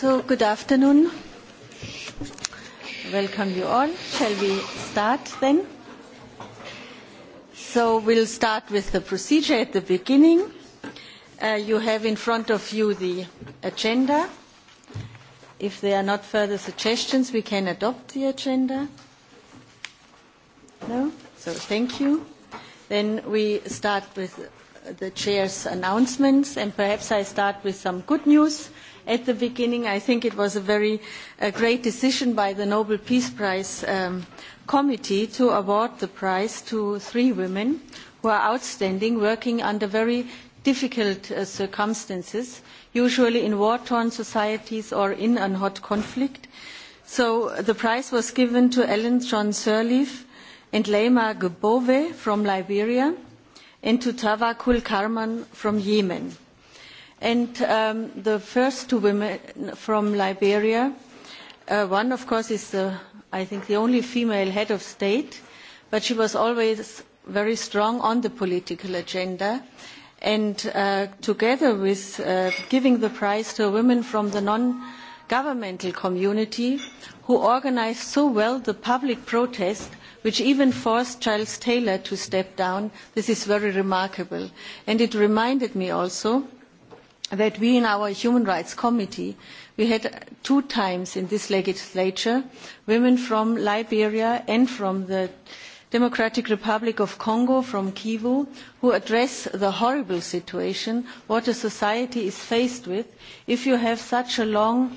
So, good afternoon. Welcome you all. Shall we start then? So we'll start with the procedure at the beginning. Uh, you have in front of you the agenda. If there are not further suggestions, we can adopt the agenda. No? So thank you. Then we start with the chair's announcements, and perhaps I start with some good news at the beginning. I think it was a very a great decision by the Nobel Peace Prize um, Committee to award the prize to three women who are outstanding, working under very difficult uh, circumstances, usually in war-torn societies or in a hot conflict. So uh, the prize was given to Ellen John Sirleaf and Leima Gbove from Liberia and to Tawakul Karman from Yemen and um, the first two women from Liberia. Uh, one, of course, is the, I think the only female head of state, but she was always very strong on the political agenda. And uh, together with uh, giving the prize to women from the non-governmental community, who organized so well the public protest, which even forced Charles Taylor to step down, this is very remarkable. And it reminded me also that we in our Human Rights Committee, we had two times in this legislature women from Liberia and from the Democratic Republic of Congo, from Kivu, who address the horrible situation what a society is faced with if you have such a long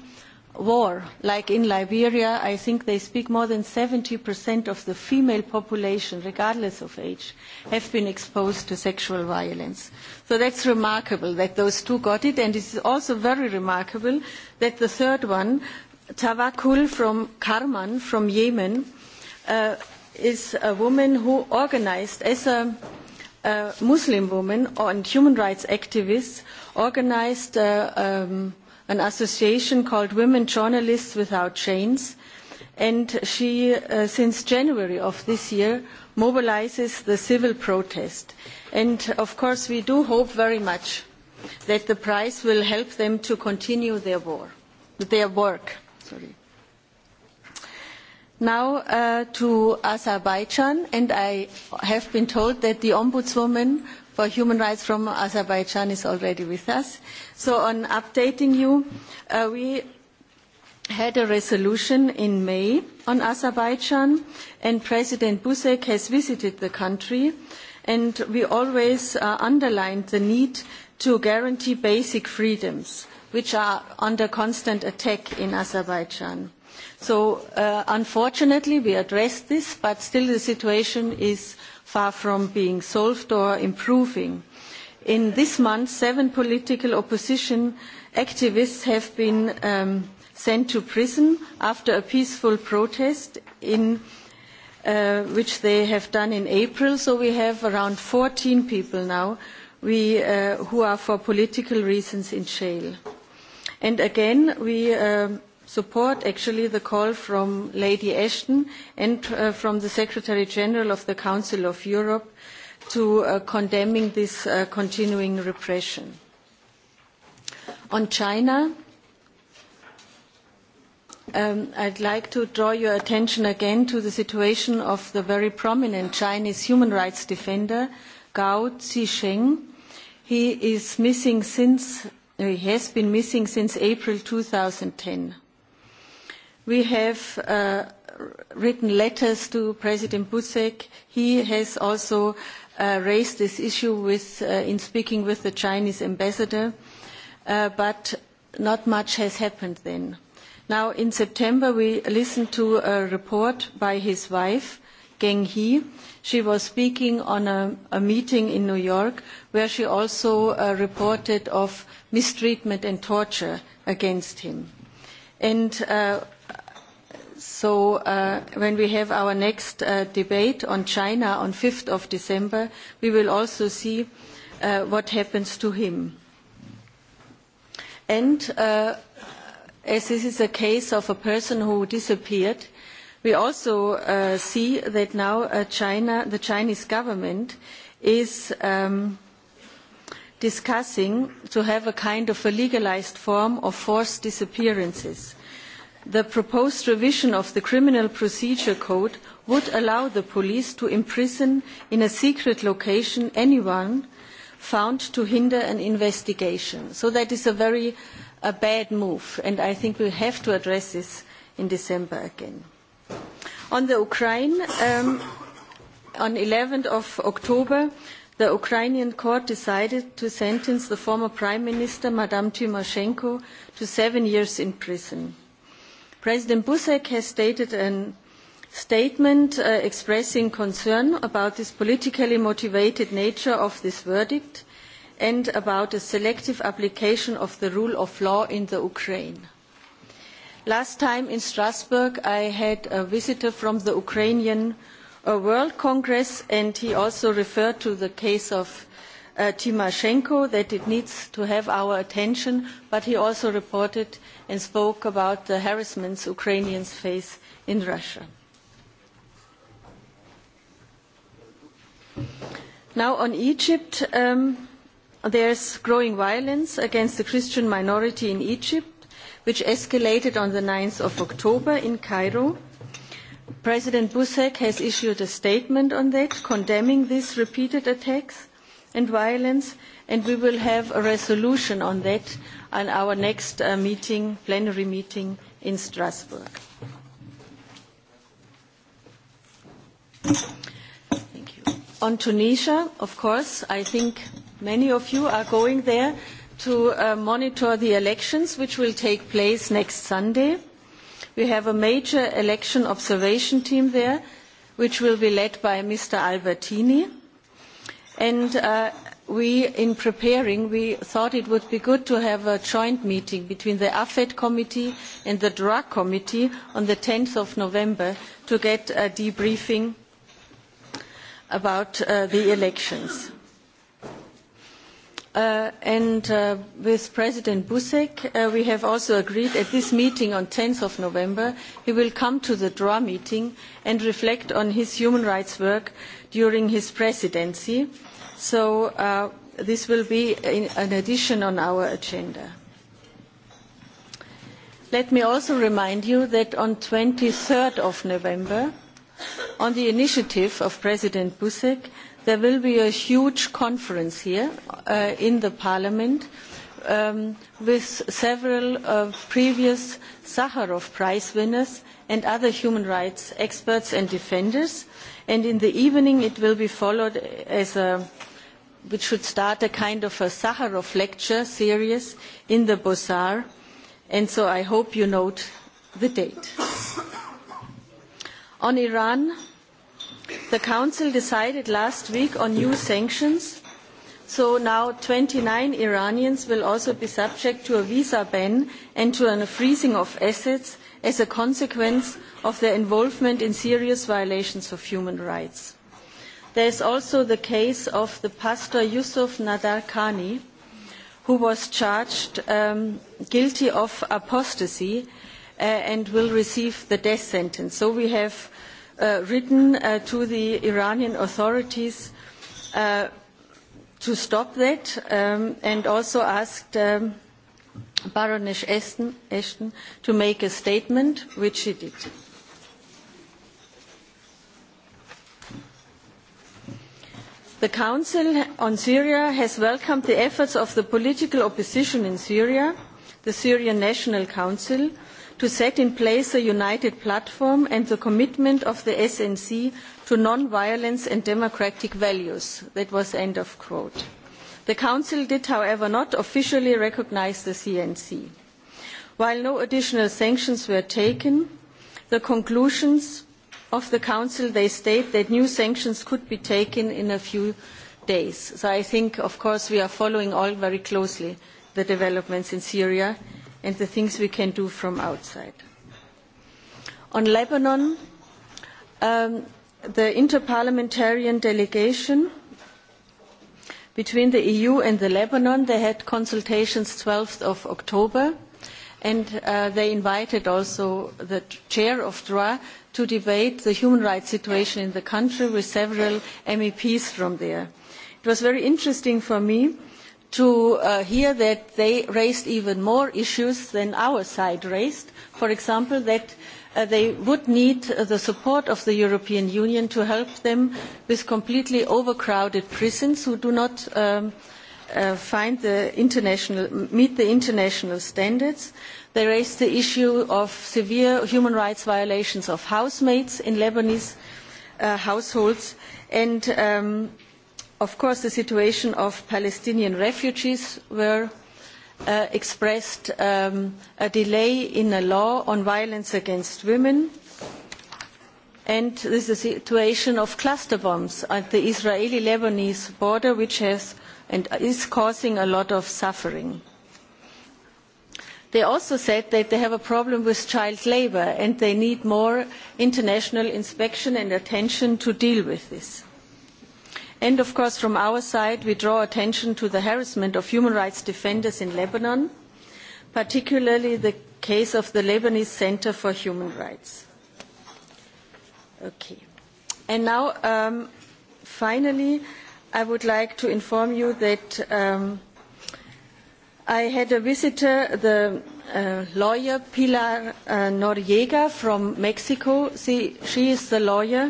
war, like in Liberia, I think they speak more than 70% of the female population, regardless of age, have been exposed to sexual violence. So that's remarkable that those two got it, and it's also very remarkable that the third one, Tawakul from Karman, from Yemen, uh, is a woman who organized as a uh, Muslim woman and human rights activist, organized uh, um, an association called Women Journalists Without Chains, and she, uh, since January of this year, mobilizes the civil protest. And of course, we do hope very much that the prize will help them to continue their, war, their work. Sorry. Now uh, to Azerbaijan, and I have been told that the Ombudswoman for human rights from Azerbaijan is already with us. So on updating you, uh, we had a resolution in May on Azerbaijan, and President Busek has visited the country, and we always uh, underlined the need to guarantee basic freedoms, which are under constant attack in Azerbaijan. So uh, unfortunately, we addressed this, but still the situation is far from being solved or improving. In this month, seven political opposition activists have been um, sent to prison after a peaceful protest in, uh, which they have done in April. So we have around 14 people now we, uh, who are for political reasons in jail. And again, we uh, support actually the call from Lady Ashton and uh, from the Secretary General of the Council of Europe to uh, condemning this uh, continuing repression. On China, um, I'd like to draw your attention again to the situation of the very prominent Chinese human rights defender, Gao Zisheng. He is missing since, he has been missing since April 2010. We have uh, written letters to President Buzek. He has also uh, raised this issue with, uh, in speaking with the Chinese ambassador, uh, but not much has happened then. Now, in September, we listened to a report by his wife, Geng He. She was speaking on a, a meeting in New York where she also uh, reported of mistreatment and torture against him. And uh, So uh, when we have our next uh, debate on China on 5th of December, we will also see uh, what happens to him. And uh, as this is a case of a person who disappeared, we also uh, see that now uh, China, the Chinese government is um, discussing to have a kind of a legalized form of forced disappearances the proposed revision of the criminal procedure code would allow the police to imprison in a secret location anyone found to hinder an investigation. So that is a very a bad move, and I think we have to address this in December again. On the Ukraine, um, on 11th of October, the Ukrainian court decided to sentence the former Prime Minister, Madame Tymoshenko, to seven years in prison. President Buzek has stated a statement uh, expressing concern about this politically motivated nature of this verdict and about the selective application of the rule of law in the Ukraine. Last time in Strasbourg, I had a visitor from the Ukrainian uh, World Congress, and he also referred to the case of Uh, Tymoshenko that it needs to have our attention, but he also reported and spoke about the harassments Ukrainians face in Russia. Now on Egypt, um, is growing violence against the Christian minority in Egypt, which escalated on the 9th of October in Cairo. President Busek has issued a statement on that, condemning these repeated attacks and violence, and we will have a resolution on that on our next uh, meeting, plenary meeting in Strasbourg. Thank you. On Tunisia, of course, I think many of you are going there to uh, monitor the elections which will take place next Sunday. We have a major election observation team there which will be led by Mr. Albertini and uh, we, in preparing, we thought it would be good to have a joint meeting between the AFED committee and the Drug committee on the 10th of November to get a debriefing about uh, the elections. Uh, and uh, with President Buzek, uh, we have also agreed at this meeting on 10th of November, he will come to the DRA meeting and reflect on his human rights work during his presidency. So uh, this will be in, an addition on our agenda. Let me also remind you that on 23rd of November, on the initiative of President Buzek, there will be a huge conference here uh, in the Parliament um, with several uh, previous Sakharov Prize winners and other human rights experts and defenders. And in the evening, it will be followed as a which should start a kind of a Sakharov lecture series in the Bosar. And so I hope you note the date. On Iran, the Council decided last week on new sanctions So now 29 Iranians will also be subject to a visa ban and to a freezing of assets as a consequence of their involvement in serious violations of human rights. There is also the case of the pastor Yusuf Nadarkhani, who was charged um, guilty of apostasy uh, and will receive the death sentence. So we have uh, written uh, to the Iranian authorities uh, to stop that um, and also asked um, Baroness Ashton, Ashton to make a statement, which she did. The Council on Syria has welcomed the efforts of the political opposition in Syria, the Syrian National Council, to set in place a united platform and the commitment of the SNC to non-violence and democratic values. That was end of quote. The Council did, however, not officially recognise the CNC. While no additional sanctions were taken, the conclusions of the Council, they state that new sanctions could be taken in a few days. So I think, of course, we are following all very closely the developments in Syria and the things we can do from outside. On Lebanon, um, the interparliamentarian delegation between the EU and the Lebanon, they had consultations 12th of October and uh, they invited also the chair of DRA to debate the human rights situation in the country with several MEPs from there. It was very interesting for me to uh, hear that they raised even more issues than our side raised. For example, that uh, they would need uh, the support of the European Union to help them with completely overcrowded prisons who do not um, uh, find the international, meet the international standards. They raised the issue of severe human rights violations of housemates in Lebanese uh, households and um, Of course, the situation of Palestinian refugees were uh, expressed um, a delay in a law on violence against women, and this is the situation of cluster bombs at the Israeli-Lebanese border, which has and is causing a lot of suffering. They also said that they have a problem with child labour and they need more international inspection and attention to deal with this And of course, from our side, we draw attention to the harassment of human rights defenders in Lebanon, particularly the case of the Lebanese Center for Human Rights. Okay. And now, um, finally, I would like to inform you that um, I had a visitor, the uh, lawyer Pilar uh, Noriega from Mexico. she is the lawyer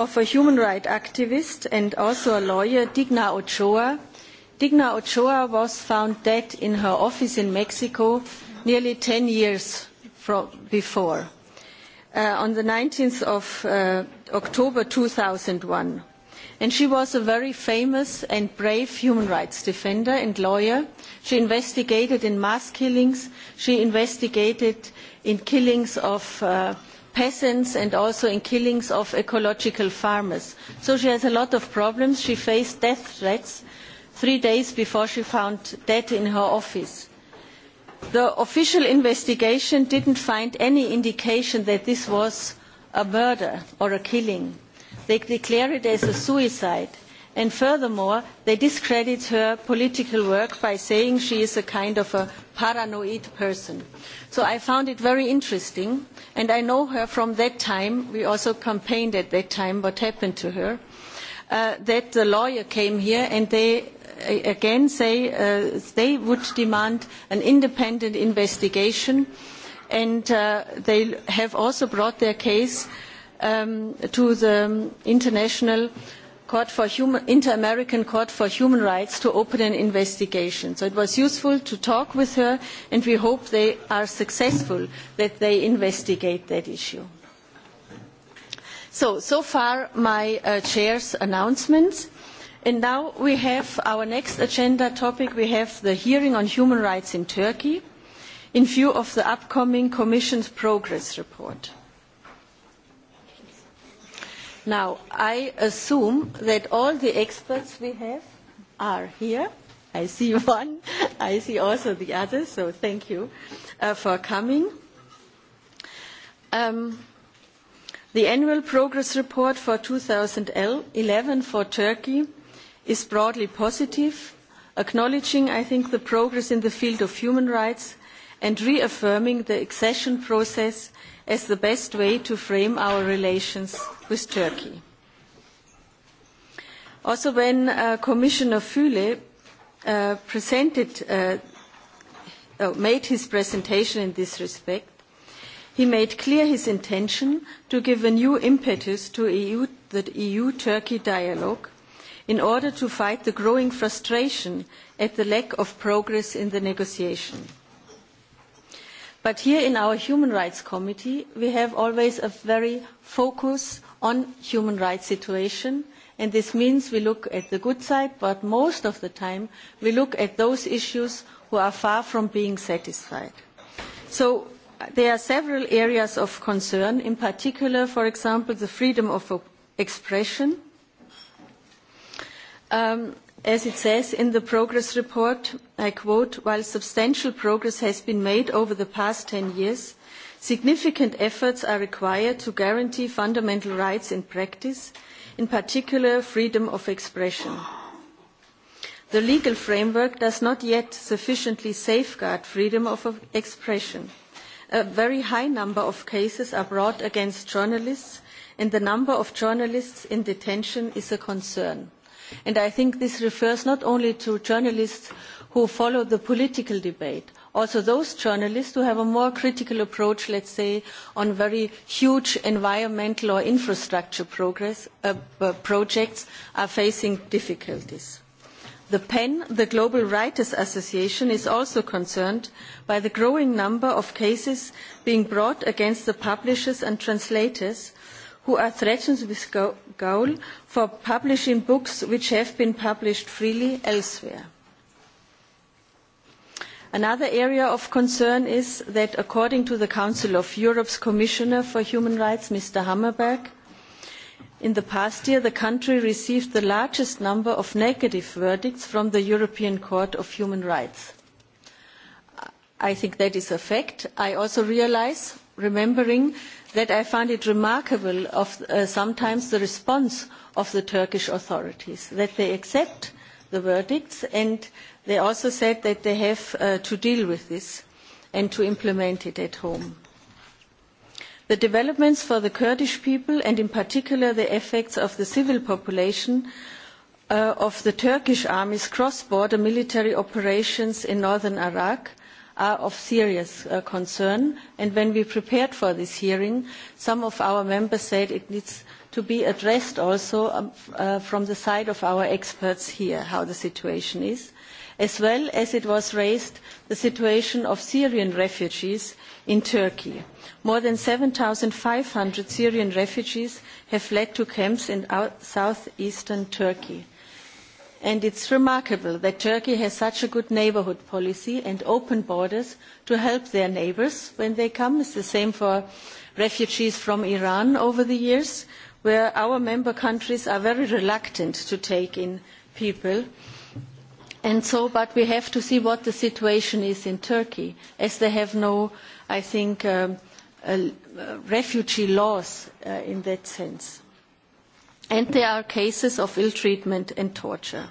of a human rights activist and also a lawyer, Digna Ochoa. Digna Ochoa was found dead in her office in Mexico nearly 10 years from before, uh, on the 19th of uh, October 2001. And she was a very famous and brave human rights defender and lawyer. She investigated in mass killings. She investigated in killings of uh, peasants and also in killings of ecological farmers. So she has a lot of problems. She faced death threats three days before she found dead in her office. The official investigation didn't find any indication that this was a murder or a killing. They declare it as a suicide and furthermore they discredit her political work by saying she is a kind of a paranoid person. so i found it very interesting and i know her from that time we also campaigned at that time what happened to her uh, that the lawyer came here and they uh, again say uh, they would demand an independent investigation and uh, they have also brought their case um, to the international uh, Inter-American Court for Human Rights to open an investigation. So it was useful to talk with her, and we hope they are successful that they investigate that issue. So, far my uh, chair's announcements. And now we have our next agenda topic. We have the hearing on human rights in Turkey in view of the upcoming Commission's progress report. Now, I assume that all the experts we have are here. I see one. I see also the others, so thank you uh, for coming. Um, the annual progress report for 2011 for Turkey is broadly positive, acknowledging, I think, the progress in the field of human rights and reaffirming the accession process as the best way to frame our relations with Turkey. Also, when uh, Commissioner Füle uh, presented, uh, oh, made his presentation in this respect, he made clear his intention to give a new impetus to EU, the EU-Turkey dialogue in order to fight the growing frustration at the lack of progress in the negotiations but here in our human rights committee we have always a very focus on human rights situation and this means we look at the good side but most of the time we look at those issues who are far from being satisfied. So uh, there are several areas of concern, in particular, for example, the freedom of expression, um, As it says in the progress report, I quote, while substantial progress has been made over the past 10 years, significant efforts are required to guarantee fundamental rights in practice, in particular freedom of expression. The legal framework does not yet sufficiently safeguard freedom of expression. A very high number of cases are brought against journalists, and the number of journalists in detention is a concern and i think this refers not only to journalists who follow the political debate but also to those journalists who have a more critical approach let us say on very huge environmental or infrastructure progress, uh, uh, projects are facing difficulties. The PEN, the Global Writers Association, is also concerned by the growing number of cases being brought against the publishers and translators who are threatened with gaol for publishing books which have been published freely elsewhere. Another area of concern is that according to the Council of Europe's Commissioner for Human Rights, Mr. Hammerberg, in the past year the country received the largest number of negative verdicts from the European Court of Human Rights. I think that is a fact. I also realise remembering that I find it remarkable of uh, sometimes the response of the Turkish authorities, that they accept the verdicts and they also said that they have uh, to deal with this and to implement it at home. The developments for the Kurdish people and in particular the effects of the civil population uh, of the Turkish army's cross-border military operations in northern Iraq are of serious uh, concern and when we prepared for this hearing some of our members said it needs to be addressed also um, uh, from the side of our experts here how the situation is as well as it was raised the situation of syrian refugees in turkey. more than seven five hundred syrian refugees have fled to camps in south eastern turkey and it is remarkable that Turkey has such a good neighbourhood policy and open borders to help their neighbours when they come. it is the same for refugees from Iran over the years, where our member countries are very reluctant to take in people. And so, but we have to see what the situation is in Turkey, as they have no, I think, um, uh, refugee laws uh, in that sense and there are cases of ill treatment and torture.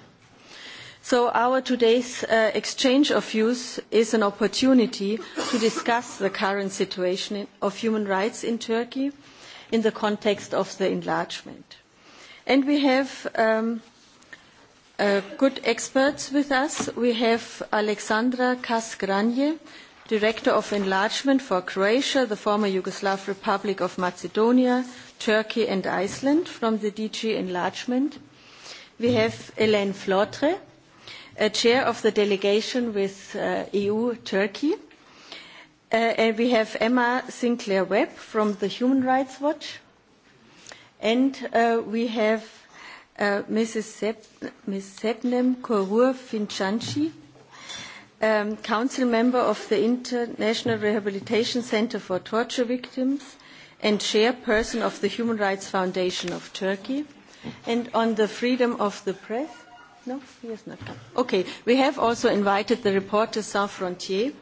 So our today's uh, exchange of views is an opportunity to discuss the current situation of human rights in Turkey in the context of the enlargement. And we have um, uh, good experts with us. We have Alexandra Kasgranje, Director of Enlargement for Croatia, the former Yugoslav Republic of Macedonia, Turkey and Iceland from the DG Enlargement. We have Hélène Flotre, a chair of the delegation with uh, EU-Turkey. Uh, and we have Emma Sinclair Webb from the Human Rights Watch. And uh, we have uh, Mrs. Ms. Sebnem Korur Finchanchi Um, council member of the International Rehabilitation Center for Torture Victims and chairperson of the Human Rights Foundation of Turkey. And on the freedom of the press, no, he has not come. Okay, we have also invited the reporter Sans Frontier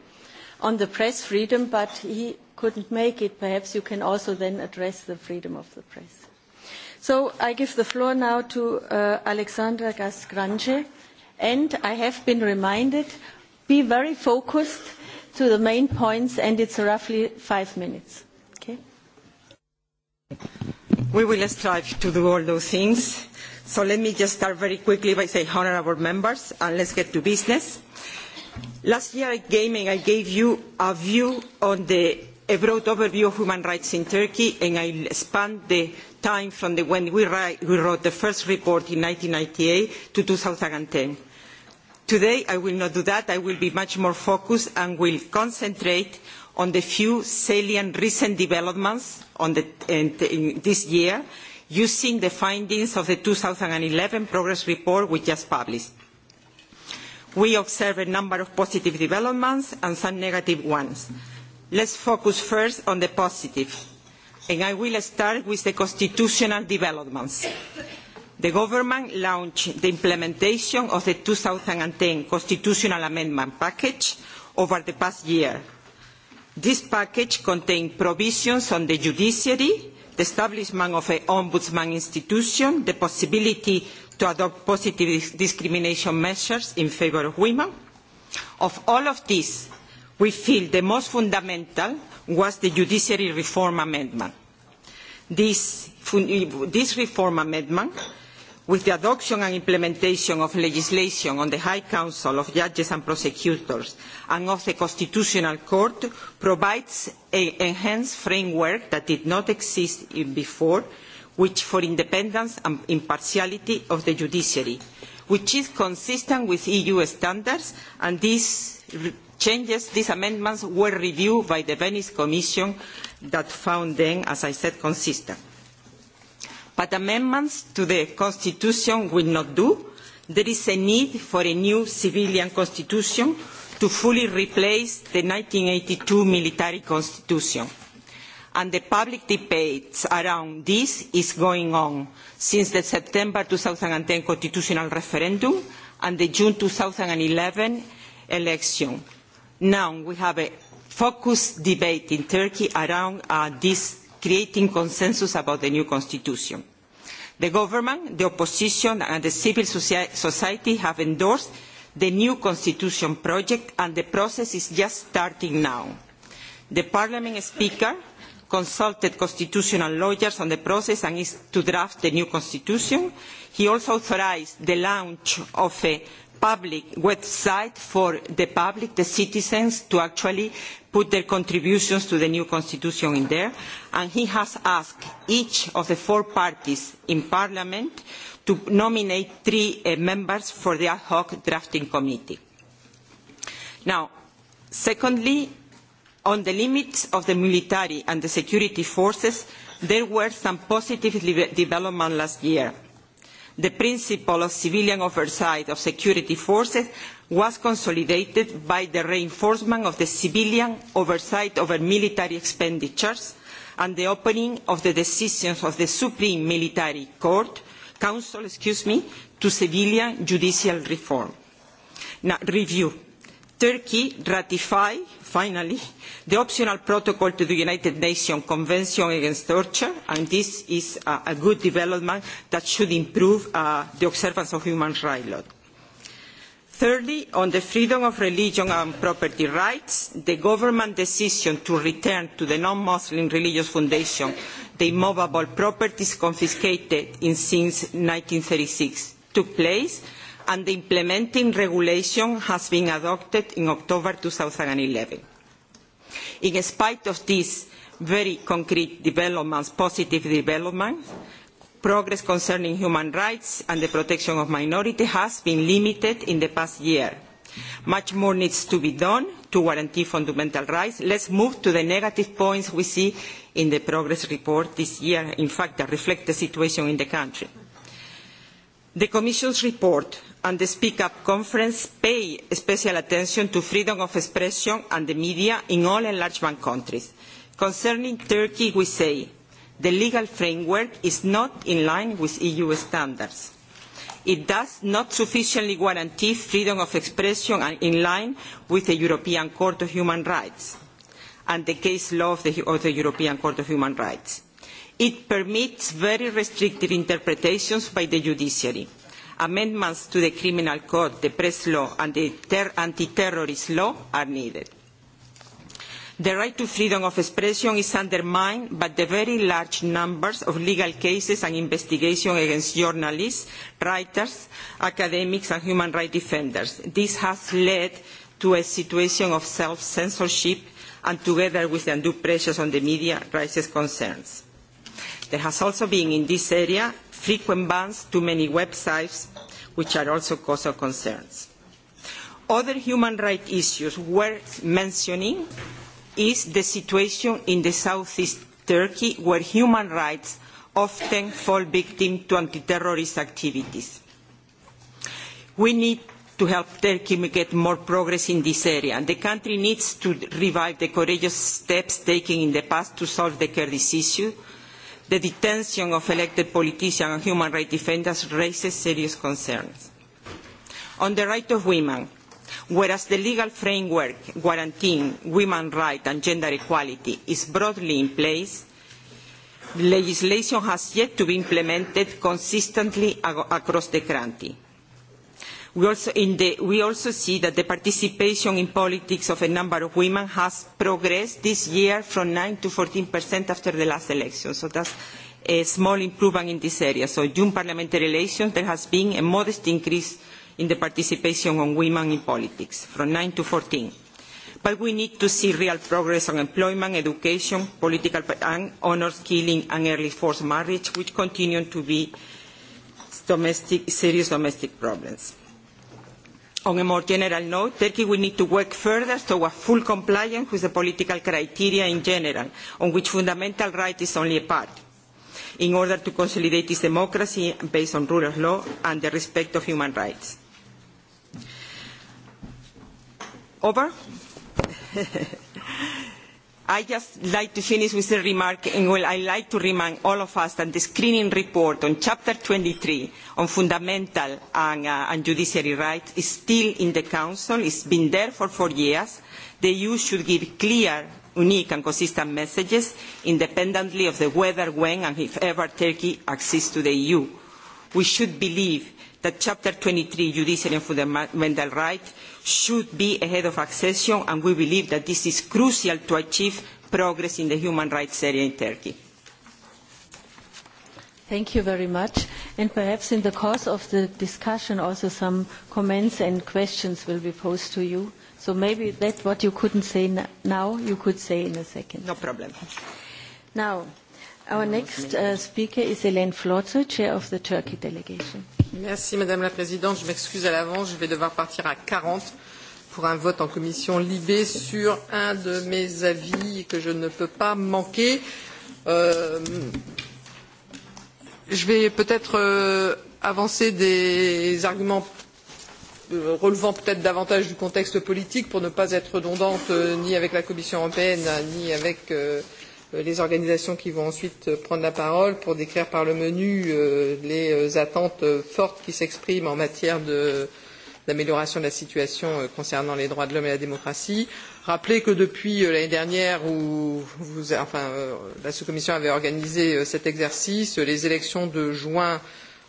on the press freedom, but he couldn't make it. Perhaps you can also then address the freedom of the press. So I give the floor now to uh, Alexandra Gasgrange, and I have been reminded be very focused to the main points and it's roughly five minutes. Okay? We will strive to do all those things. So let me just start very quickly by saying, honorable members, and let's get to business. Last year at Gaming, I gave you a view on the, a broad overview of human rights in Turkey, and I spanned the time from the, when we, write, we wrote the first report in 1998 to 2010 Today I will not do that. I will be much more focused and will concentrate on the few salient recent developments the, in this year using the findings of the 2011 progress report we just published. We observe a number of positive developments and some negative ones. Let's focus first on the positive, and I will start with the constitutional developments the government launched the implementation of the 2010 constitutional amendment package over the past year. This package contained provisions on the judiciary, the establishment of an ombudsman institution, the possibility to adopt positive discrimination measures in favour of women. Of all of this, we feel the most fundamental was the Judiciary Reform Amendment. This, this Reform Amendment with the adoption and implementation of legislation on the High Council of Judges and Prosecutors and of the Constitutional Court provides an enhanced framework that did not exist before, which for independence and impartiality of the judiciary, which is consistent with EU standards and these changes, these amendments were reviewed by the Venice Commission that found them, as I said, consistent but amendments to the constitution will not do. There is a need for a new civilian constitution to fully replace the 1982 military constitution. And the public debates around this is going on since the September 2010 constitutional referendum and the June 2011 election. Now we have a focused debate in Turkey around uh, this creating consensus about the new constitution. The government, the opposition and the civil society have endorsed the new constitution project and the process is just starting now. The parliament speaker consulted constitutional lawyers on the process and is to draft the new constitution. He also authorised the launch of a public website for the public, the citizens, to actually put their contributions to the new constitution in there, and he has asked each of the four parties in Parliament to nominate three uh, members for the ad hoc drafting committee. Now, secondly, on the limits of the military and the security forces, there were some positive developments last year. The principle of civilian oversight of security forces was consolidated by the reinforcement of the civilian oversight over military expenditures and the opening of the decisions of the Supreme Military Court, Council excuse me, to civilian judicial reform. Now, review. Turkey ratified, finally, the optional protocol to the United Nations Convention Against Torture, and this is a, a good development that should improve uh, the observance of human rights law thirdly on the freedom of religion and property rights the government decision to return to the non muslim religious foundation the immovable properties confiscated in, since one thousand nine hundred and thirty six took place and the implementing regulation has been adopted in october. two thousand and eleven in spite of these very concrete developments positive developments progress concerning human rights and the protection of minorities has been limited in the past year. Much more needs to be done to guarantee fundamental rights. Let's move to the negative points we see in the progress report this year, in fact, that reflect the situation in the country. The Commission's report and the Speak Up Conference pay special attention to freedom of expression and the media in all enlargement countries. Concerning Turkey, we say the legal framework is not in line with EU standards. It does not sufficiently guarantee freedom of expression and in line with the European Court of Human Rights and the case law of the, of the European Court of Human Rights. It permits very restrictive interpretations by the judiciary. Amendments to the criminal code, the press law and the anti-terrorist law are needed The right to freedom of expression is undermined by the very large numbers of legal cases and investigations against journalists, writers, academics and human rights defenders. This has led to a situation of self-censorship and together with the undue pressures on the media raises concerns. There has also been in this area frequent bans to many websites which are also cause of concerns. Other human rights issues worth mentioning is the situation in the southeast Turkey, where human rights often fall victim to anti-terrorist activities. We need to help Turkey get more progress in this area. The country needs to revive the courageous steps taken in the past to solve the Kurdish issue. The detention of elected politicians and human rights defenders raises serious concerns. On the right of women, Whereas the legal framework guaranteeing women's rights and gender equality is broadly in place, legislation has yet to be implemented consistently across the country. We also, the, we also, see that the participation in politics of a number of women has progressed this year from 9 to 14 percent after the last election. So that's a small improvement in this area. So during parliamentary elections, there has been a modest increase in the participation of women in politics, from 9 to 14. But we need to see real progress on employment, education, political and honor killing and early forced marriage, which continue to be domestic, serious domestic problems. On a more general note, Turkey will need to work further towards full compliance with the political criteria in general, on which fundamental right is only a part, in order to consolidate its democracy based on rule of law and the respect of human rights. over. I just like to finish with a remark, and well, I like to remind all of us that the screening report on Chapter 23 on fundamental and, uh, and judiciary rights is still in the Council. It's been there for four years. The EU should give clear, unique and consistent messages independently of the whether, when and if ever Turkey accedes to the EU. We should believe that Chapter 23, Judiciary and Fundamental Rights, should be ahead of accession, and we believe that this is crucial to achieve progress in the human rights area in Turkey. Thank you very much. And perhaps in the course of the discussion also some comments and questions will be posed to you. So maybe that what you couldn't say now, you could say in a second. No problem. Now, our next uh, speaker is Elaine Flotter, Chair of the Turkey Delegation. Merci Madame la Présidente. Je m'excuse à l'avance, je vais devoir partir à 40 pour un vote en commission Libé sur un de mes avis que je ne peux pas manquer. Euh, je vais peut-être euh, avancer des arguments euh, relevant peut-être davantage du contexte politique pour ne pas être redondante euh, ni avec la Commission européenne ni avec euh, Euh, les organisations qui vont ensuite euh, prendre la parole pour décrire par le menu euh, les euh, attentes fortes qui s'expriment en matière de d'amélioration de, la situation concernant les droits de l'homme et la démocratie. Rappelez que depuis l'année dernière où vous, enfin, la sous-commission avait organisé cet exercice, les élections de juin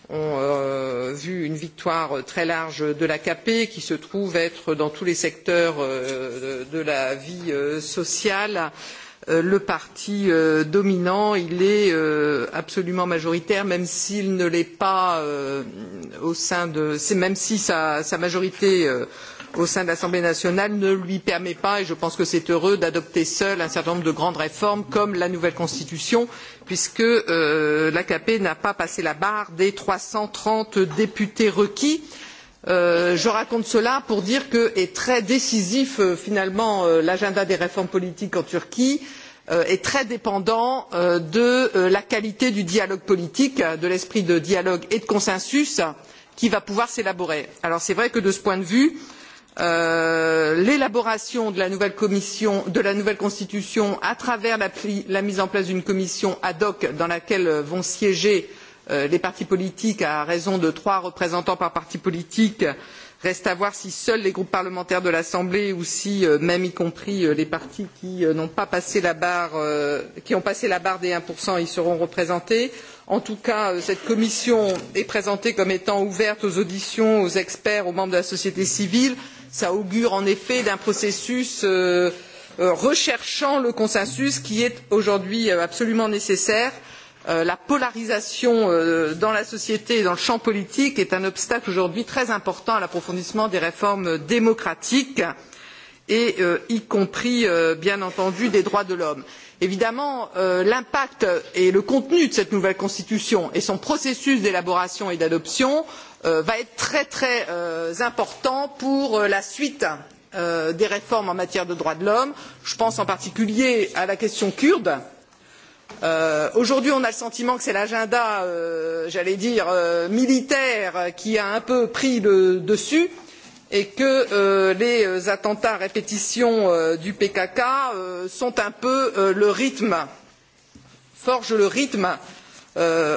ont euh, vu une victoire très large de l'AKP qui se trouve être dans tous les secteurs euh, de la vie euh, sociale euh, Euh, le parti euh, dominant il est euh, absolument majoritaire même s'il ne l'est pas au sein de même si sa, sa majorité au sein de l'assemblée nationale ne lui permet pas et je pense que c'est heureux d'adopter seul un certain nombre de grandes réformes comme la nouvelle constitution puisque euh, l'akp n'a pas passé la barre des trois cent trente députés requis. Euh, je raconte cela pour dire que est très décisif finalement l'agenda des réformes politiques en turquie et Euh, est très dépendant euh, de euh, la qualité du dialogue politique de l'esprit de dialogue et de consensus qui va pouvoir s'élaborer. il est vrai que de ce point de vue l'élaboration de la nouvelle constitution à travers la, mise en place d'une commission ad hoc dans laquelle vont siéger les partis politiques à raison de trois représentants par parti politique et reste à voir si seuls les groupes parlementaires de l'assemblée ou si euh, même y compris euh, les partis euh, qui ont passé la barre des un y seront représentés. en tout cas cette commission est présentée comme étant ouverte aux auditions aux experts aux membres de la société civile. cela augure en effet d'un processus recherchant le consensus qui est aujourd'hui absolument nécessaire. Euh, la polarisation euh, dans la société et dans le champ politique est un obstacle aujourd'hui très important à l'approfondissement des réformes démocratiques et euh, y compris bien entendu des droits de l'homme. évidemment l'impact et le contenu de cette nouvelle constitution et son processus d'élaboration et d'adoption va être très très important pour la suite des réformes en matière de droits de l'homme. je pense en particulier à la question kurde Euh, aujourd'hui on a le sentiment que c'est l'agenda euh, j'allais dire euh, militaire qui a un peu pris le dessus et que euh, les attentats à répétition euh, du pkk euh, sont un peu le rythme forgent le rythme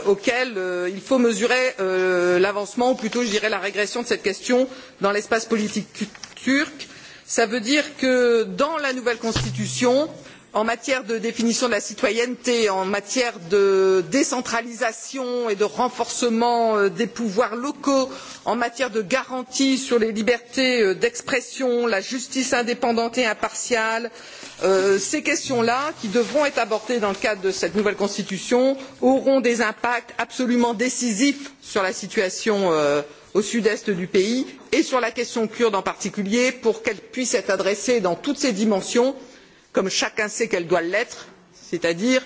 auquel il faut mesurer l'avancement ou plutôt je dirais la régression de cette question dans l'espace politique turc. cela veut dire que dans la nouvelle constitution en matière de définition de la citoyenneté en matière de décentralisation et de renforcement euh, des pouvoirs locaux en matière de garantie sur les libertés euh, d'expression la justice indépendante et impartiale euh, ces questions là qui devront être abordées dans le cadre de cette nouvelle constitution auront des impacts absolument décisifs sur la situation au sud est du pays et sur la question kurde en particulier pour qu'elle puisse être adressée dans toutes ses dimensions comme chacun sait qu'elle doit l'être c'est à dire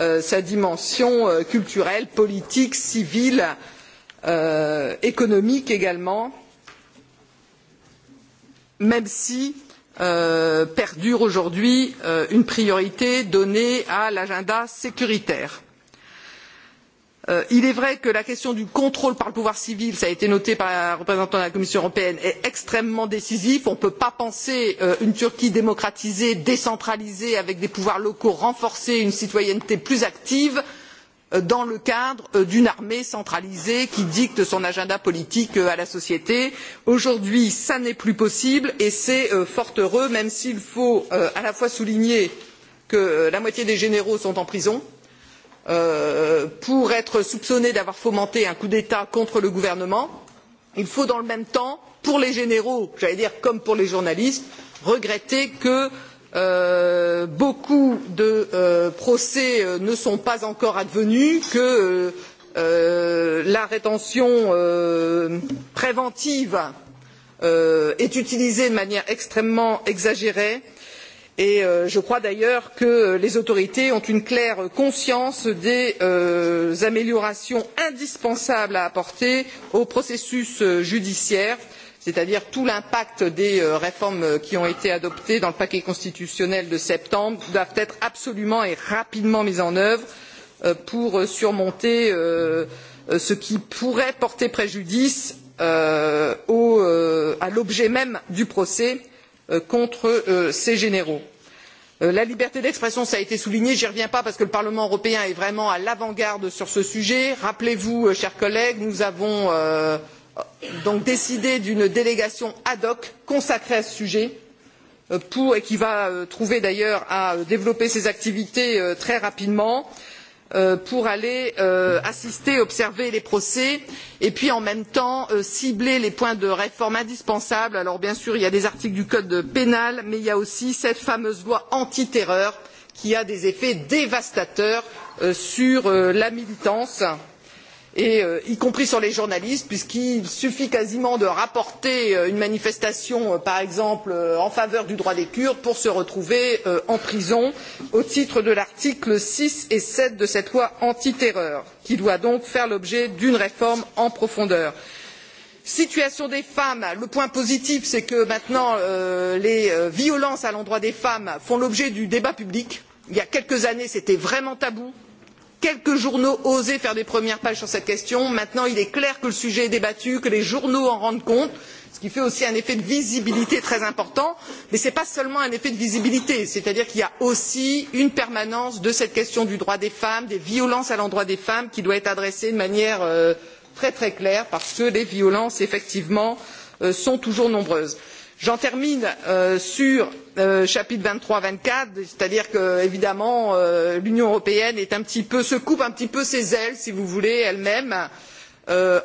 euh, sa dimension euh, culturelle politique civile euh, économique également même si perdure aujourd'hui une priorité donnée à l'agenda sécuritaire Euh, il est vrai que la question du contrôle par le pouvoir civil cela a été noté par la représentante de la commission européenne est extrêmement décisive. on ne peut pas penser euh, une turquie démocratisée décentralisée avec des pouvoirs locaux renforcés et une citoyenneté plus active euh, dans le cadre d'une armée centralisée qui dicte son agenda politique à la société. aujourd'hui cela n'est plus possible et c'est fort heureux même s'il faut à la fois souligner que la moitié des généraux sont en prison Euh, pour être soupçonnés d'avoir fomenté un coup d'état contre le gouvernement il faut dans le même temps pour les généraux j'allais dire comme pour les journalistes regretter que euh, beaucoup de euh, procès ne sont pas encore advenus que la rétention préventive est utilisée de manière extrêmement exagérée et et euh, je crois d'ailleurs que les autorités ont une claire conscience des euh, améliorations indispensables à apporter au processus euh, judiciaire c'est à dire tout l'impact des réformes qui ont été adoptées dans le paquet constitutionnel de septembre doivent être absolument et rapidement mis en œuvre pour surmonter ce qui pourrait porter préjudice à l'objet même du procès Euh, contre euh, ces généraux. Euh, la liberté d'expression cela a été souligné n'y reviens pas parce que le parlement européen est vraiment à l'avant garde sur ce sujet. rappelez vous chers collègues nous avons donc décidé d'une délégation ad hoc consacrée à ce sujet qui va trouver d'ailleurs à développer ses activités très rapidement et Euh, pour aller euh, assister et observer les procès et puis en même temps euh, cibler les points de réforme indispensables. alors bien sûr il y a des articles du code pénal mais il y a aussi cette fameuse loi antiterreur qui a des effets dévastateurs sur la militance et Euh, y compris sur les journalistes puisqu'il suffit quasiment de rapporter euh, une manifestation euh, par exemple en faveur du droit des kurdes pour se retrouver en prison au titre de l'article six et sept de cette loi antiterreur qui doit donc faire l'objet d'une réforme en profondeur situation des femmes le point positif c'est que maintenant les violences à l'endroit des femmes font l'objet du débat public. il y a quelques années c'était vraiment tabou quelques journaux osaient faire des premières pages sur cette question maintenant il est clair que le sujet est débattu que les journaux en rendent compte ce qui fait aussi un effet de visibilité très important mais ce n'est pas seulement un effet de visibilité c'est à dire qu'il y a aussi une permanence de cette question du droit des femmes des violences à l'endroit des femmes qui doit être adressée de manière euh, très très claire parce que les violences effectivement euh, sont toujours nombreuses j'en termine euh, sur les euh, chapitres vingt trois vingt quatre c'est à dire que évidemment euh, l'union européenne est un petit peu, se coupe un petit peu ses ailes si vous voulez elle même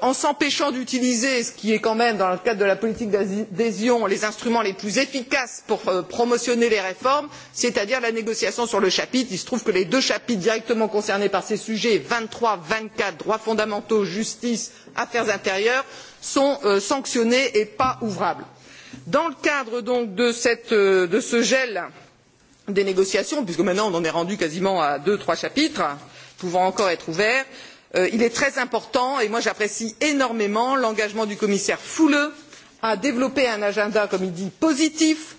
en s'empêchant d'utiliser ce qui est quand même dans le cadre de la politique d'adhésion les instruments les plus efficaces pour promotionner les réformes c'est à dire la négociation sur le chapitre. il se trouve que les deux chapitres directement concernés par ces sujets vingt trois vingt quatre droits fondamentaux justice affaires intérieures sont sanctionnés et pas ouvrables dans le cadre donc de, cette, euh, de ce gel des négociations puisque maintenant on en est rendu quasiment à deux trois chapitres pouvant encore être ouverts euh, il est très important et j'apprécie énormément l'engagement du commissaire füle à développer un agenda comme il dit positif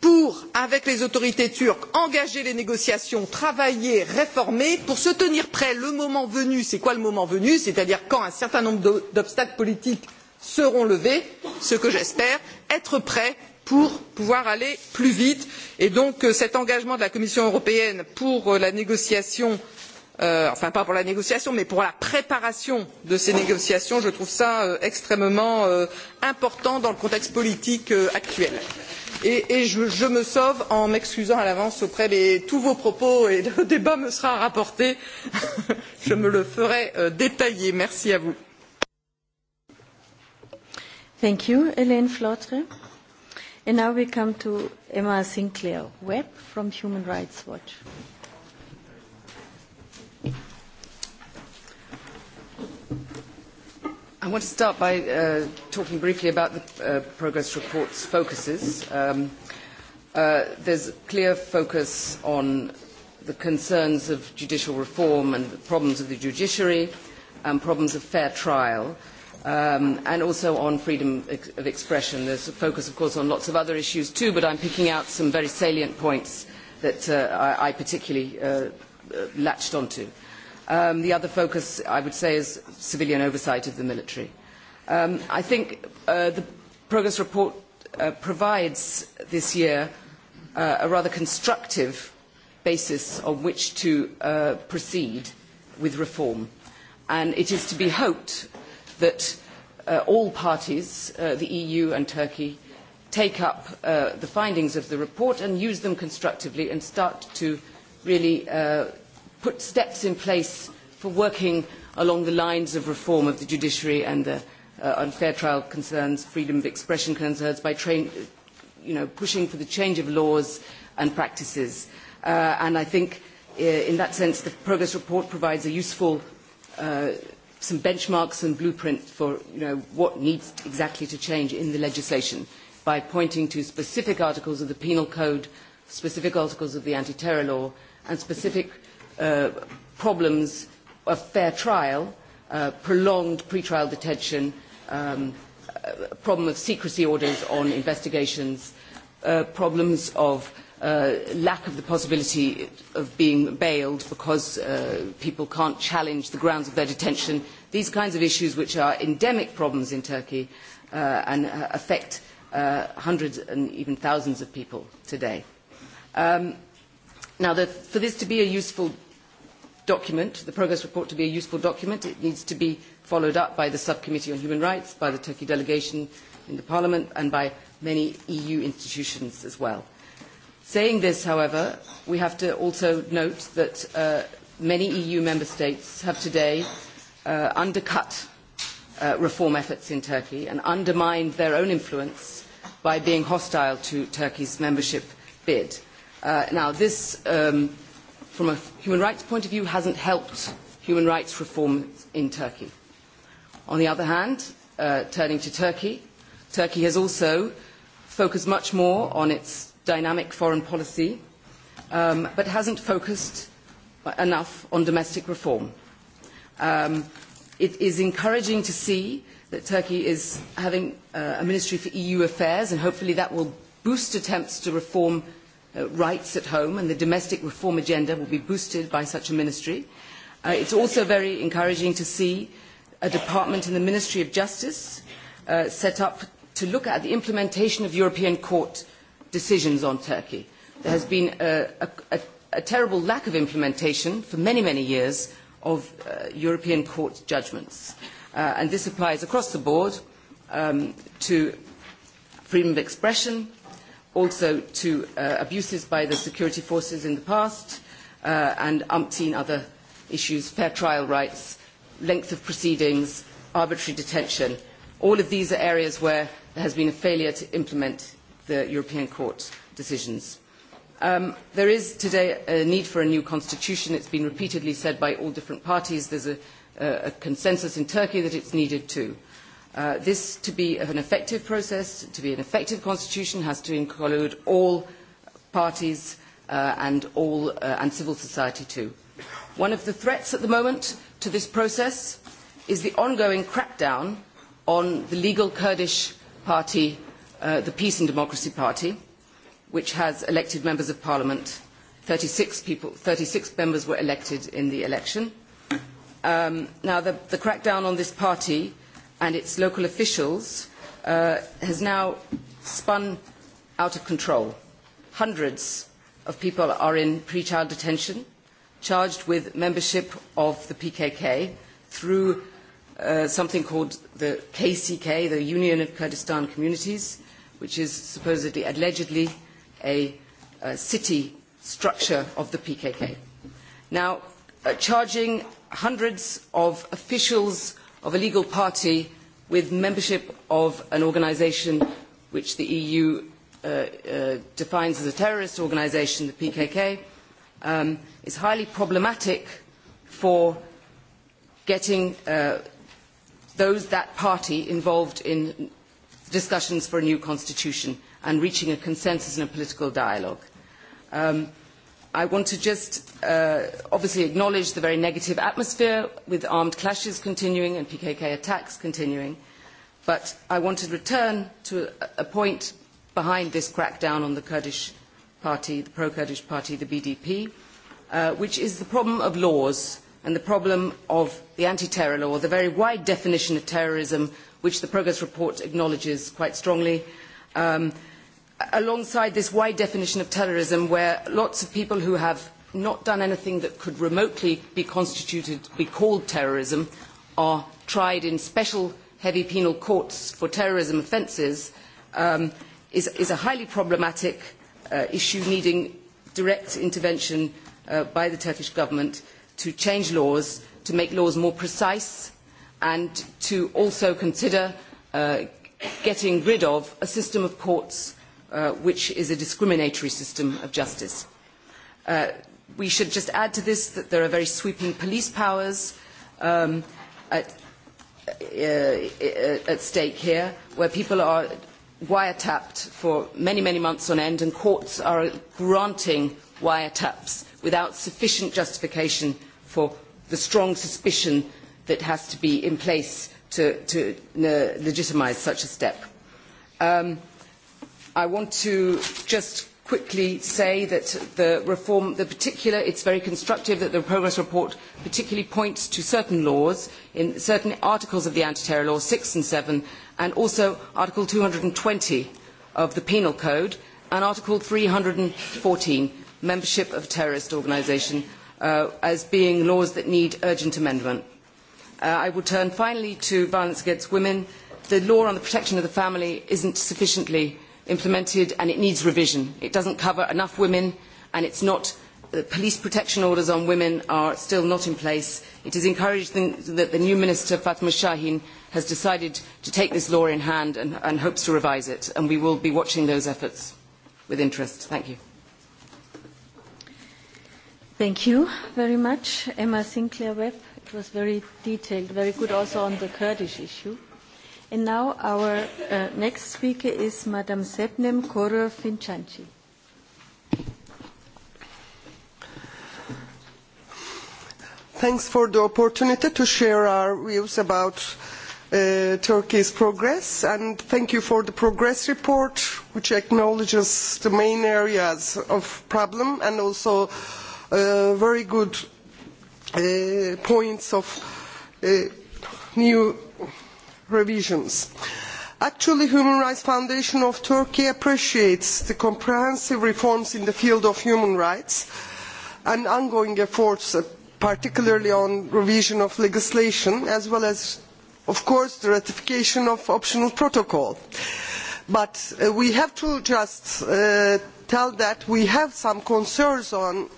pour avec les autorités turques engager les négociations travailler réformer pour se tenir prêt le moment venu c'est quoi le moment venu? c'est à dire quand un certain nombre d'obstacles politiques seront levées ce que j'espère être prêts pour pouvoir aller plus vite et donc euh, cet engagement de la commission européenne pour euh, la négociation euh, enfin pas pour la négociation mais pour la préparation de ces négociations je trouve cela extrêmement important dans le contexte politique actuel et, et je, je me sauve en m'excusant à l'avance auprès de tous vos propos et le débat me sera rapporté je me le ferai détailler merci à vous. Thank you, Elaine Flotre. And now we come to Emma Sinclair Webb from Human Rights Watch. I want to start by uh, talking briefly about the uh, progress report's focuses. Um, uh, there's a clear focus on the concerns of judicial reform and the problems of the judiciary and problems of fair trial um, and also on freedom of expression. There's a focus, of course, on lots of other issues too, but I'm picking out some very salient points that uh, I, I particularly uh, uh, latched onto. Um, the other focus, I would say, is civilian oversight of the military. Um, I think uh, the progress report uh, provides this year uh, a rather constructive basis on which to uh, proceed with reform. And it is to be hoped that uh, all parties, uh, the EU and Turkey, take up uh, the findings of the report and use them constructively and start to really uh, put steps in place for working along the lines of reform of the judiciary and the uh, unfair trial concerns, freedom of expression concerns, by train, uh, you know, pushing for the change of laws and practices. Uh, and I think uh, in that sense the progress report provides a useful uh, some benchmarks and blueprint for you know, what needs exactly to change in the legislation by pointing to specific articles of the Penal Code, specific articles of the anti-terror law, and specific uh, problems of fair trial, uh, prolonged pretrial detention, um, uh, problem of secrecy orders on investigations, uh, problems of uh, lack of the possibility of being bailed because uh, people can't challenge the grounds of their detention, these kinds of issues which are endemic problems in Turkey uh, and uh, affect uh, hundreds and even thousands of people today. Um, now, the, for this to be a useful document, the progress report to be a useful document, it needs to be followed up by the Subcommittee on Human Rights, by the Turkey delegation in the Parliament, and by many EU institutions as well. Saying this, however, we have to also note that uh, many EU member states have today uh, undercut uh, reform efforts in Turkey and undermined their own influence by being hostile to Turkey's membership bid. Uh, now, this, um, from a human rights point of view, hasn't helped human rights reform in Turkey. On the other hand, uh, turning to Turkey, Turkey has also focused much more on its dynamic foreign policy, um, but hasn't focused enough on domestic reform. Um, it is encouraging to see that Turkey is having uh, a Ministry for EU Affairs, and hopefully that will boost attempts to reform uh, rights at home, and the domestic reform agenda will be boosted by such a ministry. Uh, it's also very encouraging to see a department in the Ministry of Justice uh, set up to look at the implementation of European Court decisions on Turkey. There has been a, a, a terrible lack of implementation for many, many years of uh, European court judgments. Uh, and this applies across the board um, to freedom of expression, also to uh, abuses by the security forces in the past, uh, and umpteen other issues, fair trial rights, length of proceedings, arbitrary detention. All of these are areas where there has been a failure to implement the European Court decisions. Um, there is today a need for a new constitution. It's been repeatedly said by all different parties. There's a, a consensus in Turkey that it's needed too. Uh, this, to be an effective process, to be an effective constitution, has to include all parties uh, and, all, uh, and civil society too. One of the threats at the moment to this process is the ongoing crackdown on the legal Kurdish party uh, the Peace and Democracy Party, which has elected members of parliament. 36, people, 36 members were elected in the election. Um, now, the, the, crackdown on this party and its local officials uh, has now spun out of control. Hundreds of people are in pre-trial detention, charged with membership of the PKK through uh, something called the KCK, the Union of Kurdistan Communities, which is supposedly, allegedly, a, a city structure of the PKK. Now, uh, charging hundreds of officials of a legal party with membership of an organisation which the EU uh, uh, defines as a terrorist organisation, the PKK, um, is highly problematic for getting uh, those, that party involved in discussions for a new constitution and reaching a consensus in a political dialogue. Um, I want to just uh, obviously acknowledge the very negative atmosphere with armed clashes continuing and PKK attacks continuing, but I want to return to a, a point behind this crackdown on the Kurdish party, the pro-Kurdish party, the BDP, uh, which is the problem of laws and the problem of the anti-terror law, the very wide definition of terrorism which the progress report acknowledges quite strongly. Um, alongside this wide definition of terrorism where lots of people who have not done anything that could remotely be constituted, be called terrorism, are tried in special heavy penal courts for terrorism offences um, is, is, a highly problematic uh, issue needing direct intervention uh, by the Turkish government to change laws, to make laws more precise and to also consider uh, getting rid of a system of courts uh, which is a discriminatory system of justice. Uh, we should just add to this that there are very sweeping police powers um, at, uh, at stake here, where people are wiretapped for many, many months on end, and courts are granting wiretaps without sufficient justification for the strong suspicion that has to be in place to, to uh, legitimise such a step. Um, I want to just quickly say that the reform, the particular, it's very constructive that the progress report particularly points to certain laws, in certain articles of the anti-terror law, 6 and 7, and also Article 220 of the Penal Code, and Article 314, membership of a terrorist organisation, uh, as being laws that need urgent amendment. Uh, I will turn finally to violence against women. The law on the protection of the family isn't sufficiently implemented and it needs revision. It doesn't cover enough women and it's not the police protection orders on women are still not in place. It is encouraging that the new minister, Fatma Shaheen, has decided to take this law in hand and, and hopes to revise it, and we will be watching those efforts with interest. Thank you. Thank you very much, Emma Sinclair-Webb was very detailed, very good also on the Kurdish issue. And now our uh, next speaker is Madame Sepnem Korur Finchanchi. Thanks for the opportunity to share our views about uh, Turkey's progress and thank you for the progress report which acknowledges the main areas of problem and also uh, very good Uh, points of uh, new revisions. Actually, Human Rights Foundation of Turkey appreciates the comprehensive reforms in the field of human rights and ongoing efforts, uh, particularly on revision of legislation, as well as, of course, the ratification of optional protocol. But we have to just tell that we have some concerns on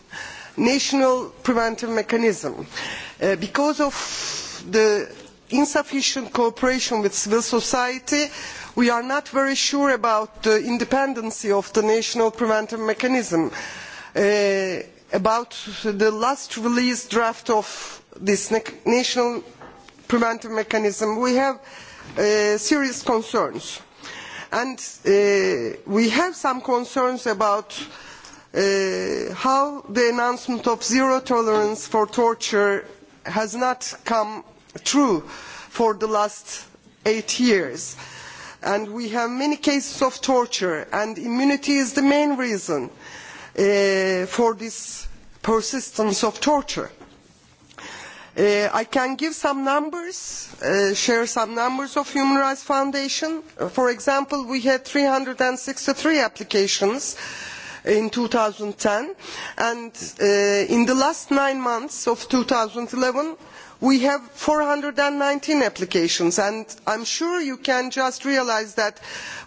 national preventive mechanism. Uh, because of the insufficient cooperation with civil society we are not very sure about the independence of the national preventive mechanism. Uh, about the last released draft of this national preventive mechanism we have uh, serious concerns and we have some concerns about Eh, how the announcement of zero tolerance for torture has not come true for the last eight years. And we have many cases of torture, and immunity is the main reason eh, for this persistence of torture. Eh, I can give some numbers, share some numbers of Human Rights Foundation. For example, we had 363 applications in two thousand and uh, in the last nine months of two thousand and eleven we have four hundred and nineteen applications and am sure you can just realise that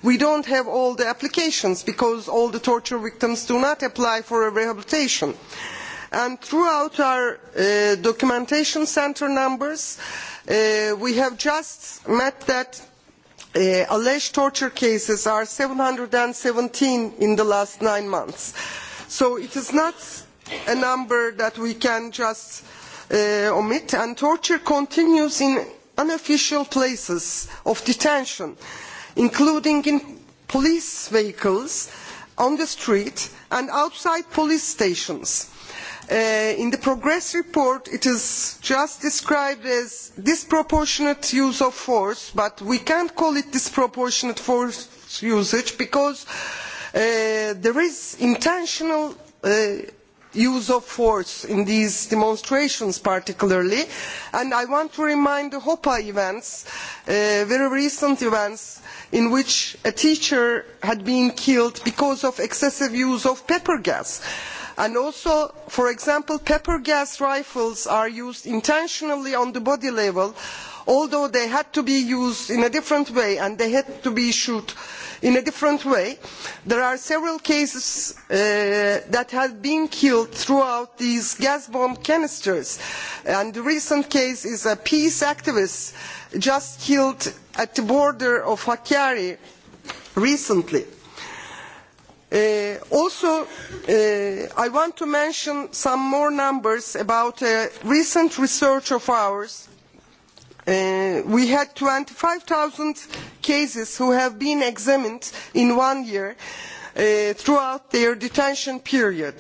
we do not have all the applications because all the torture victims do not apply for rehabilitation throughout our uh, documentation centre numbers uh, we have just met that Uh, alleged torture cases are seven hundred and seventeen in the last nine months so it is not a number that we can just uh, omit and torture continues in unofficial places of detention including in police vehicles on the street and outside police stations Uh, in the progress report it is just described as disproportionate use of force but we cannot call it disproportionate force usage because uh, there is intentional uh, use of force in these demonstrations particularly and i want to remind the hopa events very recent events in which a teacher had been killed because of excessive use of pepper gas and also for example pepper gas rifles are used intentionally on the body level although they had to be used in a different way and they had to be shot in a different way. there are several cases uh, that have been killed throughout these gas bomb canisters and the recent case is a peace activist just killed at the border of hakkari recently Uh, also uh, i want to mention some more numbers about a recent research of ours uh, we had twenty five zero cases which have been examined in one year throughout their detention period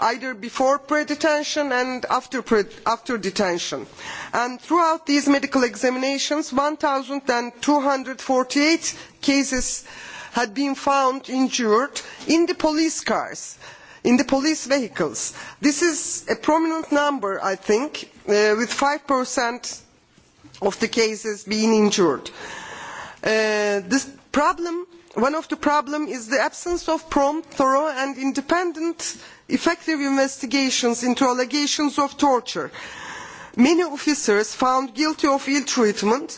either before pre detention or after, after detention and throughout these medical examinations one two hundred and forty eight cases had been found injured in the police cars in the police vehicles. this is a prominent number i think uh, with five of the cases being injured. Uh, problem, one of the problems is the absence of prompt thorough and independent effective investigations into allegations of torture. many officers found guilty of ill treatment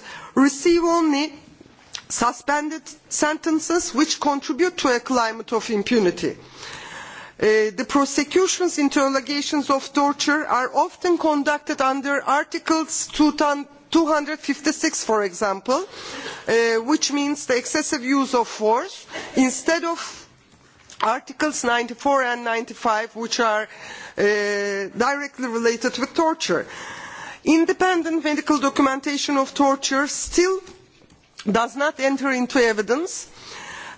receive only suspended sentences which contribute to a climate of impunity. Uh, the prosecution's and interrogations of torture are often conducted under articles two hundred and fifty six for example uh, which means the excessive use of force instead of articles ninety four and ninety five which are uh, directly related to torture. independent medical documentation of torture still does not enter into evidence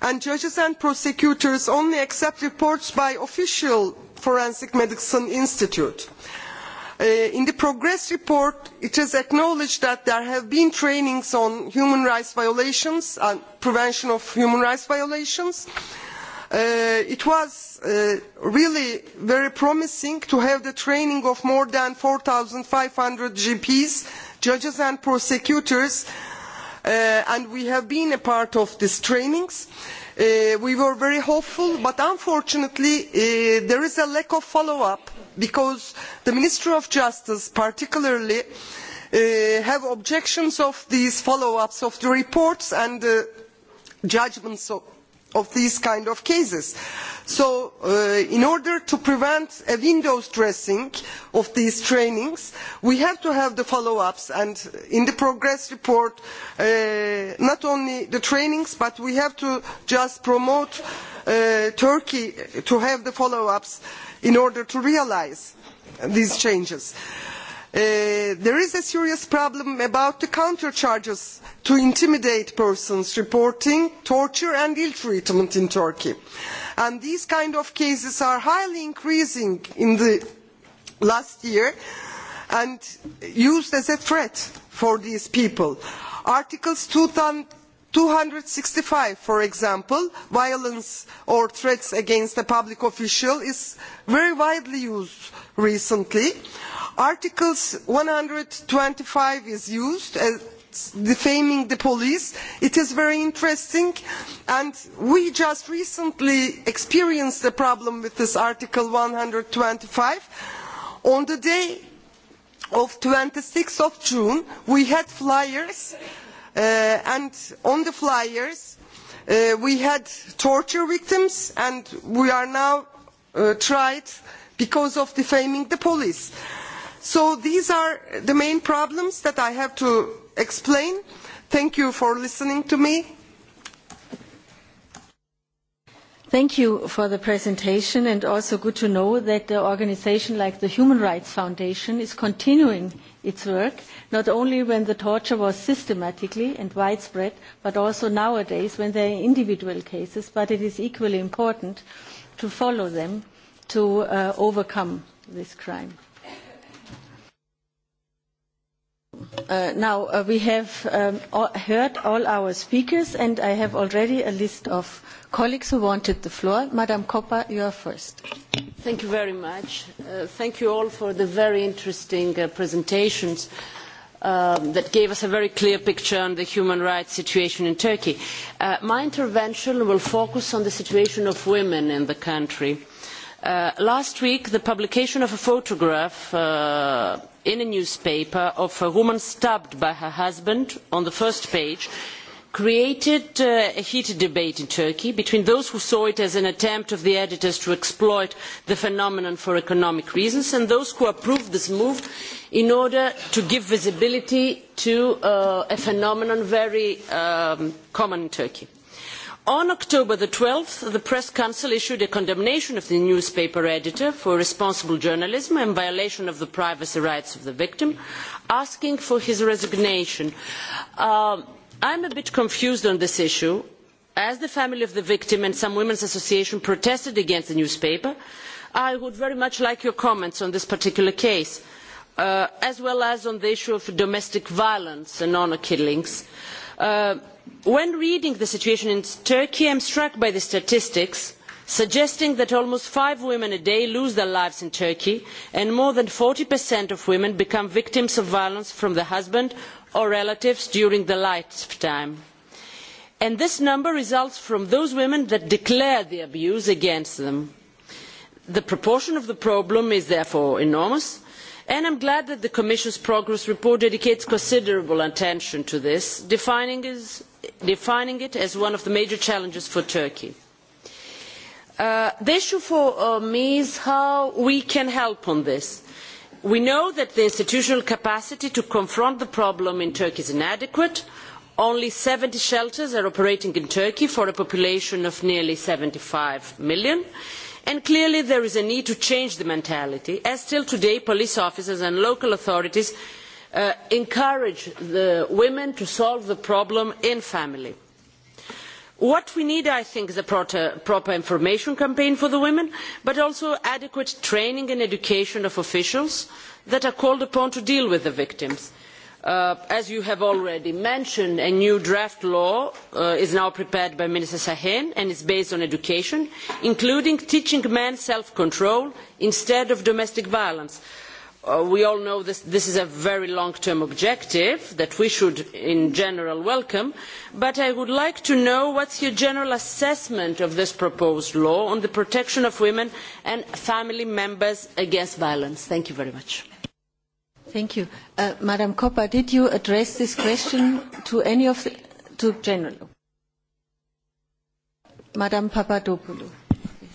and judges and prosecutors only accept reports by official forensic medicine institute. Uh, in the progress report it is acknowledged that there have been trainings on human rights violations and prevention of human rights violations. Uh, it was uh, really very promising to have the training of more than four five hundred gps judges and prosecutors Uh, and we have been a part of these trainings. Uh, we were very hopeful but unfortunately uh, there is a lack of follow up because the ministry of justice particularly has objections to these follow ups of the reports and the judgments of of these kind of cases. so uh, in order to prevent a window dressing of these trainings we have to have the follow ups and in the progress report uh, not only the trainings but we have to just promote uh, turkey to have the follow ups in order to realise these changes. Uh, there is a serious problem about the counter charges to intimidate persons reporting torture and ill treatment in turkey and these kind of cases are highly increasing in the last year and used as a threat for these people. articles two hundred and sixty five for example violence or threats against a public official is very widely used recently and article one hundred and twenty five is used as defaming the police. it is very interesting and we just recently experienced a problem with this article one hundred and twenty five on the day of twenty six june we had flyers uh, and on the flyers uh, we had torture victims and we are now uh, tried because of defaming the police so these are the main problems that i have to explain. thank you for listening to me. Thank you for the presentation and also good to know that an organisation like the Human Rights Foundation is continuing its work, not only when the torture was systematically and widespread, but also nowadays when there are individual cases, but it is equally important to follow them to uh, overcome this crime. Uh, now uh, we have um, all, heard all our speakers and I have already a list of colleagues who wanted the floor. Madam Koppa, you are first. Thank you very much. Uh, thank you all for the very interesting uh, presentations um, that gave us a very clear picture on the human rights situation in Turkey. Uh, my intervention will focus on the situation of women in the country. Uh, last week, the publication of a photograph in a newspaper of a woman stabbed by her husband on the first page created uh, a heated debate in turkey between those who saw it as an attempt by the editors to exploit the phenomenon for economic reasons and those who approved this move in order to give visibility to uh, a phenomenon very um, common in turkey on october twelve the press council issued a condemnation of the newspaper editor for irresponsible journalism and violation of the privacy rights of the victim asking for his resignation. i am um, a bit confused on this issue. as the family of the victim and some women's associations protested against the newspaper i would very much like your comments on this particular case uh, as well as on the issue of domestic violence and honour killings. Uh, when reading the situation in turkey i am struck by the statistics suggesting that almost five women a day lose their lives in turkey and more than forty of women become victims of violence from their husband or relatives during their lifetime. And this number results from those women that declare the abuse against them. the proportion of the problem is therefore enormous and i am glad that the commission's progress report dedicates considerable attention to this defining it defining it as one of the major challenges for Turkey. Uh, the issue for uh, me is how we can help on this. We know that the institutional capacity to confront the problem in Turkey is inadequate. Only 70 shelters are operating in Turkey for a population of nearly 75 million. And clearly there is a need to change the mentality, as still today police officers and local authorities Uh, encourage the women to solve the problem in family. What we need, I think, is a proper information campaign for the women, but also adequate training and education of officials that are called upon to deal with the victims. Uh, as you have already mentioned, a new draft law uh, is now prepared by Minister Sahin and is based on education, including teaching men self-control instead of domestic violence Uh, we all know that this is a very long term objective that we should in general welcome but i would like to know what is your general assessment of this proposed law on the protection of women and family members against violence? thank you very much. thank you. Uh, madam koppa did you address this question to any of the to general? madam papadopoulou.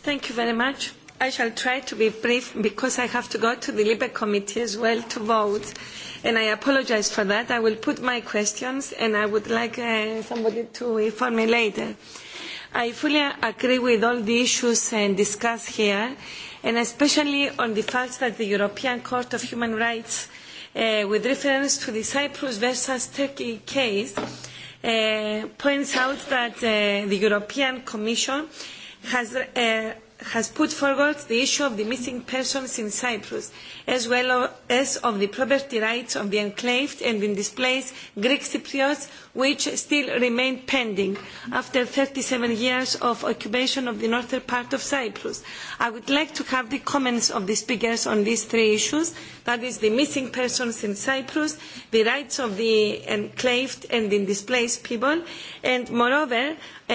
thank you very much. I shall try to be brief because I have to go to the LIBE committee as well to vote. And I apologize for that. I will put my questions and I would like uh, somebody to inform me later. I fully agree with all the issues and uh, discussed here and especially on the fact that the European Court of Human Rights uh, with reference to the Cyprus versus Turkey case uh, points out that uh, the European Commission has uh, has put forward the issue of the missing persons in Cyprus, as well as of the property rights of the enclaved and in displaced Greek Cypriots which still remain pending after 37 years of occupation of the northern part of Cyprus. I would like to have the comments of the speakers on these three issues, that is the missing persons in Cyprus, the rights of the enclaved and the displaced people, and moreover, uh,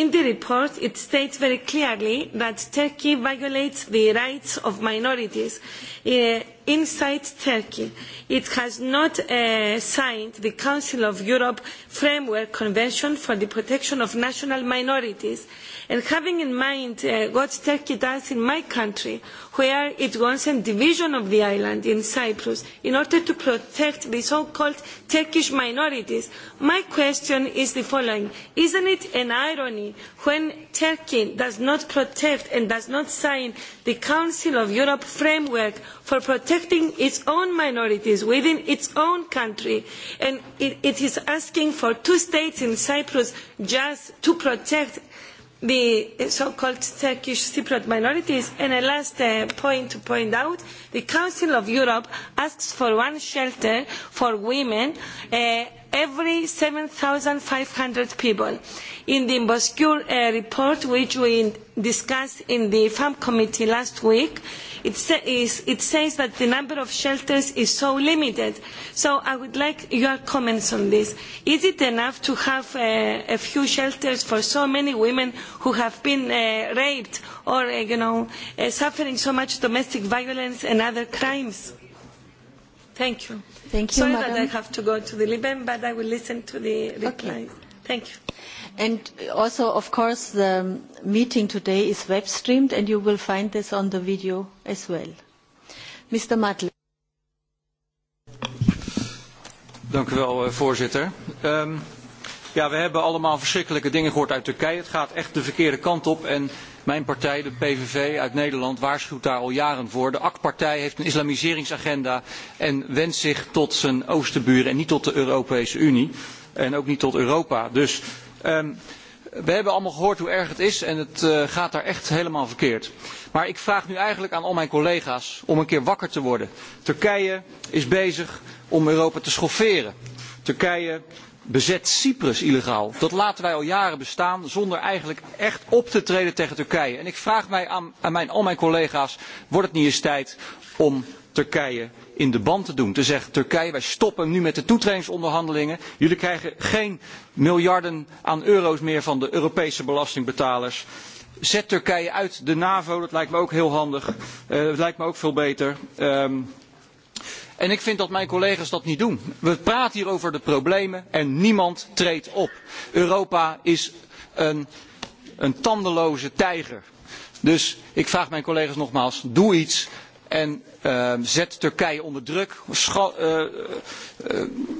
in the report it states very clearly that Turkey violates the rights of minorities. Uh, inside Turkey. It has not uh, signed the Council of Europe Framework Convention for the Protection of National Minorities. And having in mind uh, what Turkey does in my country, where it wants a division of the island in Cyprus in order to protect the so-called Turkish minorities. My question is the following. Isn't it an irony when Turkey does not protect and does not sign the Council of Europe framework for protecting its own minorities within its own country and it, it is asking for two states in Cyprus just to protect the so-called Turkish Cypriot minorities. And a last uh, point to point out, the Council of Europe asks for one shelter for women uh, every 7,500 people. In the Emboscure uh, report, which we discussed in the FAM committee last week, it, sa is, it says that the number of shelters is so limited. So I would like your comments on this. Is it enough to have uh, a few shelters for so many women who have been uh, raped or, uh, you know, uh, suffering so much domestic violence and other crimes? Thank you. Thank you, Sorry madam. that I have to go to the Liban, but I will listen to the replies. Okay. Thank you. And also, of course, the meeting today is web streamed, and you will find this on the video as well. Mr. Matle. Dank u wel, eh, voorzitter. Um, ja, we hebben allemaal verschrikkelijke dingen gehoord uit Turkije. Het gaat echt de verkeerde kant op. En Mijn partij, de PVV uit Nederland, waarschuwt daar al jaren voor. De AK-partij heeft een islamiseringsagenda en wendt zich tot zijn oostenburen en niet tot de Europese Unie. En ook niet tot Europa. Dus um, we hebben allemaal gehoord hoe erg het is en het uh, gaat daar echt helemaal verkeerd. Maar ik vraag nu eigenlijk aan al mijn collega's om een keer wakker te worden. Turkije is bezig om Europa te schofferen. Turkije bezet Cyprus illegaal. Dat laten wij al jaren bestaan zonder eigenlijk echt op te treden tegen Turkije. En ik vraag mij aan, aan mijn, al mijn collega's, wordt het niet eens tijd om Turkije in de band te doen? Te zeggen, Turkije, wij stoppen nu met de toetredingsonderhandelingen. Jullie krijgen geen miljarden aan euro's meer van de Europese belastingbetalers. Zet Turkije uit de NAVO, dat lijkt me ook heel handig. Uh, dat lijkt me ook veel beter. Um, En ik vind dat mijn collega's dat niet doen. We praten hier over de problemen en niemand treedt op. Europa is een, een tandenloze tijger. Dus ik vraag mijn collega's nogmaals, doe iets en uh, zet Turkije onder druk. Scha uh, uh,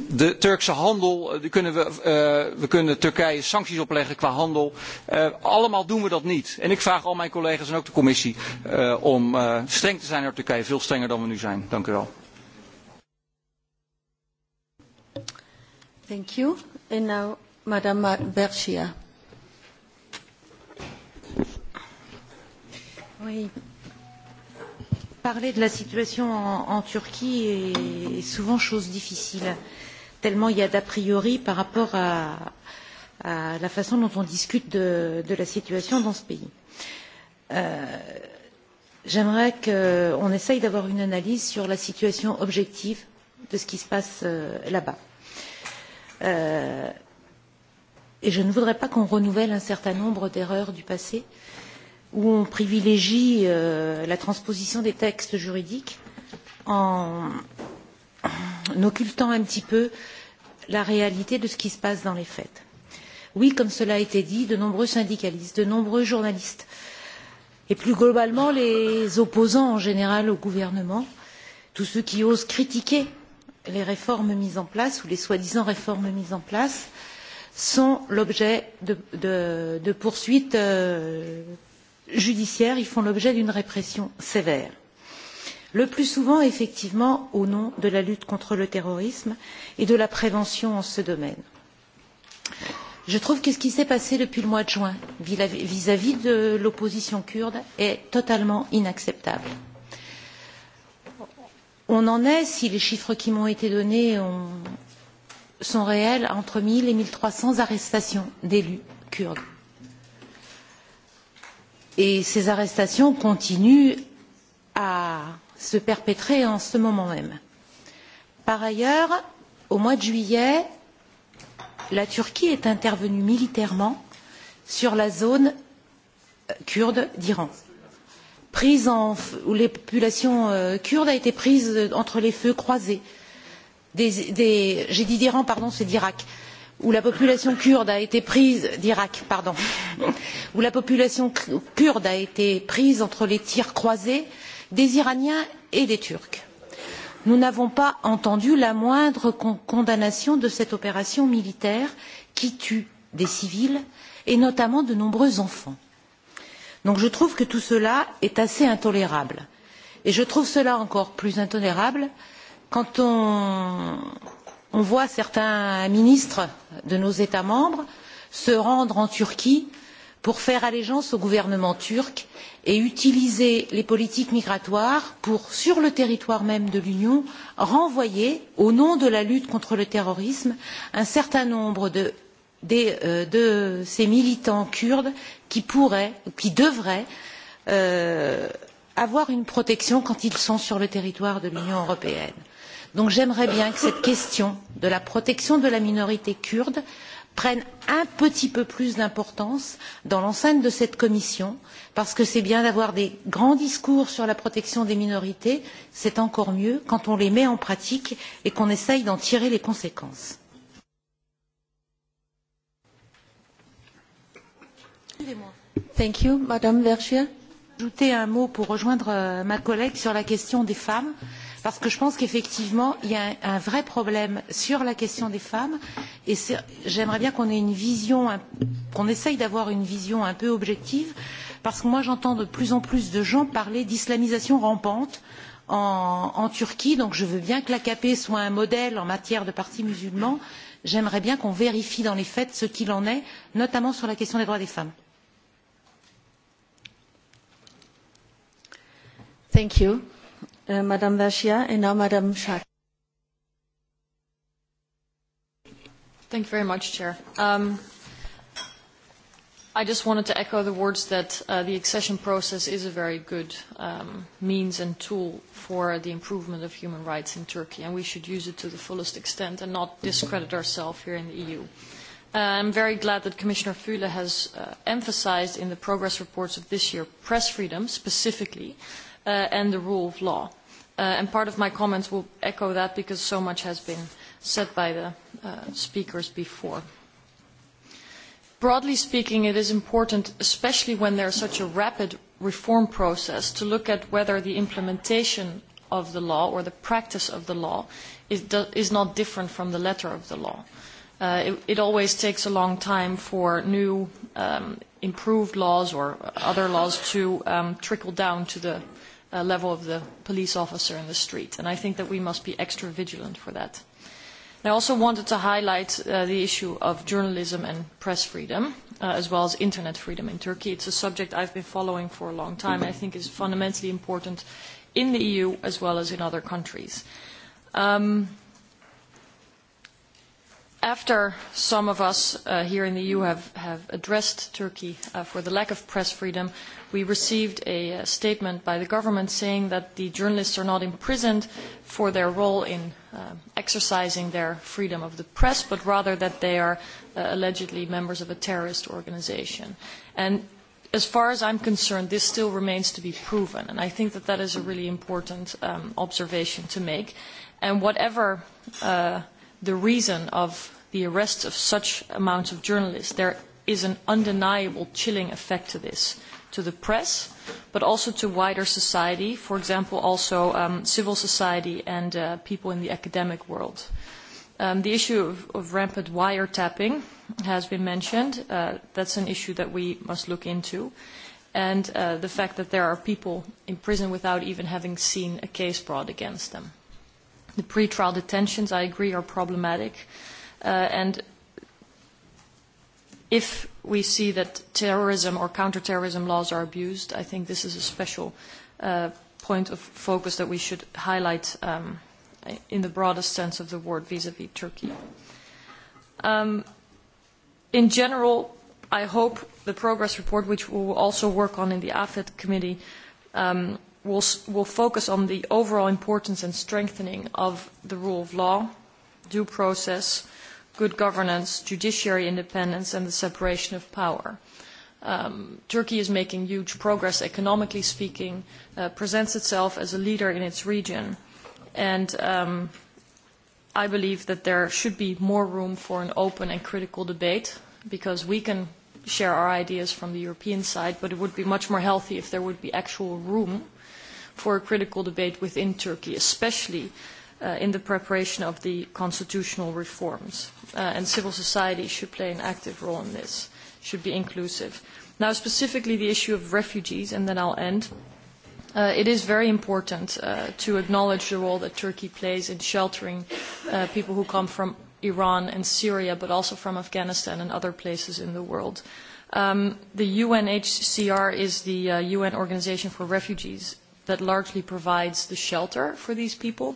de Turkse handel, uh, kunnen we, uh, we kunnen Turkije sancties opleggen qua handel. Uh, allemaal doen we dat niet. En ik vraag al mijn collega's en ook de commissie uh, om uh, streng te zijn naar Turkije, veel strenger dan we nu zijn. Dank u wel. Thank you. And now, Madame Bergia. Oui. Parler de la situation en, en Turquie est, est souvent chose difficile, tellement il y a d'a priori par rapport à, à la façon dont on discute de, de la situation dans ce pays. Euh, J'aimerais qu'on essaye d'avoir une analyse sur la situation objective de ce qui se passe euh, là-bas Euh, et je ne voudrais pas qu'on renouvelle un certain nombre d'erreurs du passé où on privilégie euh, la transposition des textes juridiques en, en occultant un petit peu la réalité de ce qui se passe dans les faits. Oui, comme cela a été dit, de nombreux syndicalistes, de nombreux journalistes et plus globalement les opposants en général au gouvernement, tous ceux qui osent critiquer les réformes mises en place ou les soi disant réformes mises en place sont l'objet de, de, de poursuites euh, judiciaires ils font l'objet d'une répression sévère le plus souvent effectivement au nom de la lutte contre le terrorisme et de la prévention en ce domaine. je trouve que ce qui s'est passé depuis le mois de juin vis à vis de l'opposition kurde est totalement inacceptable on en est, si les chiffres qui m'ont été donnés ont, sont réels, entre 1000 et 1300 arrestations d'élus kurdes. Et ces arrestations continuent à se perpétrer en ce moment même. Par ailleurs, au mois de juillet, la Turquie est intervenue militairement sur la zone kurde d'Iran prise en, où les populations euh, kurdes a été prise euh, entre les feux croisés. Des, des, j'ai dit d'Iran, pardon, c'est d'Irak où la population kurde a été prise d'Irak, pardon, où la population kurde a été prise entre les tirs croisés des Iraniens et des Turcs. Nous n'avons pas entendu la moindre con condamnation de cette opération militaire qui tue des civils et notamment de nombreux enfants donc je trouve que tout cela est assez intolérable et je trouve cela encore plus intolérable quand on, on voit certains ministres de nos états membres se rendre en turquie pour faire allégeance au gouvernement turc et utiliser les politiques migratoires pour sur le territoire même de l'union renvoyer au nom de la lutte contre le terrorisme un certain nombre de Euh, de ces militants kurdes qui pourraient ou qui devraient euh, avoir une protection quand ils sont sur le territoire de l'union européenne. donc j'aimerais bien que cette question de la protection de la minorité kurde prenne un petit peu plus d'importance dans l'enceinte de cette commission parce que c'est bien d'avoir des grands discours sur la protection des minorités c'est encore mieux quand on les met en pratique et qu'on essaie d'en tirer les conséquences Thank Ajouter un mot pour rejoindre euh, ma collègue sur la question des femmes, parce que je pense qu'effectivement, il y a un, vrai problème sur la question des femmes, et j'aimerais bien qu'on ait une vision, qu'on essaye d'avoir une vision un peu objective, parce que moi j'entends de plus en plus de gens parler d'islamisation rampante, en, Turquie, donc je veux bien que l'AKP soit un modèle en matière de parti musulman J'aimerais bien qu'on vérifie dans les faits ce qu'il en est, notamment sur la question des droits des femmes. Thank you, uh, Madame Vergia, and now Madame Schack. Thank you very much, Chair. Um, I just wanted to echo the words that uh, the accession process is a very good um, means and tool for the improvement of human rights in Turkey, and we should use it to the fullest extent and not discredit ourselves here in the EU. Uh, I'm very glad that Commissioner Fule has uh, emphasized in the progress reports of this year press freedom specifically, uh, uh, and the rule of law. Uh, and part of my comments will echo that because so much has been said by the uh, speakers before. Broadly speaking, it is important, especially when there is such a rapid reform process, to look at whether the implementation of the law or the practice of the law is, is not different from the letter of the law. Uh, it, it, always takes a long time for new um, improved laws or other laws to um, trickle down to the uh, level of the police officer in the street. And I think that we must be extra vigilant for that. And I also wanted to highlight uh, the issue of journalism and press freedom, uh, as well as internet freedom in Turkey. It's a subject I've been following for a long time. And I think is fundamentally important in the EU as well as in other countries. Um, after some of us uh, here in the EU have, have addressed Turkey uh, for the lack of press freedom, we received a, a uh, statement by the government saying that the journalists are not imprisoned for their role in uh, exercising their freedom of the press, but rather that they are uh, allegedly members of a terrorist organization. And as far as I'm concerned, this still remains to be proven, and I think that that is a really important um, observation to make. And whatever uh, the reason of the arrests of such amounts of journalists. There is an undeniable chilling effect to this, to the press, but also to wider society, for example, also um, civil society and uh, people in the academic world. Um, the issue of, of rampant wiretapping has been mentioned. Uh, that's an issue that we must look into. And uh, the fact that there are people in prison without even having seen a case brought against them. The pretrial detentions, I agree, are problematic. Uh, and if we see that terrorism or counterterrorism laws are abused, I think this is a special uh, point of focus that we should highlight um, in the broadest sense of the word vis-à-vis -vis Turkey. Um, in general, I hope the progress report, which we will also work on in the AFED committee, um, will, will focus on the overall importance and strengthening of the rule of law, due process, good governance, judiciary independence, and the separation of power. Um, Turkey is making huge progress economically speaking, uh, presents itself as a leader in its region, and um, I believe that there should be more room for an open and critical debate because we can share our ideas from the European side, but it would be much more healthy if there would be actual room for a critical debate within Turkey, especially uh, in the preparation of the constitutional reforms. Uh, and civil society should play an active role in this, should be inclusive. Now, specifically the issue of refugees, and then I'll end. Uh, it is very important uh, to acknowledge the role that Turkey plays in sheltering uh, people who come from Iran and Syria, but also from Afghanistan and other places in the world. Um, the UNHCR is the uh, UN Organization for Refugees that largely provides the shelter for these people,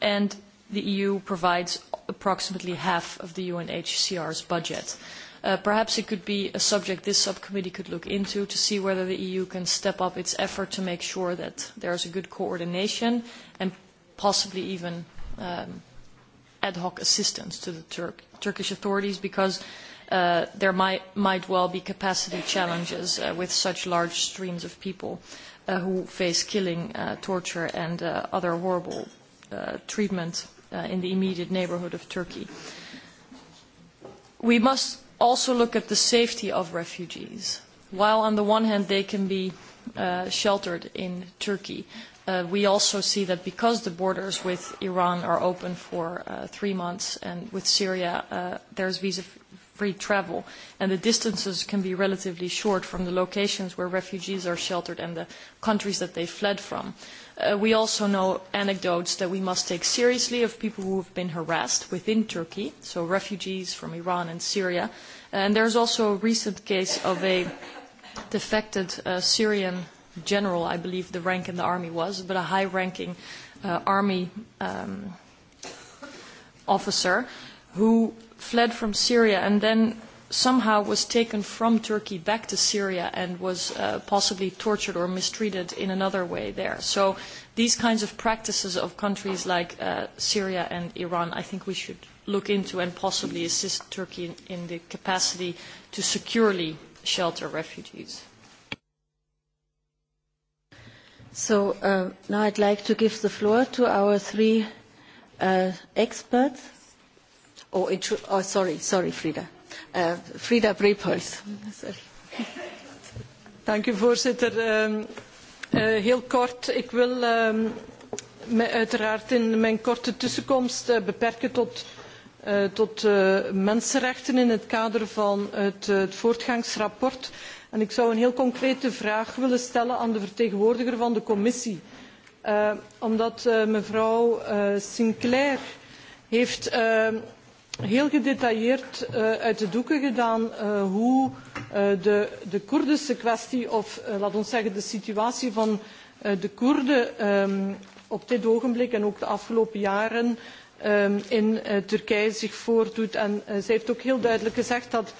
and the EU provides approximately half of the UNHCR's budget. Uh, perhaps it could be a subject this subcommittee could look into to see whether the EU can step up its effort to make sure that there is a good coordination and possibly even um, ad hoc assistance to the Tur Turkish authorities because uh, there might, might well be capacity challenges uh, with such large streams of people uh, who face killing, uh, torture, and uh, other horrible uh, treatment uh, in the immediate neighborhood of Turkey. We must also look at the safety of refugees. While on the one hand they can be uh, sheltered in Turkey, uh, we also see that because the borders with Iran are open for uh, three months and with Syria uh, there's visa free travel, and the distances can be relatively short from the locations where refugees are sheltered and the countries that they fled from. Uh, we also know anecdotes that we must take seriously of people who have been harassed within Turkey, so refugees from Iran and Syria. And there's also a recent case of a defected uh, Syrian general, I believe the rank in the army was, but a high-ranking uh, army um, officer who fled from Syria and then somehow was taken from Turkey back to Syria and was uh, possibly tortured or mistreated in another way there. So these kinds of practices of countries like uh, Syria and Iran, I think we should look into and possibly assist Turkey in, in the capacity to securely shelter refugees. So uh, now I'd like to give the floor to our three uh, experts Oh, it should, oh sorry, sorry, Frida. Uh, Frida Brepoels. Dank u, voorzitter. Um, uh, heel kort, ik wil um, me uiteraard in mijn korte tussenkomst uh, beperken tot, uh, tot uh, mensenrechten in het kader van het, uh, het voortgangsrapport. En ik zou een heel concrete vraag willen stellen aan de vertegenwoordiger van de commissie. Uh, omdat uh, mevrouw uh, Sinclair heeft uh, heel gedetailleerd uh, uit de doeken gedaan uh, hoe uh, de, de Koerdische kwestie of uh, laat ons zeggen de situatie van uh, de Koerden um, op dit ogenblik en ook de afgelopen jaren um, in uh, Turkije zich voordoet. En uh, zij heeft ook heel duidelijk gezegd dat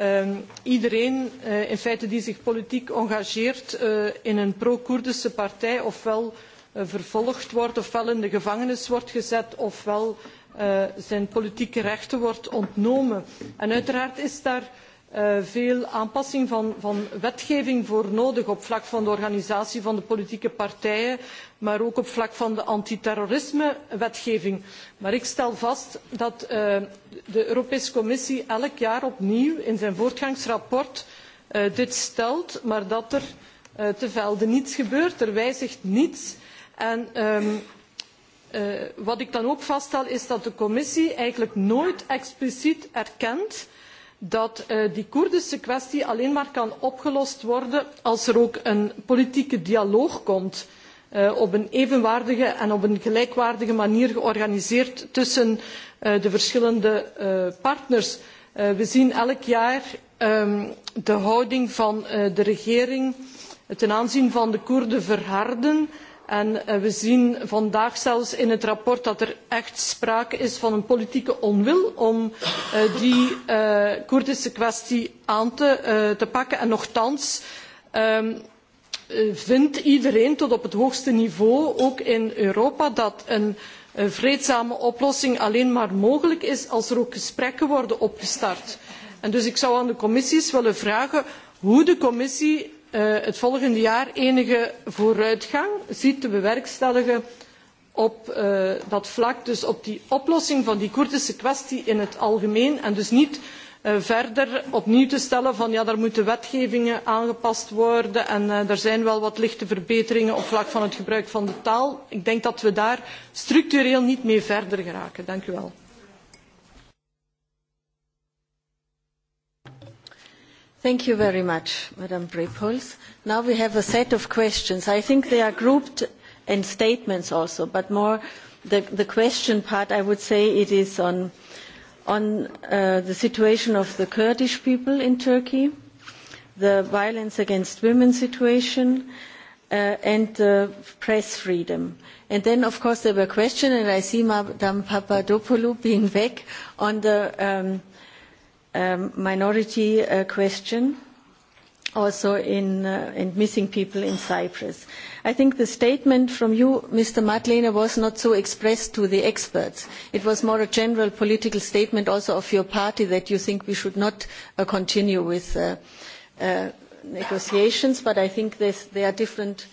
um, iedereen uh, in feite die zich politiek engageert uh, in een pro-Koerdische partij ofwel uh, vervolgd wordt, ofwel in de gevangenis wordt gezet, ofwel Eh, zijn politieke rechten wordt ontnomen. En uiteraard is daar eh, veel aanpassing van, wetgeving voor nodig op vlak van de organisatie van de politieke partijen maar ook op vlak van de antiterrorismewetgeving. maar ik stel vast dat eh, de europese commissie elk jaar opnieuw in zijn voortgangsrapport dit stelt maar dat er te velde niets gebeurt. er wijzigt niets en ehm, Eh, wat ik dan ook vaststel is dat de commissie eigenlijk nooit expliciet erkent dat eh, die Koerdische kwestie alleen maar kan opgelost worden als er ook een politieke dialoog komt eh, op een evenwaardige en op een gelijkwaardige manier georganiseerd tussen de verschillende partners. We zien elk jaar ehm, de houding van de regering ten aanzien van de Koerden verharden En eh, we zien vandaag zelfs in het verslag dat er echt sprake is van een politieke onwil om eh, die eh, Koerdische kwestie aan te, pakken. En nochtans ehm, vindt iedereen tot op het hoogste niveau, ook in Europa, dat een vreedzame oplossing alleen maar mogelijk is als er ook gesprekken worden opgestart. dus ik zou aan de commissie willen vragen hoe de commissie Eh, het volgende jaar enige vooruitgang ziet te bewerkstelligen op eh, dat vlak dus op die oplossing van die koerdische kwestie in het algemeen en dus niet eh, verder opnieuw te stellen van ja daar moeten wetgevingen aangepast worden en er zijn wel wat lichte verbeteringen op vlak van het gebruik van de taal. ik denk dat we daar structureel niet mee verder geraken. dank u wel. Thank you very much, Madam Brepols. Now we have a set of questions. I think they are grouped and statements also, but more the, the question part, I would say it is on, on uh, the situation of the Kurdish people in Turkey, the violence against women situation, uh, and uh, press freedom. And then, of course, there were questions, and I see Madame Papadopoulou being back on the um, um, minority uh, question also in uh, and missing people in Cyprus. I think the statement from you, Mr. Madlener, was not so expressed to the experts. It was more a general political statement also of your party that you think we should not uh, continue with uh, uh, negotiations, but I think there are different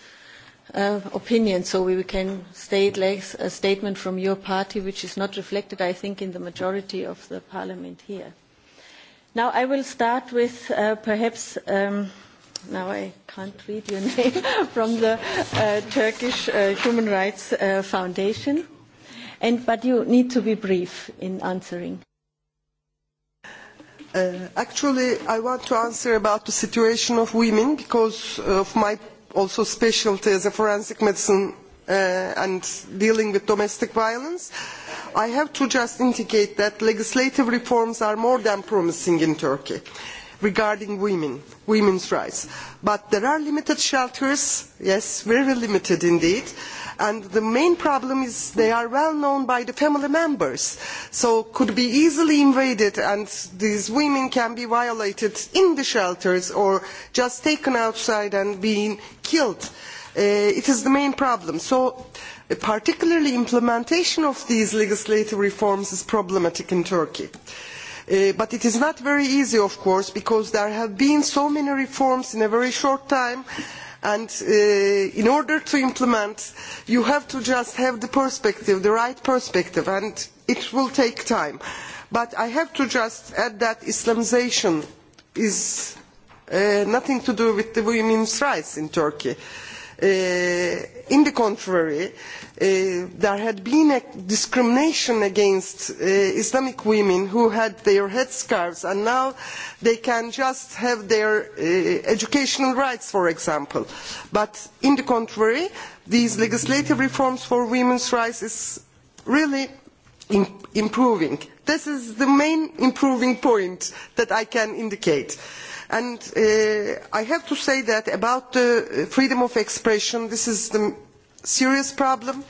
uh, opinions, so we can state a statement from your party which is not reflected, I think, in the majority of the parliament here. Now I will start with uh, perhaps, um, now I can't read your name, from the uh, Turkish uh, Human Rights uh, Foundation. And, but you need to be brief in answering. Uh, actually, I want to answer about the situation of women because of my also specialty as a forensic medicine uh, and dealing with domestic violence. Uh, i have to just indicate that legislative reforms are more than promising in turkey regarding women, women's rights. But there are limited shelters, yes, very limited indeed. And the main problem is they are well known by the family members, so could be easily invaded and these women can be violated in the shelters or just taken outside and being killed. Uh, it is the main problem. So particularly implementation of these legislative reforms is problematic in turkey. Uh, but it is not very easy of course because there have been so many reforms in a very short time and uh, in order to implement you have to just have the perspective the right perspective and it will take time but i have to just add that islamisation is uh, nothing to do with the women's rights in turkey on uh, the contrary uh, there had been discrimination against uh, islamic women who had their headscarves and now they can just have their educational rights for example but on the contrary these legislative reforms for women's rights are really improving. this is the main improving point that i can indicate. And uh, I have to say that about the uh, freedom of expression, this is the serious problem.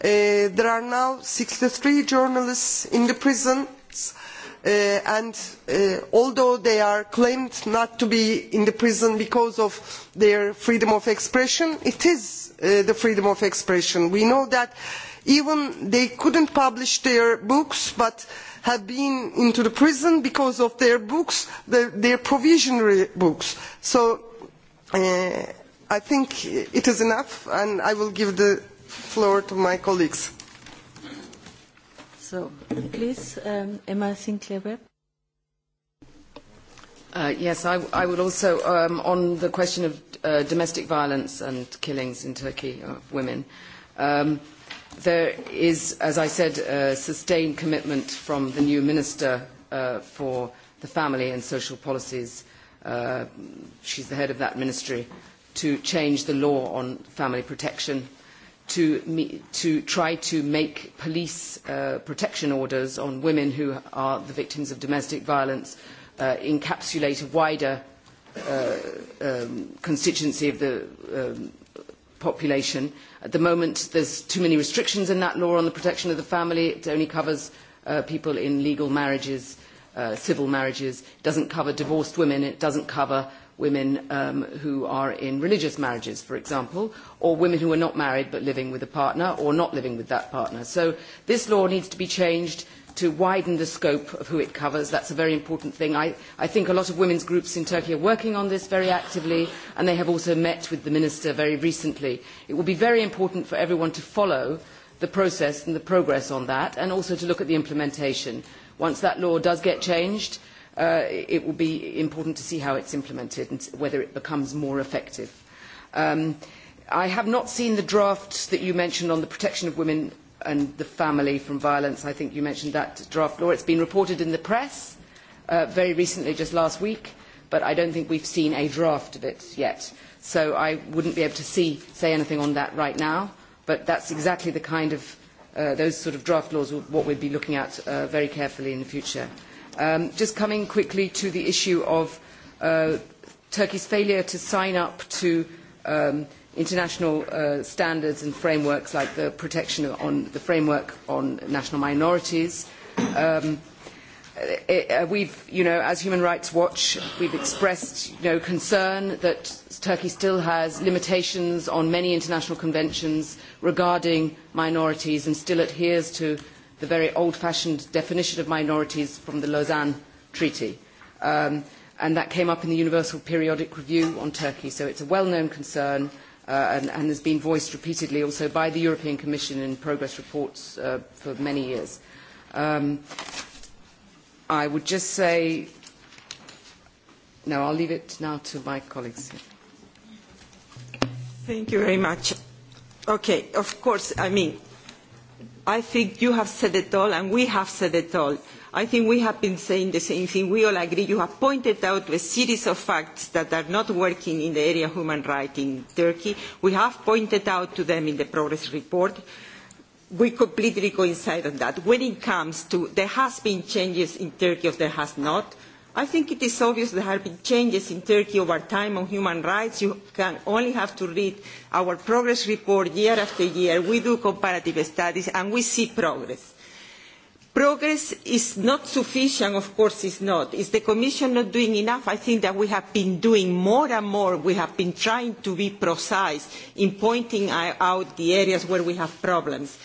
Uh, there are now 63 journalists in the prisons and although they are claimed not to be in the prison because of their freedom of expression, it is the freedom of expression. We know that even they couldn't publish their books, but have been into the prison because of their books, their, provisionary books. So uh, I think it is enough, and I will give the floor to my colleagues. So, please, um, Emma Sinclair-Webb. Uh, yes, I, I, would also, um, on the question of uh, domestic violence and killings in Turkey of women, um, there is, as I said, a sustained commitment from the new Minister uh, for the Family and Social Policies. Uh, she's the head of that ministry to change the law on family protection, to, me, to try to make police uh, protection orders on women who are the victims of domestic violence uh, encapsulate a wider uh, um, constituency of the um, population, uh, At the moment, there's too many restrictions in that law on the protection of the family. It only covers uh, people in legal marriages, uh, civil marriages. It doesn't cover divorced women. It doesn't cover women um, who are in religious marriages, for example, or women who are not married but living with a partner or not living with that partner. So this law needs to be changed to widen the scope of who it covers. That's a very important thing. I, I think a lot of women's groups in Turkey are working on this very actively, and they have also met with the minister very recently. It will be very important for everyone to follow the process and the progress on that, and also to look at the implementation. Once that law does get changed, uh, it will be important to see how it's implemented and whether it becomes more effective. Um, I have not seen the draft that you mentioned on the protection of women and the family from violence. I think you mentioned that draft law. It's been reported in the press uh, very recently, just last week, but I don't think we've seen a draft of it yet. So I wouldn't be able to see, say anything on that right now, but that's exactly the kind of, uh, those sort of draft laws, what we'd be looking at uh, very carefully in the future. Um, just coming quickly to the issue of uh, Turkey's failure to sign up to um, international uh, standards and frameworks like the protection on the framework on national minorities. Um, it, uh, eh, eh, we've, you know, as Human Rights Watch, we've expressed, you know, concern that Turkey still has limitations on many international conventions regarding minorities and still adheres to the very old-fashioned definition of minorities from the Lausanne Treaty. Um, and that came up in the Universal Periodic Review on Turkey, so it's a well-known concern. Uh, and, and, has been voiced repeatedly also by the European Commission in progress reports uh, for many years. Um, I would just say, no, I'll leave it now to my colleagues. Thank you very much. Okay, of course, I mean, I think you have said it all and we have said it all. I think we have been saying the same thing. We all agree. You have pointed out a series of facts that are not working in the area of human rights in Turkey. We have pointed out to them in the progress report. We completely coincide on that. When it comes to there has been changes in Turkey or there has not, I think it is obvious there have been changes in Turkey over time on human rights. You can only have to read our progress report year after year. We do comparative studies and we see progress Progress is not sufficient, of course it's not. Is the Commission not doing enough? I think that we have been doing more and more. We have been trying to be precise in pointing out the areas where we have problems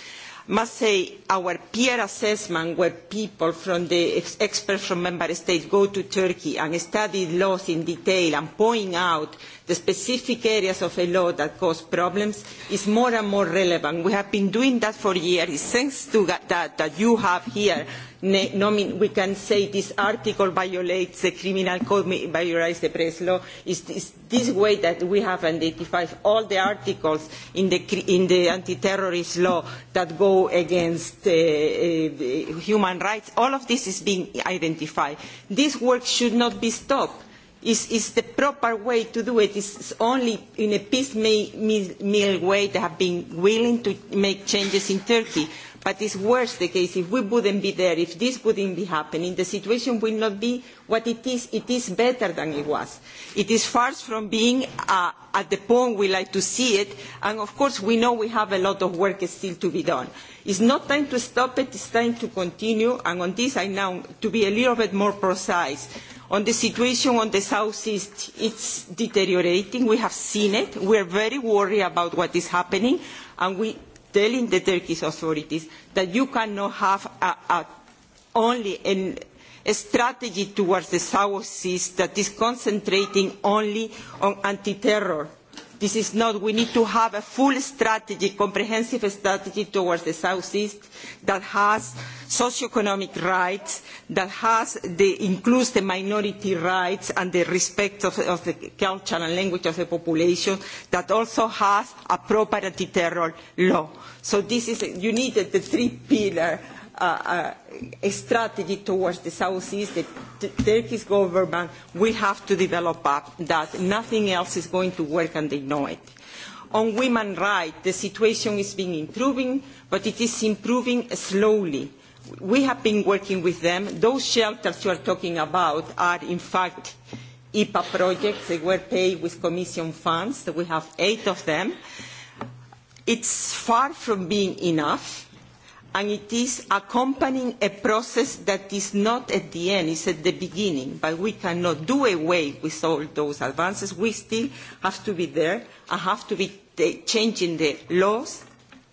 must say our peer assessment where people from the experts from member states go to Turkey and study laws in detail and point out the specific areas of a law that cause problems is more and more relevant. We have been doing that for years. it is thanks to that that you have here No, we can say this article violates the criminal code, violates the press law. It's, it's this way that we have identified all the articles in the, in the anti-terrorist law that go against uh, uh, human rights. All of this is being identified. This work should not be stopped is, is the proper way to do it. It's only in a piecemeal way they have been willing to make changes in Turkey. But it's worse the case if we wouldn't be there, if this wouldn't be happening, the situation would not be what it is. It is better than it was. It is far from being uh, at the point we like to see it, and of course we know we have a lot of work still to be done. It's not time to stop it, it's time to continue, and on this I now, to be a little bit more precise, on the situation on the southeast, it's deteriorating, we have seen it, we are very worried about what is happening, and we telling the Turkish authorities that you cannot have a, a, only an, a strategy towards the South Seas that is concentrating only on anti-terror this is not we need to have a full strategy comprehensive strategy towards the south east that has socio-economic rights that has the, includes the minority rights and the respect of, of the culture and language of the population that also has a proper anti-terror law so this is you need the three pillar uh, a strategy towards the southeast, the Turkish government will have to develop up that nothing else is going to work and they know it. On women rights, the situation is being improving, but it is improving slowly. We have been working with them. Those shelters you are talking about are, in fact, IPA projects. They were paid with commission funds. we have eight of them. It's far from being enough and it is accompanying a process that is not at the end, it's at the beginning, but we cannot do away with all those advances. We still have to be there and have to be changing the laws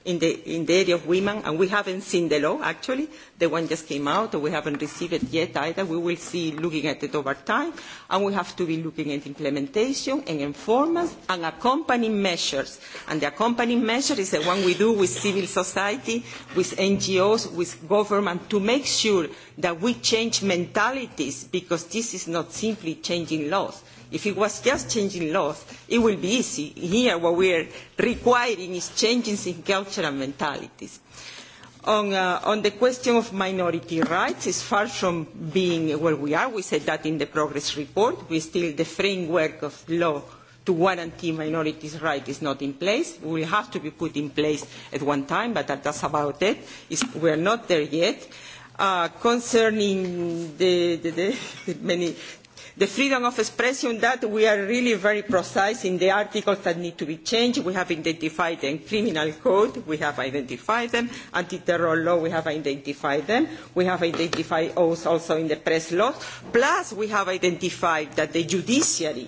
in the, in the area of women, and we haven't seen the law, actually. The one just came out, and we haven't received it yet either. We will see looking at it over time, and we have to be looking at implementation and enforcement and accompanying measures. And the accompanying measure is the one we do with civil society, with NGOs, with government, to make sure that we change mentalities, because this is not simply changing laws If it was just changing laws, it would be easy. Here, what we are requiring is changes in cultural mentalities. On, uh, on the question of minority rights, it's far from being where we are. We said that in the progress report. We still, the framework of law to guarantee minorities' rights is not in place. We will have to be put in place at one time, but that, that's about it. It's, we are not there yet. Uh, concerning the, the, the, many The freedom of expression that we are really very precise in the articles that need to be changed. We have identified in criminal code, we have identified them. Anti-terror law, we have identified them. We have identified also in the press law. Plus, we have identified that the judiciary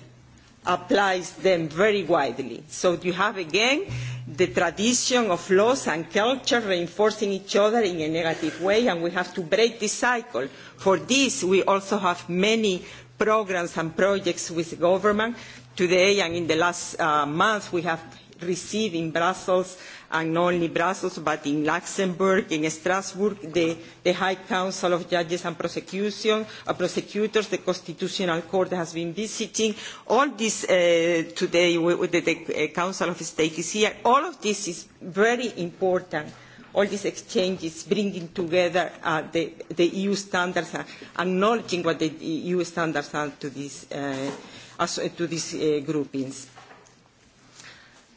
applies them very widely. So you have again the tradition of laws and culture reinforcing each other in a negative way, and we have to break this cycle. For this, we also have many programs and projects with the government. Today and in the last uh, month we have received in Brussels and not only Brussels but in Luxembourg, in Strasbourg, the, the High Council of Judges and Prosecution, uh, Prosecutors, the Constitutional Court has been visiting. All this uh, today, we, the, the uh, Council of State is here. All of this is very important all these exchanges, bringing together uh, the, the EU standards, uh, acknowledging what the EU standards are to these, uh, uh, to these uh, groupings.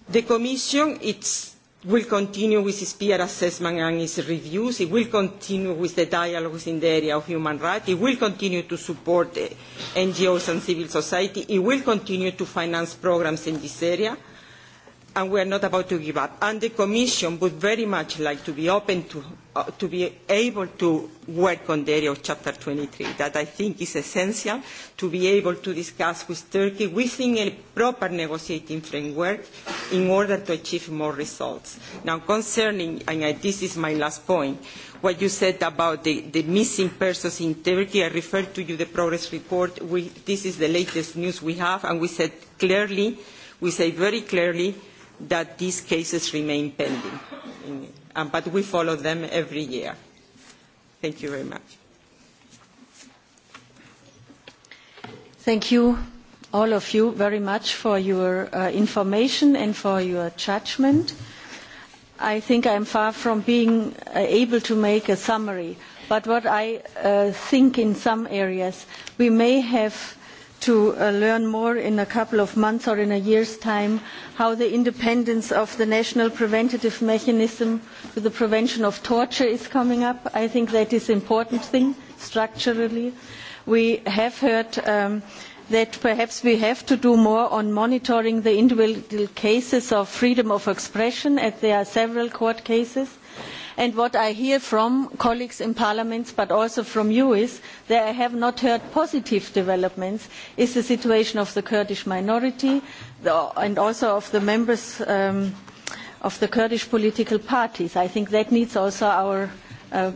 The Commission it's, will continue with its peer assessment and its reviews. It will continue with the dialogues in the area of human rights. It will continue to support uh, NGOs and civil society. It will continue to finance programs in this area and we are not about to give up. And the Commission would very much like to be open to, uh, to be able to work on the area of Chapter 23. That I think is essential to be able to discuss with Turkey within a proper negotiating framework in order to achieve more results. Now, concerning, and I, this is my last point, what you said about the, the missing persons in Turkey, I referred to you the progress report. We, this is the latest news we have, and we said clearly, we say very clearly, that these cases remain pending. um, but we follow them every year. Thank you very much. Thank you, all of you, very much for your uh, information and for your judgment. I think I'm far from being uh, able to make a summary, but what I uh, think in some areas, we may have to uh, learn more in a couple of months or in a year's time how the independence of the national preventative mechanism for the prevention of torture is coming up. I think that is an important thing structurally. We have heard um, that perhaps we have to do more on monitoring the individual cases of freedom of expression, as there are several court cases and what i hear from colleagues in parliament but also from you is that i have not heard positive developments is the situation of the kurdish minority and also of the members um, of the kurdish political parties. i think that needs also our uh,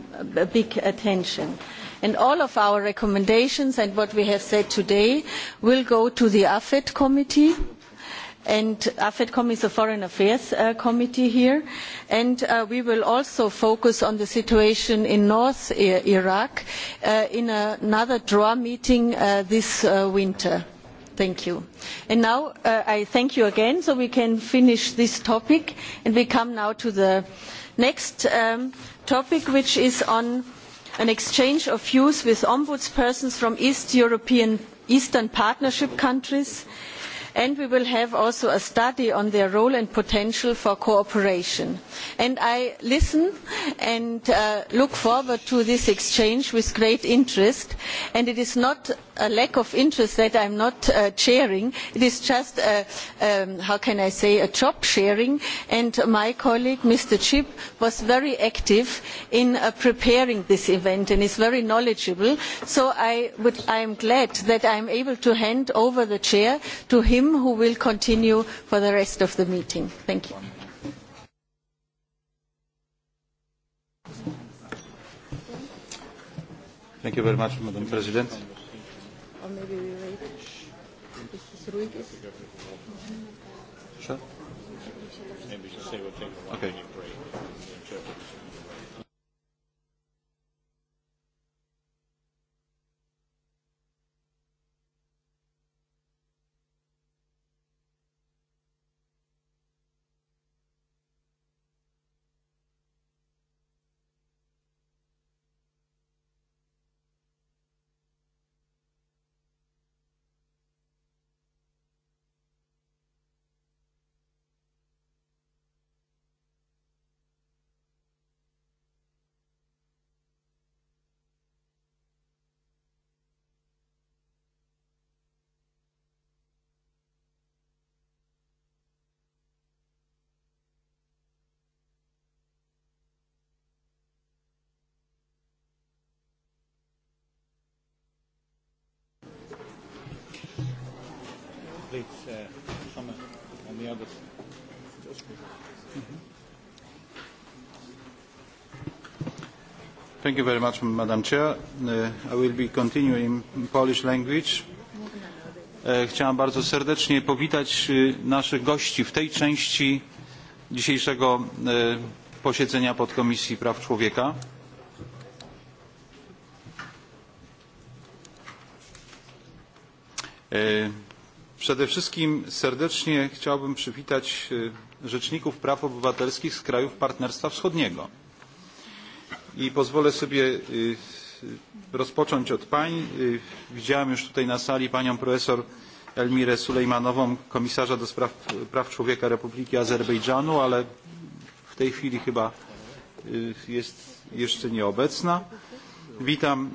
big attention. And all of our recommendations and what we have said today will go to the committee afet committee and AFETCOM is a foreign affairs uh, committee here and uh, we will also focus on the situation in north uh, Iraq uh, in another draw meeting uh, this uh, winter. Thank you. And now I thank you again so we can finish this topic and we come now to the next um, topic which is on an exchange of views with ombudspersons from East European Eastern Partnership countries and we will also have a study on their role and potential for cooperation. i listen and uh, look forward to this exchange with great interest and it is not a lack of interest that i am not chairing uh, it is just a, um, how can i say job sharing and my colleague mr cip was very active in uh, preparing this event and is very knowledgeable so i, I am glad that i am able to hand over the chair to him him who will continue for the rest of the meeting. Thank you. Thank you very much, Madam President. Or maybe we wait. This is uh, summer on the Thank you very much, Madam Chair. Uh, I will be continuing in Polish language. Uh, chciałem bardzo serdecznie powitać naszych gości w tej części dzisiejszego posiedzenia podkomisji praw człowieka. Przede wszystkim serdecznie chciałbym przywitać rzeczników praw obywatelskich z krajów Partnerstwa Wschodniego. I pozwolę sobie rozpocząć od pań. Widziałem już tutaj na sali panią profesor Elmirę Sulejmanową, komisarza do spraw praw człowieka Republiki Azerbejdżanu, ale w tej chwili chyba jest jeszcze nieobecna. Witam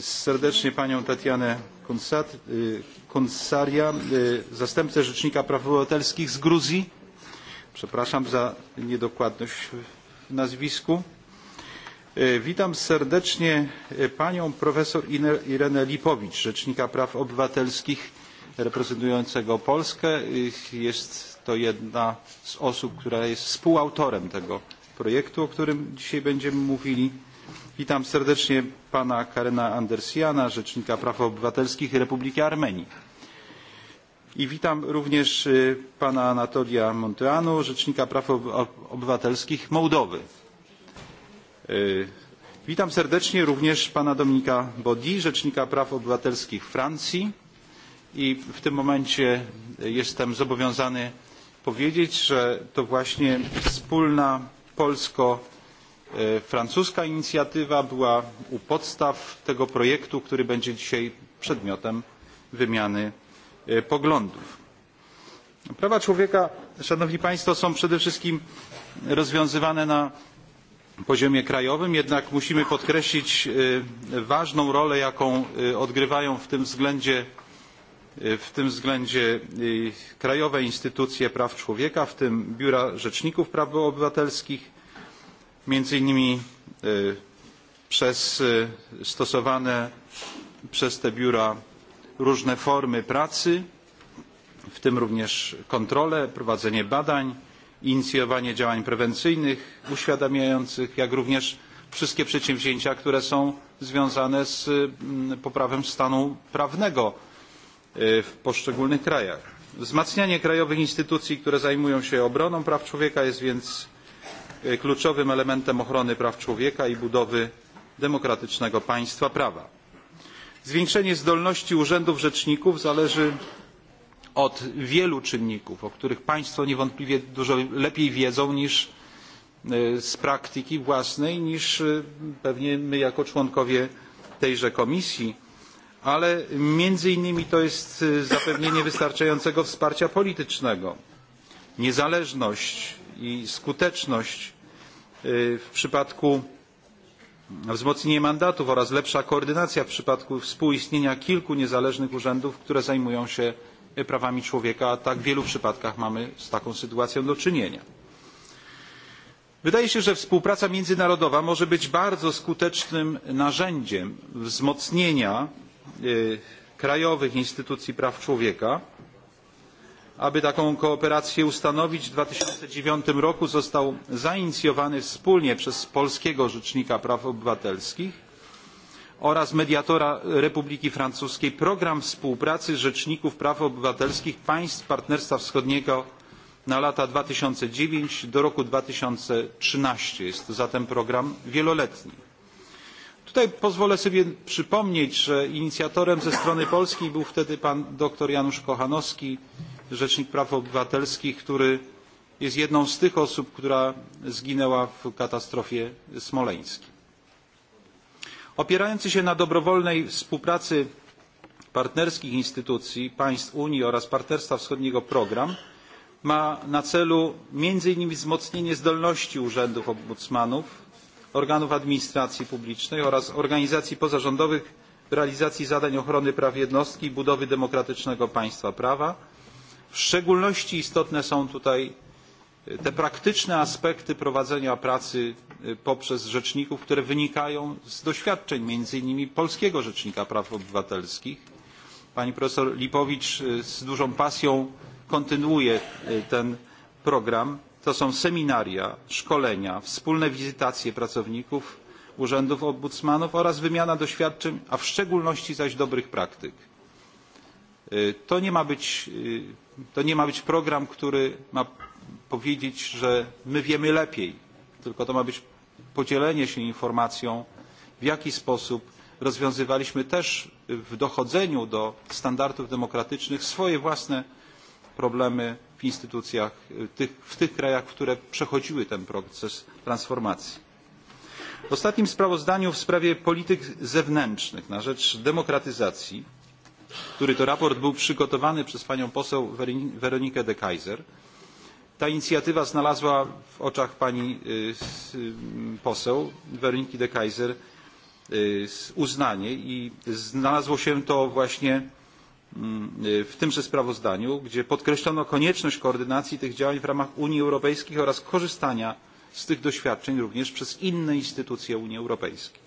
serdecznie panią Tatianę E, konsaria, e, zastępcę Rzecznika Praw Obywatelskich z Gruzji. Przepraszam za niedokładność w nazwisku. E, witam serdecznie panią profesor Irenę Lipowicz, Rzecznika Praw Obywatelskich reprezentującego Polskę. Jest to jedna z osób, która jest współautorem tego projektu, o którym dzisiaj będziemy mówili Witam serdecznie pana Karena Andersiana, Rzecznika Praw Obywatelskich Republiki Armenii. I witam również pana Anatolia Monteanu, Rzecznika Praw Obywatelskich Mołdowy. Witam serdecznie również pana Dominika Bodi, Rzecznika Praw Obywatelskich Francji. I w tym momencie jestem zobowiązany powiedzieć, że to właśnie wspólna polsko E, francuska inicjatywa była u podstaw tego projektu który będzie dzisiaj przedmiotem wymiany e, poglądów. prawa człowieka szanowni państwo są przede wszystkim rozwiązywane na poziomie krajowym jednak musimy podkreślić e, ważną rolę jaką odgrywają w tym względzie, w tym względzie krajowe instytucje praw człowieka w tym biura rzeczników praw obywatelskich między innymi e, przez e, stosowane przez te biura różne formy pracy w tym również kontrole prowadzenie badań inicjowanie działań prewencyjnych uświadamiających jak również wszystkie przedsięwzięcia które są związane z mm, poprawą stanu prawnego e, w poszczególnych krajach. wzmacnianie krajowych instytucji które zajmują się obroną praw człowieka jest więc kluczowym elementem ochrony praw człowieka i budowy demokratycznego państwa prawa. zwiększenie zdolności urzędów rzeczników zależy od wielu czynników o których państwo niewątpliwie dużo lepiej wiedzą niż z praktyki własnej niż pewnie my jako członkowie tejże komisji ale między innymi to jest zapewnienie wystarczającego wsparcia politycznego niezależność i skuteczność w przypadku wzmocnienie mandatów oraz lepsza koordynacja w przypadku współistnienia kilku niezależnych urzędów które zajmują się prawami człowieka a tak w wielu przypadkach mamy z taką sytuacją do czynienia. wydaje się że współpraca międzynarodowa może być bardzo skutecznym narzędziem wzmocnienia krajowych instytucji praw człowieka aby taką kooperację ustanowić w dwa tysiące dziewięć roku został zainicjowany wspólnie przez polskiego rzecznika praw obywatelskich oraz mediatora republiki francuskiej program współpracy rzeczników praw obywatelskich państw partnerstwa wschodniego na lata dwa tysiące dziewięć dwa tysiące trzynaście jest to zatem program wieloletni. tutaj pozwolę sobie przypomnieć że inicjatorem ze strony polskiej był wtedy pan dr janusz kochanowski Rzecznik Praw Obywatelskich, który jest jedną z tych osób, która zginęła w katastrofie smoleńskiej. Opierający się na dobrowolnej współpracy partnerskich instytucji państw Unii oraz Partnerstwa Wschodniego program ma na celu między innymi wzmocnienie zdolności urzędów ombudsmanów, organów administracji publicznej oraz organizacji pozarządowych w realizacji zadań ochrony praw jednostki i budowy demokratycznego państwa prawa, W szczególności istotne są tutaj e, te praktyczne aspekty prowadzenia pracy e, poprzez rzeczników, które wynikają z doświadczeń między innymi polskiego rzecznika praw obywatelskich. Pani profesor Lipowicz e, z dużą pasją kontynuuje ten program. To są seminaria, szkolenia, wspólne wizytacje pracowników urzędów ombudsmanów oraz wymiana doświadczeń, a w szczególności zaś dobrych praktyk. To nie ma być to nie ma być program, który ma powiedzieć, że my wiemy lepiej, tylko to ma być podzielenie się informacją, w jaki sposób rozwiązywaliśmy też w dochodzeniu do standardów demokratycznych swoje własne problemy w instytucjach w tych krajach, które przechodziły ten proces transformacji. W ostatnim sprawozdaniu w sprawie polityk zewnętrznych na rzecz demokratyzacji który to raport był przygotowany przez panią poseł Weronikę de Kaiser. Ta inicjatywa znalazła w oczach pani poseł Weroniki de Kaiser uznanie i znalazło się to właśnie mm, w tymże sprawozdaniu, gdzie podkreślono konieczność koordynacji tych działań w ramach Unii Europejskiej oraz korzystania z tych doświadczeń również przez inne instytucje Unii Europejskiej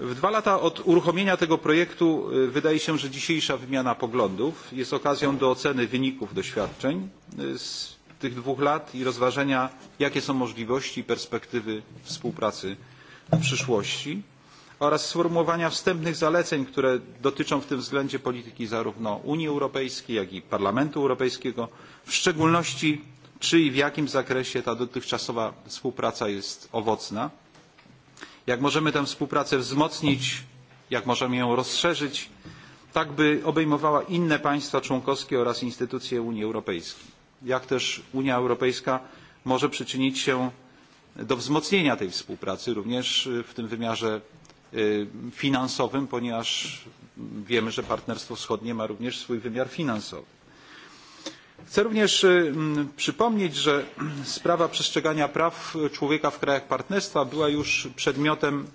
w dwa lata od uruchomienia tego projektu wydaje się że dzisiejsza wymiana poglądów jest okazją do oceny wyników doświadczeń z tych dwóch lat i rozważenia jakie są możliwości i perspektywy współpracy w przyszłości oraz sformułowania wstępnych zaleceń które dotyczą w tym względzie polityki zarówno unii europejskiej jak i parlamentu europejskiego w szczególności czy i w jakim zakresie ta dotychczasowa współpraca jest owocna jak możemy tę współpracę wzmocnić, jak możemy ją rozszerzyć, tak by obejmowała inne państwa członkowskie oraz instytucje Unii Europejskiej. Jak też Unia Europejska może przyczynić się do wzmocnienia tej współpracy również w tym wymiarze finansowym, ponieważ wiemy, że Partnerstwo Wschodnie ma również swój wymiar finansowy. Chcę również przypomnieć, że mm, sprawa przestrzegania praw człowieka w krajach partnerstwa była już przedmiotem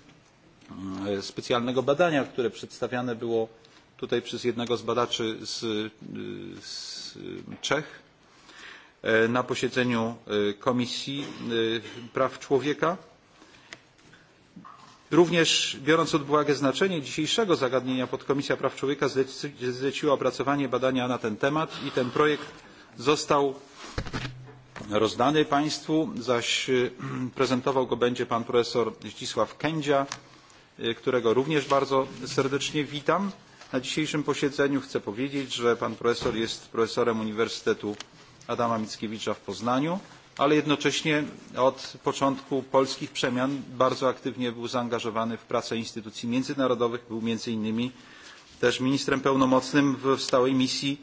mm, e, specjalnego badania, które przedstawiane było tutaj przez jednego z badaczy z, Czech e, na posiedzeniu e, Komisji Praw Człowieka. Również biorąc pod uwagę znaczenie dzisiejszego zagadnienia podkomisja praw człowieka zleciła opracowanie badania na ten temat i ten projekt został rozdany państwu zaś mm, prezentował go będzie pan profesor zdzisław kędzia którego również bardzo serdecznie witam na dzisiejszym posiedzeniu. chcę powiedzieć że pan profesor jest profesorem uniwersytetu adama mickiewicza w poznaniu ale jednocześnie od początku polskich przemian bardzo aktywnie był zaangażowany w pracę instytucji międzynarodowych był między innymi też ministrem pełnomocnym w stałej misji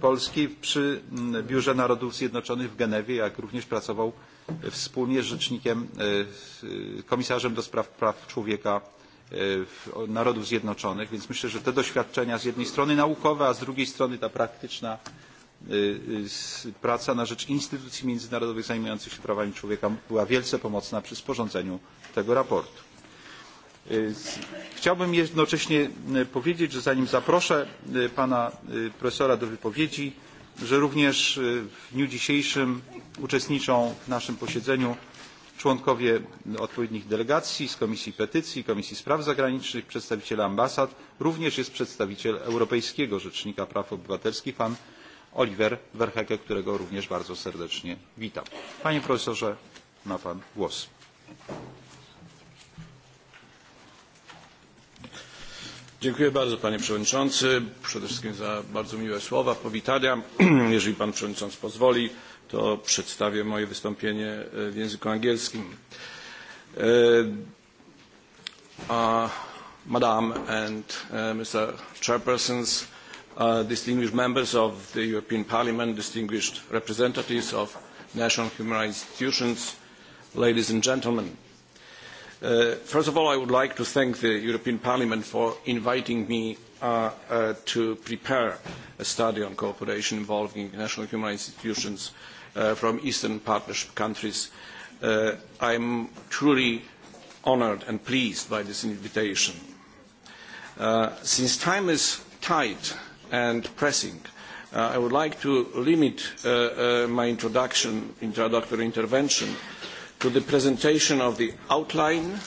Polski przy mm, Biurze Narodów Zjednoczonych w Genewie, jak również pracował wspólnie z rzecznikiem, komisarzem do spraw praw człowieka Narodów Zjednoczonych, więc myślę, że te doświadczenia z jednej strony naukowe, a z drugiej strony ta praktyczna praca na rzecz instytucji międzynarodowych zajmujących się prawami człowieka była wielce pomocna przy sporządzeniu tego raportu. Chciałbym jednocześnie powiedzieć, że zanim zaproszę pana profesora do wypowiedzi, że również w dniu dzisiejszym uczestniczą w naszym posiedzeniu członkowie odpowiednich delegacji z Komisji Petycji, Komisji Spraw Zagranicznych, przedstawiciele ambasad. Również jest przedstawiciel Europejskiego Rzecznika Praw Obywatelskich, pan Oliver Verhecke, którego również bardzo serdecznie witam. Panie profesorze, ma pan głos. Dziękuję bardzo panie przewodniczący. Przede wszystkim za bardzo miłe słowa, powitania. Jeżeli pan przewodniczący pozwoli, to przedstawię moje wystąpienie e, w języku angielskim. Uh, Madam and uh, e, Mr. Chairpersons, uh, distinguished members of the European Parliament, distinguished representatives of national human rights institutions, ladies and gentlemen. Uh, first of all, I would like to thank the European Parliament for inviting me uh, uh, to prepare a study on cooperation involving national human rights institutions uh, from Eastern Partnership countries. Uh, I am truly honoured and pleased by this invitation. since time is tight and pressing, I would like to limit my introduction, introductory intervention to the presentation of the outline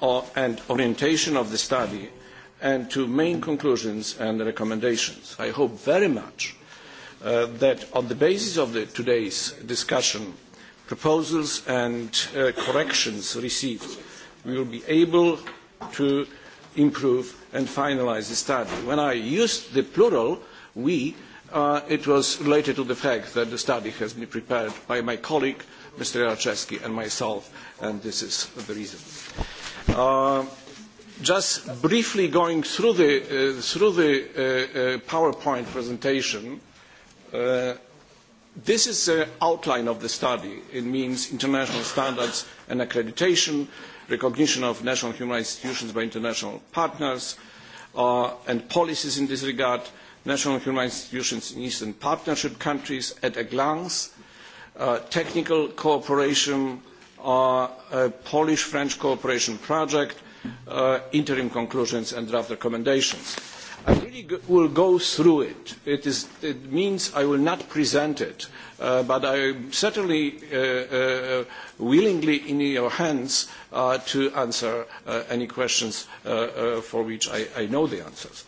or, and orientation of the study and to main conclusions and recommendations. I hope very much uh, that on the basis of the, today's discussion, proposals and uh, corrections received, we will be able to improve and finalise the study. When I used the plural, we, uh, it was related to the fact that the study has been prepared by my colleague, Mr. Jarczewski and myself, and this is the reason. Uh, just briefly going through the, uh, through the uh, uh PowerPoint presentation, uh, this is the outline of the study. It means international standards and accreditation, recognition of national human rights institutions by international partners, uh, and policies in this regard, national human rights institutions in Eastern Partnership countries at a glance, uh, Uh, technical cooperation, uh, a Polish-French cooperation project, uh, interim conclusions and draft recommendations. I really will go through it. It, is, it means I will not present it, uh, but I am certainly uh, uh, willingly in your hands uh, to answer uh, any questions uh, uh, for which I, I know the answers.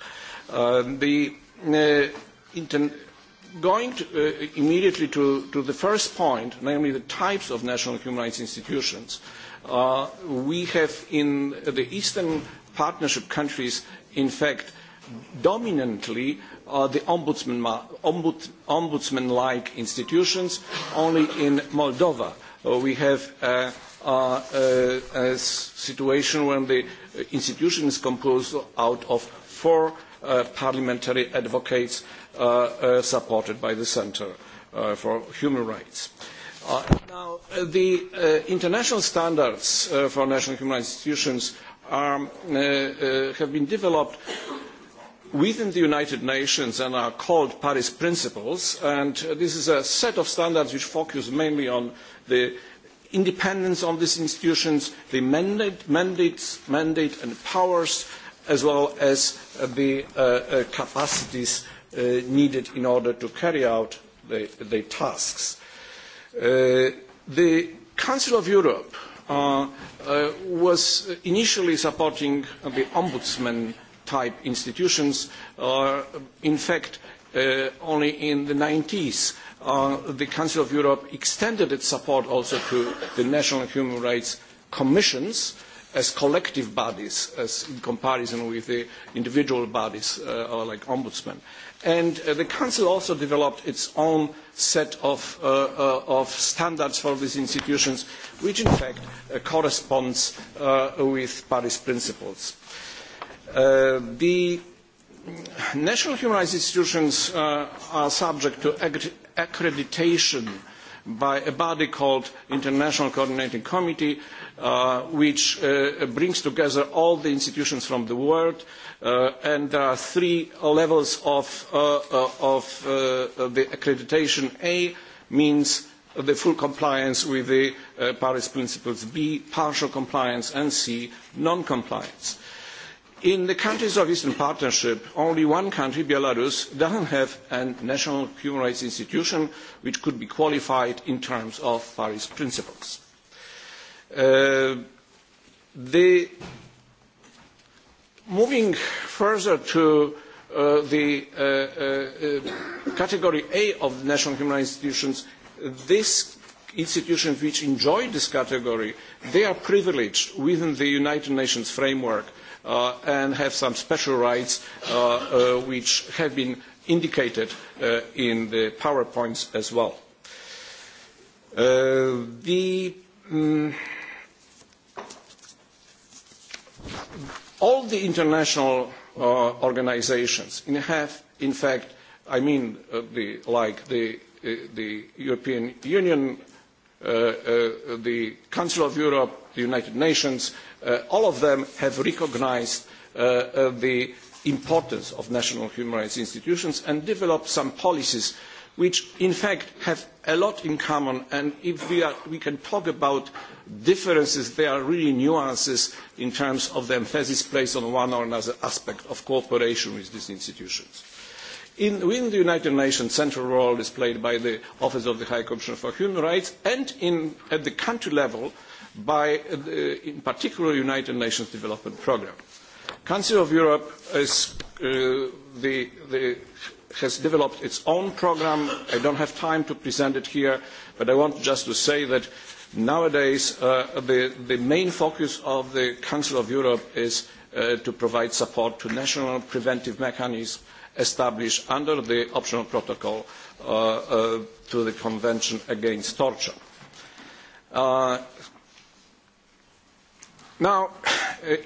Uh, the uh, inter going to, uh, immediately to, to the first point, namely the types of national human rights institutions, uh, we have in the Eastern Partnership countries, in fact, dominantly uh, the ombudsman, ombud, ombudsman-like institutions. Only in Moldova uh, we have uh, uh, uh, a situation when the institution is composed out of four uh, parliamentary advocates Uh, uh, supported by the Center uh, for Human Rights. now, the international standards for national human rights institutions are, um, have been developed within the United Nations and are called Paris Principles. And this is a set of standards which focus mainly on the independence of these institutions, the mandate, mandates, mandate and powers, as well as the uh, uh, capacities uh, needed in order to carry out the, the tasks. Uh, the Council of Europe uh, uh, was initially supporting the ombudsman type institutions. Uh, in fact, uh, only in the 90s, uh, the Council of Europe extended its support also to the national human rights commissions as collective bodies, as in comparison with the individual bodies uh, or like ombudsman. Uh, And uh, the Council also developed its own set of, uh, uh, of standards for these institutions, which in fact uh, corresponds uh, with Paris principles. Uh, the national human rights institutions are subject to accreditation by a body called International Coordinating Committee, which brings together all the institutions from the world uh, Uh, and there uh, are three levels of, uh, uh of uh, the accreditation. A means the full compliance with the Paris principles, B, partial compliance, and C, non-compliance. In the countries of Eastern Partnership, only one country, Belarus, doesn't have a national human rights institution which could be qualified in terms of Paris principles. the moving further to uh, the uh, uh, category A of national human rights institutions, these institutions which enjoy this category, they are privileged within the United Nations framework uh, and have some special rights uh, uh, which have been indicated in the PowerPoints as well. the um, all the international uh, organizations, in, have, in fact, I mean, uh, the, like the, uh, the European Union, uh, uh, the Council of Europe, the United Nations, uh, all of them have recognized uh, uh, the importance of national human rights institutions and developed some policies uh, which in fact have a lot in common and if we, are, we can talk about differences, there are really nuances in terms of the emphasis placed on one or another aspect of cooperation with these institutions. In, within the United Nations, central role is played by the Office of the High Commissioner for Human Rights and in, at the country level by, the, uh, in particular, United Nations Development Programme. Council of Europe is uh, the, the has developed its own program. I don't have time to present it here, but I want just to say that nowadays uh, the, the main focus of the Council of Europe is uh, to provide support to national preventive mechanisms established under the optional protocol uh, uh, to the Convention Against Torture. Uh, now,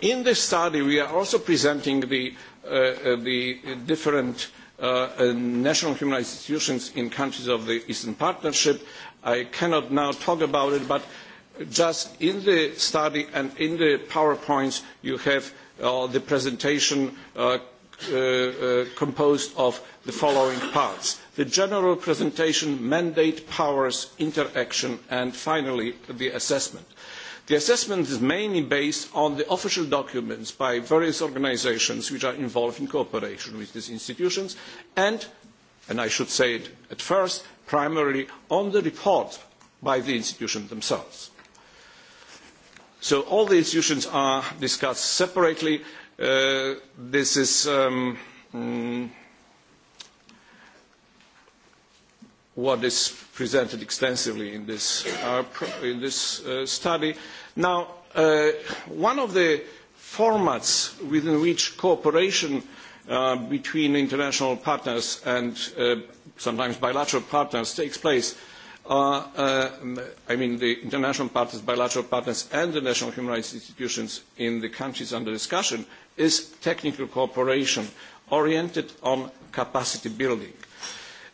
in this study, we are also presenting the, uh, uh the different uh, Uh, uh, national human rights institutions in countries of the Eastern Partnership. I cannot now talk about it, but just in the study and in the PowerPoints you have uh, the presentation uh, uh, uh composed of the following parts. The general presentation, mandate, powers, interaction, and finally the assessment. The assessment is mainly based on the official documents by various organisations which are involved in cooperation with these institutions and, and I should say it at first, primarily on the report by the institutions themselves. So all the institutions are discussed separately. Uh, this is um, mm, what is presented extensively in this, uh, in this uh, study. Now, uh, one of the formats within which cooperation uh, between international partners and uh, sometimes bilateral partners takes place uh, uh, I mean, the international partners, bilateral partners, and the national human rights institutions in the countries under discussion is technical cooperation oriented on capacity building. Uh,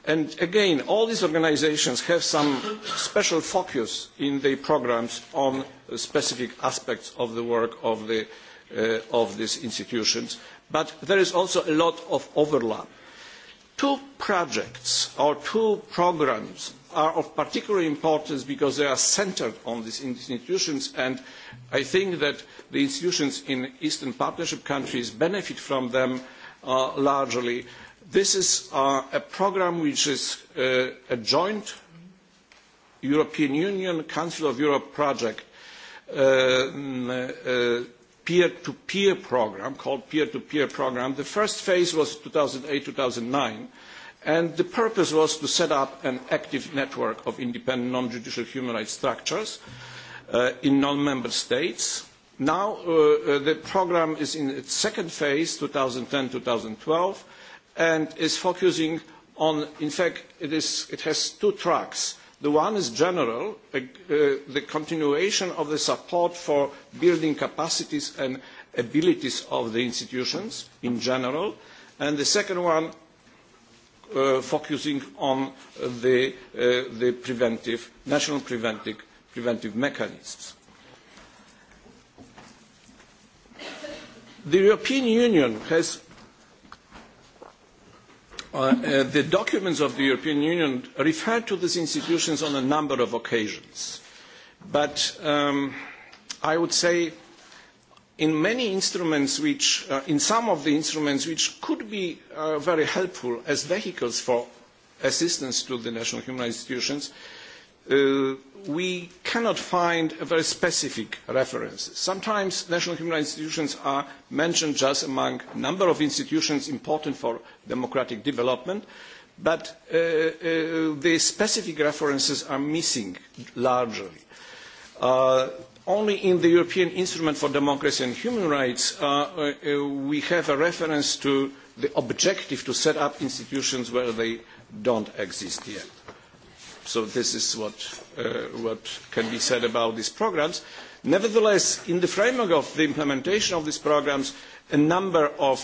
And again, all these organizations have some special focus in their programs on specific aspects of the work of, the, uh, of these institutions, but there is also a lot of overlap. Two projects or two programs are of particular importance because they are centered on these institutions and I think that the institutions in Eastern Partnership countries benefit from them uh, largely This is uh, a program which is uh, a joint European Union Council of Europe project, um, uh, peer-to-peer uh, -peer program called peer-to-peer -peer program. The first phase was 2008-2009, and the purpose was to set up an active network of independent non-judicial human rights structures uh, in non-member states. Now uh, the program is in its second phase, 2010-2012, and is focusing on, in fact, it, is, it has two tracks. The one is general, uh, uh, the continuation of the support for building capacities and abilities of the institutions in general, and the second one uh, focusing on the, uh, the preventive, national preventive, preventive mechanisms. The European Union has Uh, uh, the documents of the European Union refer to these institutions on a number of occasions. But um, I would say in many instruments which, uh, in some of the instruments which could be uh, very helpful as vehicles for assistance to the national human institutions, uh, Uh, we cannot find very specific references. Sometimes national human rights institutions are mentioned just among a number of institutions important for democratic development, but uh, uh, the specific references are missing largely. Uh, only in the European Instrument for Democracy and Human Rights uh, uh, we have a reference to the objective to set up institutions where they don't exist yet. So this is uh, what, can be said about these programs. Nevertheless, in the framework of the implementation of these programs, a number of,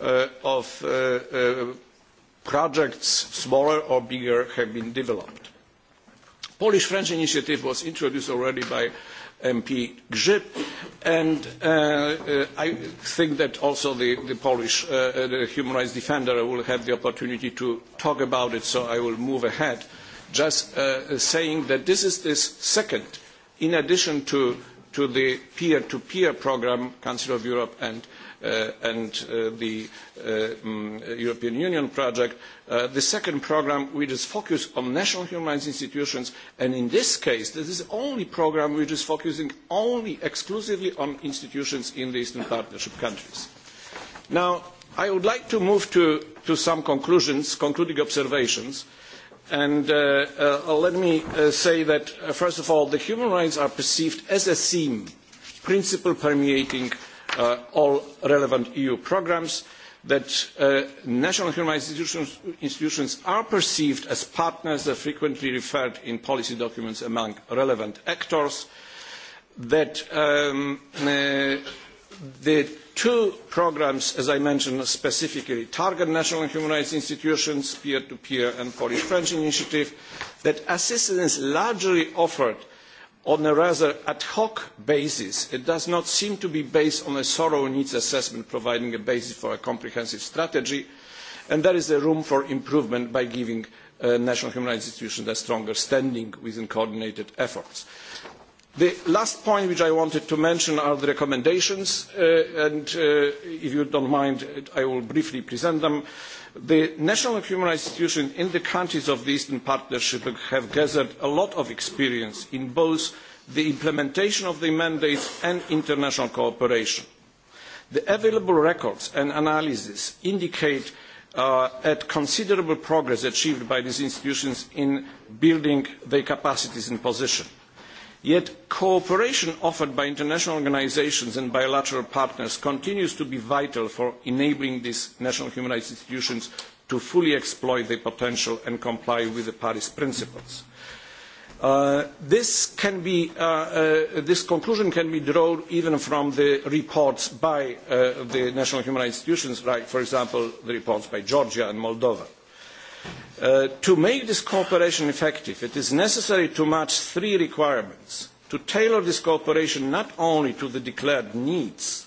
uh, uh, projects, smaller or bigger, have been developed. Polish-French initiative was introduced already by MP Grzyb, and I think that also the, Polish the human rights defender will have the opportunity to talk about it, so I will move ahead just uh, saying that this is this second, in addition to, to the peer-to-peer -peer program, Council of Europe and, uh, and uh, the um, European Union project, uh, the second program which is focused on national human rights institutions, and in this case, this is the only program which is focusing only exclusively on institutions in the Eastern Partnership countries. Now, I would like to move to, to some conclusions, concluding observations. Uh, And uh, uh, let me uh, say that, uh, first of all, the human rights are perceived as a theme, principle permeating uh, all relevant EU programs, that uh, national human rights institutions, institutions, are perceived as partners that are frequently referred in policy documents among relevant actors, that um, the two programmes, as I mentioned specifically, target national human rights institutions, peer-to-peer -peer and Polish-French initiative, that assistance largely offered on a rather ad hoc basis. It does not seem to be based on a thorough needs assessment providing a basis for a comprehensive strategy, and there is a room for improvement by giving uh, national human rights institutions a stronger standing within coordinated efforts. The last point which I wanted to mention are the recommendations, uh, and uh, if you don't mind, I will briefly present them. The national human rights institutions in the countries of the Eastern Partnership have gathered a lot of experience in both the implementation of the mandates and international cooperation. The available records and analysis indicate uh, at considerable progress achieved by these institutions in building their capacities and position Yet cooperation offered by international organisations and bilateral partners continues to be vital for enabling these national human rights institutions to fully exploit their potential and comply with the Paris principles. Uh, this, be, uh, uh, this conclusion can be drawn even from the reports by uh, the national human rights institutions, like, for example, the reports by Georgia and Moldova. Uh, to make this cooperation effective, it is necessary to match three requirements. To tailor this cooperation not only to the declared needs,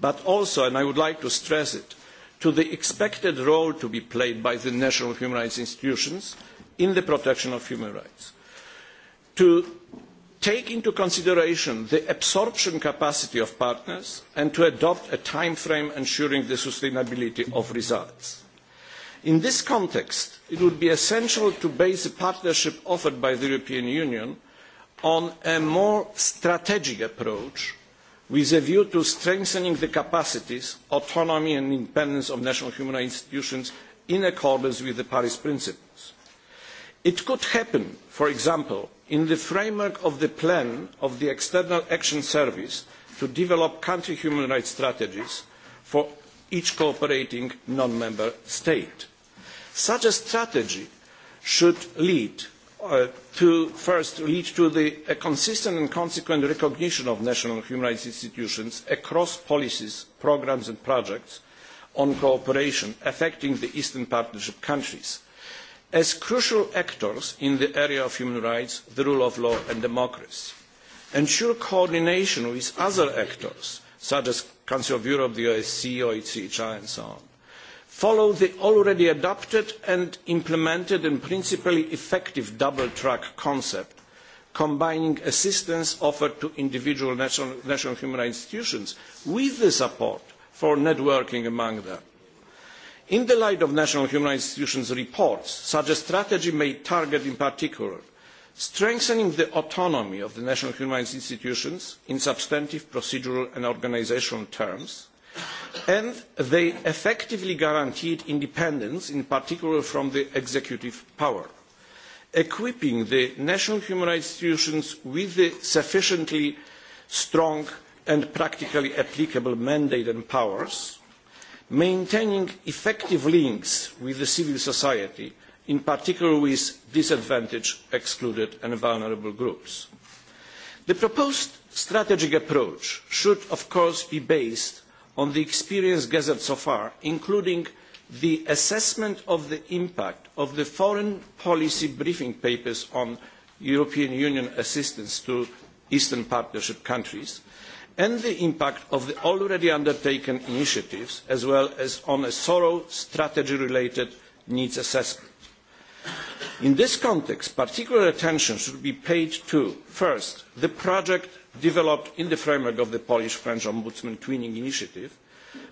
but also, and I would like to stress it, to the expected role to be played by the national human rights institutions in the protection of human rights. To take into consideration the absorption capacity of partners and to adopt a time frame ensuring the sustainability of results. In this context, it would be essential to base the partnership offered by the European Union on a more strategic approach with a view to strengthening the capacities, autonomy and independence of national human rights institutions in accordance with the Paris principles. It could happen, for example, in the framework of the plan of the External Action Service to develop country human rights strategies for each cooperating non-member state. Such a strategy should lead uh, to first lead to the, a consistent and consequent recognition of national human rights institutions across policies, programs and projects on cooperation affecting the Eastern Partnership countries as crucial actors in the area of human rights, the rule of law and democracy. Ensure coordination with other actors such as Council of Europe, the OSCE, OECHR and so on follow the already adopted and implemented and principally effective double track concept combining assistance offered to individual national, national human rights institutions with the support for networking among them. In the light of national human rights institutions' reports, such a strategy may target in particular strengthening the autonomy of the national human rights institutions in substantive, procedural and organisational terms, and they effectively guaranteed independence, in particular from the executive power. Equipping the national human rights institutions with the sufficiently strong and practically applicable mandate and powers, maintaining effective links with the civil society, in particular with disadvantaged, excluded and vulnerable groups. The proposed strategic approach should, of course, be based on the experience gathered so far, including the assessment of the impact of the foreign policy briefing papers on European Union assistance to Eastern Partnership countries, and the impact of the already undertaken initiatives, as well as on a thorough strategy-related needs assessment. In this context, particular attention should be paid to, first, the project developed in the framework of the Polish-French Ombudsman Twinning Initiative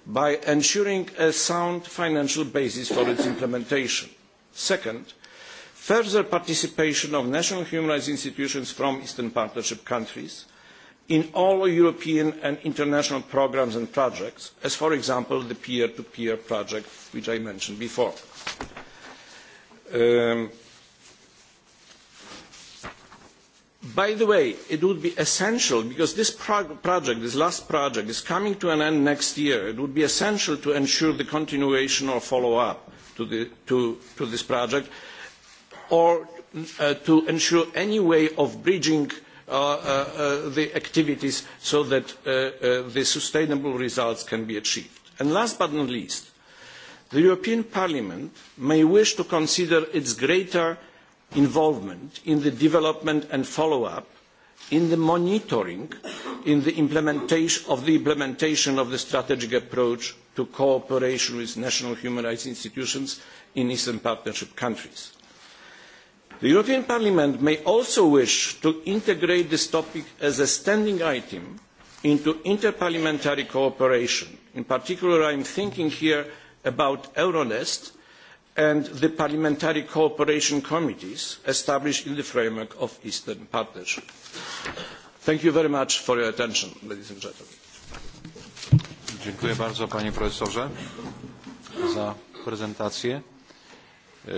by ensuring a sound financial basis for its implementation. Second, further participation of national human rights institutions from Eastern Partnership countries in all European and international programs and projects, as for example the peer-to-peer -peer project which I mentioned before. Um, By the way, it would be essential, because this project, this last project, is coming to an end next year. It would be essential to ensure the continuation or follow-up to, to, to, this project, or uh, to ensure any way of bridging uh, uh, uh the activities so that uh, uh, the sustainable results can be achieved. And last but not least, the European Parliament may wish to consider its greater involvement in the development and follow-up, in the monitoring, in the implementation of the implementation of the strategic approach to cooperation with national human rights institutions in Eastern Partnership countries. The European Parliament may also wish to integrate this topic as a standing item into interparliamentary cooperation. In particular, I am thinking here about Euronest and the parliamentary cooperation committees established in the framework of Eastern Partnership. Thank you very much for your attention, ladies and gentlemen. Dziękuję bardzo panie profesorze za prezentację, e,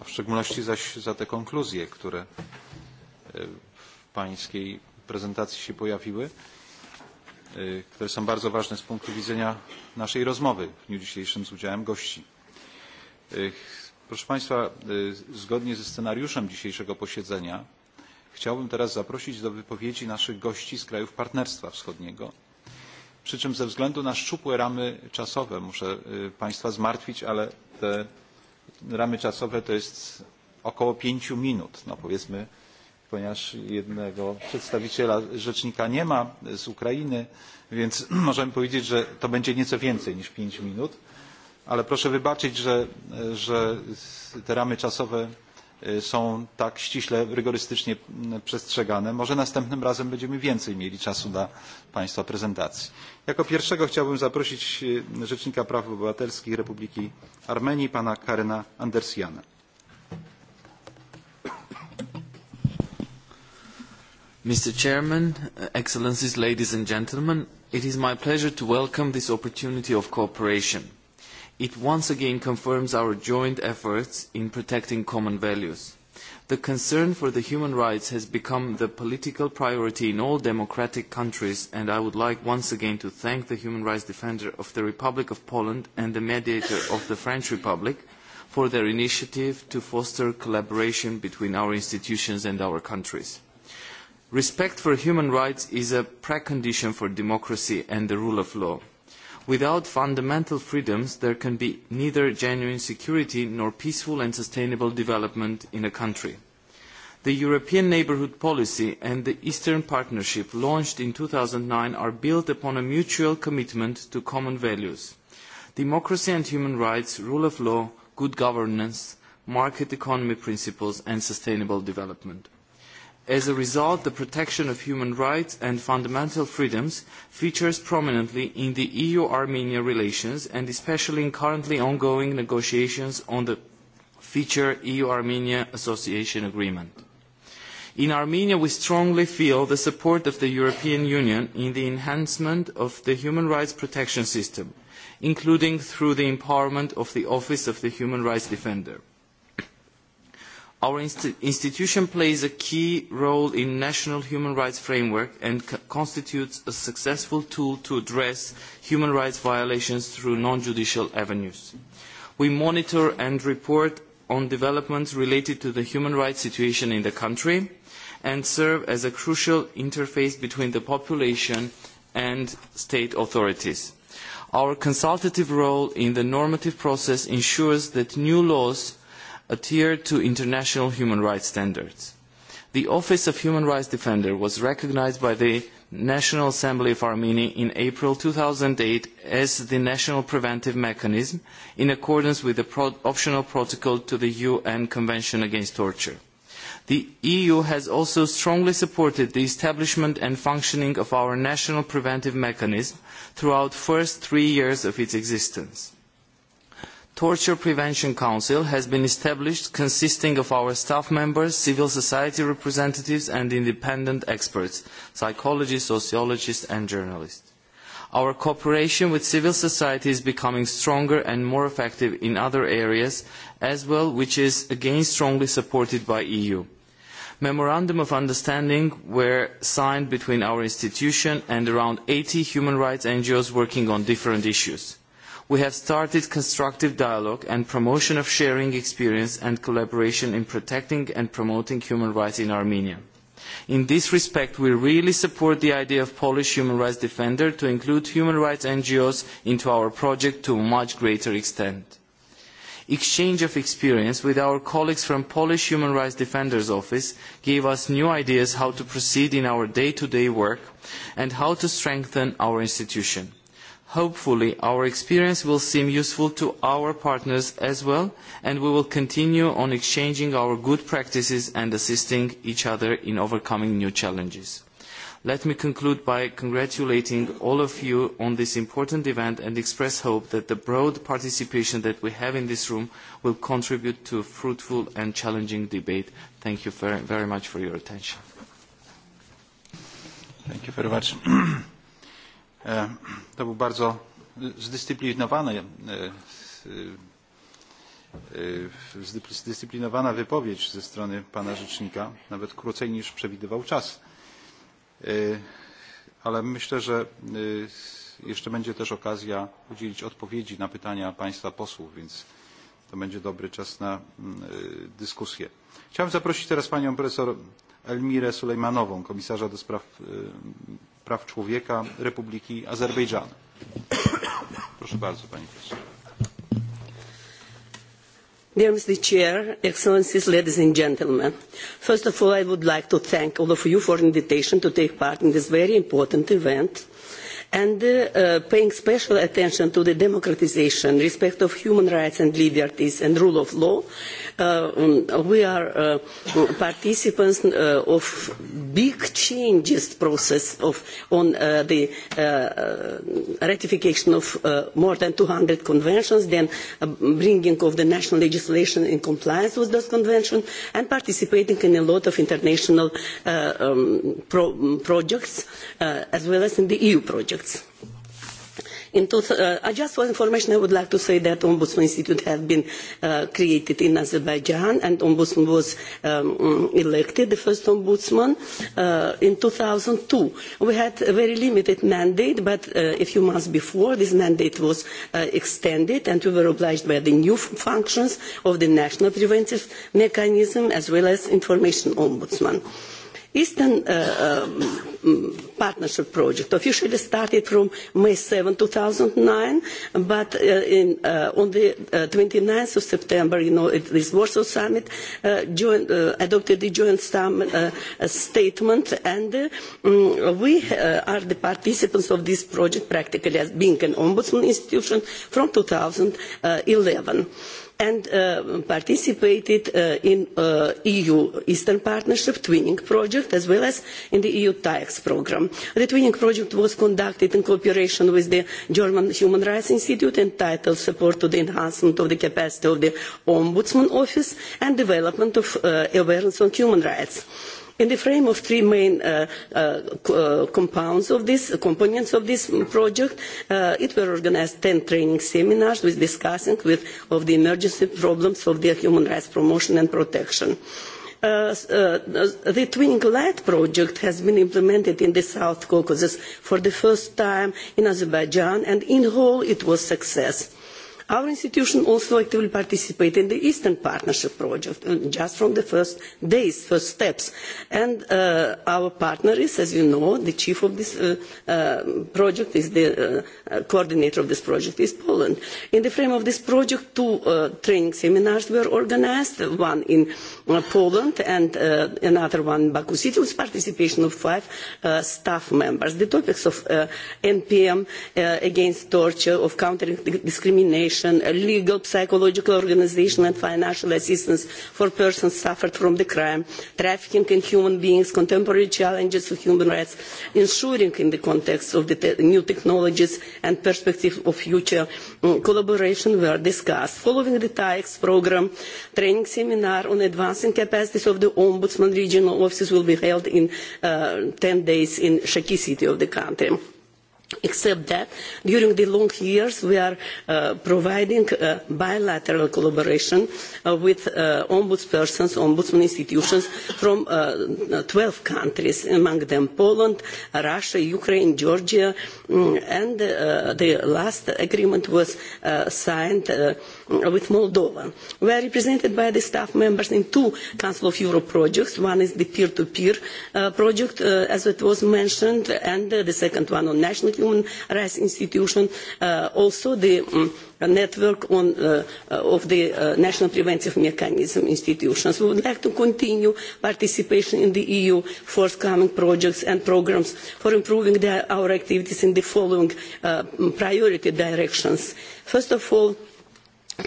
a w szczególności zaś za te konkluzje, które e, w pańskiej prezentacji się pojawiły, e, które są bardzo ważne z punktu widzenia naszej rozmowy w dniu dzisiejszym z udziałem gości. Proszę Państwa, zgodnie ze scenariuszem dzisiejszego posiedzenia chciałbym teraz zaprosić do wypowiedzi naszych gości z krajów Partnerstwa Wschodniego. Przy czym ze względu na szczupłe ramy czasowe muszę Państwa zmartwić, ale te ramy czasowe to jest około pięciu minut, no powiedzmy, ponieważ jednego przedstawiciela rzecznika nie ma z Ukrainy, więc możemy powiedzieć, że to będzie nieco więcej niż pięć minut ale proszę wybaczyć, że, te ramy czasowe są tak ściśle, rygorystycznie mm, przestrzegane. Może następnym razem będziemy więcej mieli czasu dla Państwa prezentacji. Jako pierwszego chciałbym zaprosić Rzecznika Praw Obywatelskich Republiki Armenii, pana Karena Andersiana. Mr. Chairman, uh, Excellencies, ladies and gentlemen, it is my pleasure to welcome this opportunity of cooperation it once again confirms our joint efforts in protecting common values. The concern for the human rights has become the political priority in all democratic countries, and I would like once again to thank the human rights defender of the Republic of Poland and the mediator of the French Republic for their initiative to foster collaboration between our institutions and our countries. Respect for human rights is a precondition for democracy and the rule of law Without fundamental freedoms, there can be neither genuine security nor peaceful and sustainable development in a country. The European Neighbourhood Policy and the Eastern Partnership launched in 2009 are built upon a mutual commitment to common values. Democracy and human rights, rule of law, good governance, market economy principles and sustainable development. As a result, the protection of human rights and fundamental freedoms features prominently in the EU-Armenia relations and especially in currently ongoing negotiations on the future EU-Armenia Association Agreement. In Armenia, we strongly feel the support of the European Union in the enhancement of the human rights protection system, including through the empowerment of the Office of the Human Rights Defender. Our inst institution plays a key role in national human rights framework and constitutes a successful tool to address human rights violations through non-judicial avenues. We monitor and report on developments related to the human rights situation in the country and serve as a crucial interface between the population and state authorities. Our consultative role in the normative process ensures that new laws adhere to international human rights standards. The Office of Human Rights Defender was recognised by the National Assembly of Armenia in April 2008 as the national preventive mechanism in accordance with the pro optional protocol to the UN Convention Against Torture. The EU has also strongly supported the establishment and functioning of our national preventive mechanism throughout the first three years of its existence. Torture Prevention Council has been established consisting of our staff members, civil society representatives and independent experts, psychologists, sociologists and journalists. Our cooperation with civil society is becoming stronger and more effective in other areas as well, which is again strongly supported by EU. Memorandum of understanding were signed between our institution and around 80 human rights NGOs working on different issues we have started constructive dialogue and promotion of sharing experience and collaboration in protecting and promoting human rights in Armenia. In this respect, we really support the idea of Polish human rights defender to include human rights NGOs into our project to a much greater extent. Exchange of experience with our colleagues from Polish Human Rights Defender's Office gave us new ideas how to proceed in our day-to-day -day work and how to strengthen our institution. Hopefully, our experience will seem useful to our partners as well, and we will continue on exchanging our good practices and assisting each other in overcoming new challenges. Let me conclude by congratulating all of you on this important event and express hope that the broad participation that we have in this room will contribute to a fruitful and challenging debate. Thank you very, very much for your attention. Thank you very much. E, to był bardzo zdyscyplinowany, e, e, zdyscyplinowana wypowiedź ze strony pana rzecznika, nawet krócej niż przewidywał czas. Ale myślę, że jeszcze będzie też okazja udzielić odpowiedzi na pytania państwa posłów, więc to będzie dobry czas na mm, dyskusję. Chciałem zaprosić teraz panią profesor Elmirę Sulejmanową, komisarza do spraw Praw Człowieka Republiki Azerbejdżanu. Proszę bardzo, Pani Profesor. Dear Mr. Chair, Excellencies, ladies and gentlemen, first of all, I would like to thank all of you for invitation to take part in this very important event and uh, paying special attention to the democratization, respect of human rights and liberties and rule of law. Uh, um, we are uh, participants uh, of big changes process of, on uh, the uh, uh ratification of uh, more than 200 conventions, then uh, bringing of the national legislation in compliance with those conventions, and participating in a lot of international uh, um, pro projects, uh, as well as in the EU projects projects. Th uh, just for information, I would like to say that Ombudsman Institute has been uh, created in Azerbaijan, and Ombudsman was um, elected, the first Ombudsman, uh, in 2002. We had a very limited mandate, but uh, a few months before, this mandate was uh, extended, and we were obliged by the new functions of the National Preventive Mechanism as well as Information Ombudsman. Eastern uh, um, Partnership Project officially started from May 7, 2009, but uh, in, uh, on the uh, 29th of September, you know, at this Warsaw Summit, uh, joined, uh, adopted the joint summit, uh, uh, statement, and uh, we uh, are the participants of this project practically as being an ombudsman institution from 2011 and uh, participated uh, in uh, EU Eastern Partnership Twinning Project as well as in the EU TAEX program. The Twinning Project was conducted in cooperation with the German Human Rights Institute entitled Support to the Enhancement of the Capacity of the Ombudsman Office and Development of uh, Awareness on Human Rights. In the frame of three main uh, uh, uh, compounds of this, components of this project, uh, it were organized 10 training seminars with discussing with, of the emergency problems of their human rights promotion and protection. Uh, uh, the Twinning Light project has been implemented in the South Caucasus for the first time in Azerbaijan, and in whole it was success Our institution also actively participates in the Eastern Partnership project uh, just from the first days, first steps. And uh, our partner is, as you know, the chief of this uh, uh, project is the uh, uh, coordinator of this project is Poland. In the frame of this project, two training seminars were organised, one in Poland and another one in Baku City with participation of five staff members. The topics of NPM against torture, of countering discrimination, organization, a legal, psychological organization and financial assistance for persons suffered from the crime, trafficking in human beings, contemporary challenges to human rights, ensuring in the context of the te new technologies and perspective of future um, collaboration were discussed. Following the TAEX program, training seminar on advancing capacities of the Ombudsman regional offices will be held in uh, 10 days in Shaki city of the country except that during the long years we are uh, providing uh, bilateral collaboration uh, with uh, ombudspersons, ombudsman institutions from uh, 12 countries, among them Poland, Russia, Ukraine, Georgia, mm, and uh, the last agreement was uh, signed uh, Uh, with Moldova. We are represented by the staff members in two Council of Europe projects. One is the peer-to-peer -peer, uh, project, uh, as it was mentioned, and uh, the second one on National Human Rights Institution. Uh, also, the um, network on, uh, of the National Preventive Mechanism institutions. We would like to continue participation in the EU forthcoming projects and programs for improving the, our activities in the following priority directions. First of all,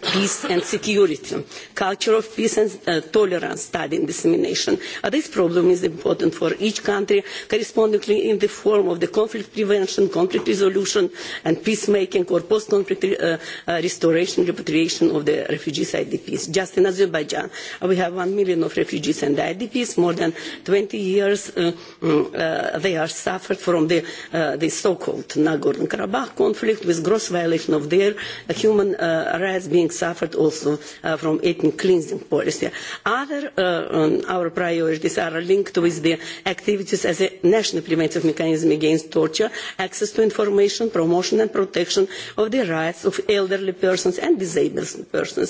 peace and security, culture of peace and uh, tolerance study and dissemination. Uh, this problem is important for each country, correspondingly in the form of the conflict prevention, conflict resolution, and peacemaking or post-conflict uh, uh, restoration, repatriation of the refugees IDPs. Just in Azerbaijan, uh, we have one million of refugees and IDPs. More than 20 years uh, mm, uh, they are suffered from the, uh, the so-called Nagorno-Karabakh conflict with gross violation of their uh, human uh, rights being being suffered also uh, from ethnic cleansing policy. Other uh, um, our priorities are linked with the activities as a national preventive mechanism against torture, access to information, promotion and protection of the rights of elderly persons and disabled persons.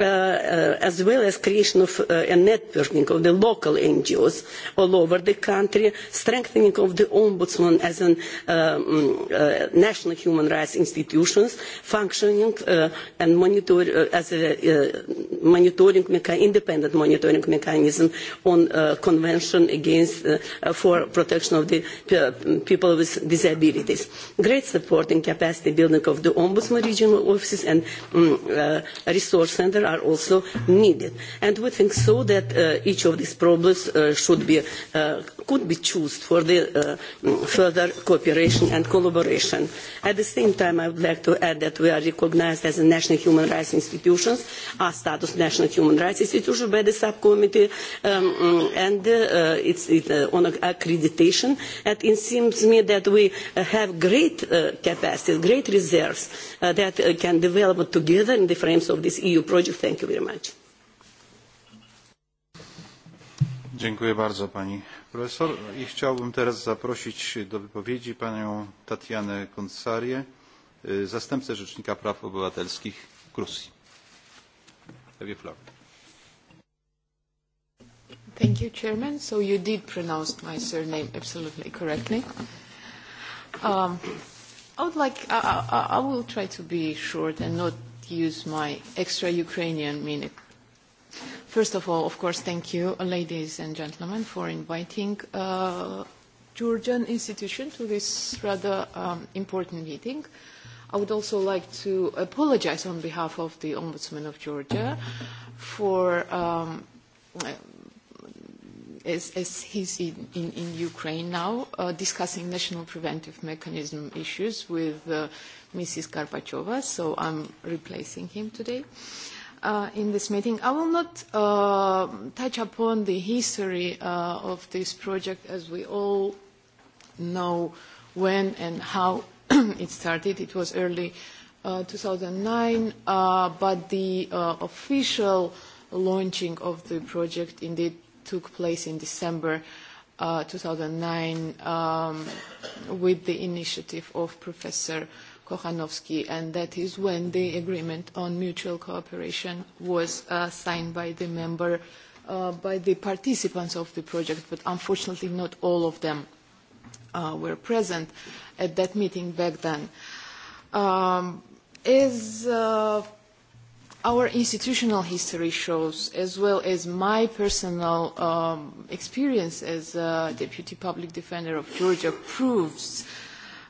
Uh, uh, as well as creation of uh, a networking of the local NGOs all over the country, strengthening of the Ombudsman as a um, uh, mm, national human rights institutions functioning and monitor, as a monitoring independent monitoring mechanism on convention against for protection of the people with disabilities. Great support in capacity building of the Ombudsman regional offices and um, resource center are also needed. And we think so that uh, each of these problems uh, should be uh, could be chosen for the uh, further cooperation and collaboration. At the same time, I would like to add that we are recognized as a national human rights institutions, our status national human rights institution by the subcommittee, um, mm, and uh, uh it's it, uh, on accreditation. And it seems to me that we have great uh, capacity, great reserves uh, that uh, can develop together in the frames of this EU project. Thank you very much. Dziękuję bardzo pani profesor i chciałbym teraz zaprosić do wypowiedzi panią Tatianę Konsarię, zastępcę Rzecznika Praw Obywatelskich w Gruzji. Have you Thank you, Chairman. So you did pronounce my surname absolutely correctly. Um, I would like, I, I, I will try to be short and not use my extra Ukrainian minute First of all, of course, thank you, ladies and gentlemen, for inviting uh, Georgian institution to this rather um, important meeting. I would also like to apologize on behalf of the Ombudsman of Georgia for, um, uh, as, as he's in, in, in Ukraine now, uh, discussing national preventive mechanism issues with uh, Mrs. Karpachova, so I'm replacing him today. Uh, uh, in this meeting. I will not uh, touch upon the history uh, of this project as we all know when and how it started. It was early uh, 2009, uh, but the uh, official launching of the project indeed took place in December uh, 2009 um, with the initiative of Professor Kochanowski, and that is when the agreement on mutual cooperation was uh, signed by the member, uh, by the participants of the project, but unfortunately not all of them uh, were present at that meeting back then. Um, as uh, our institutional history shows, as well as my personal um, experience as a deputy public defender of Georgia proves, uh,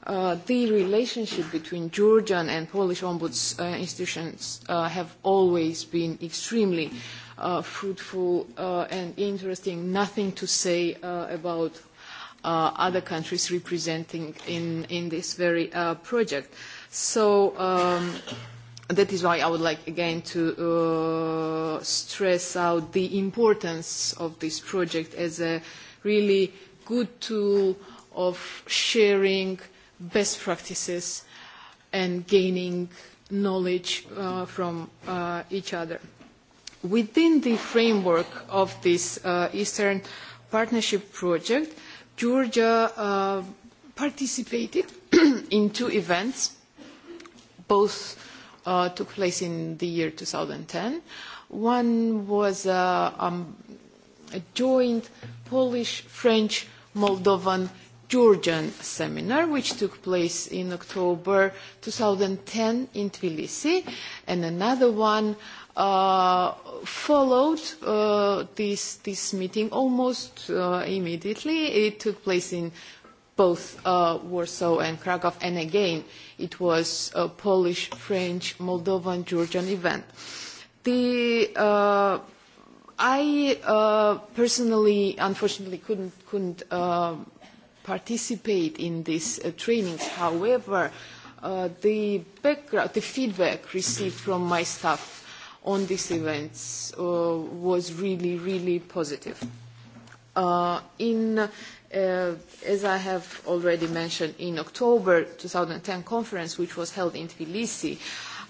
Uh, the relationship between Georgian and Polish ombuds uh, institutions uh, have always been extremely uh, fruitful uh, and interesting. Nothing to say uh, about other countries representing in, in this very project. So um, that is why I would like again to stress out the importance of this project as a really good tool of sharing uh, best practices and gaining knowledge uh, from uh, each other. Within the framework of this uh, Eastern Partnership project, Georgia uh, participated in two events. Both uh, took place in the year 2010. One was uh, um, a joint Polish-French-Moldovan Georgian seminar, which took place in October 2010 in Tbilisi, and another one uh, followed uh, this, this meeting almost uh, immediately. It took place in both uh, Warsaw and Krakow, and again, it was a Polish, French, Moldovan, Georgian event. The uh, I uh, personally, unfortunately, couldn't couldn't. Uh, participate in these uh, trainings. However, uh, the background, the feedback received from my staff on these events uh, was really, really positive. Uh, in, uh, as I have already mentioned, in October 2010 conference, which was held in Tbilisi,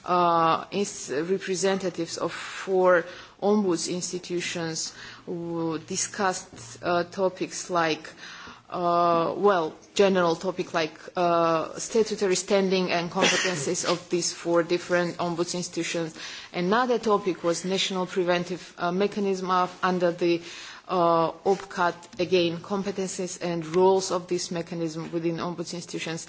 uh, is representatives of four ombuds institutions who uh, discussed uh, topics like uh, uh, well, general topic like uh, statutory standing and competences of these four different ombuds institutions. Another topic was national preventive uh, mechanism of, under the uh, OPCAT, again, competences and roles of this mechanism within ombuds institutions.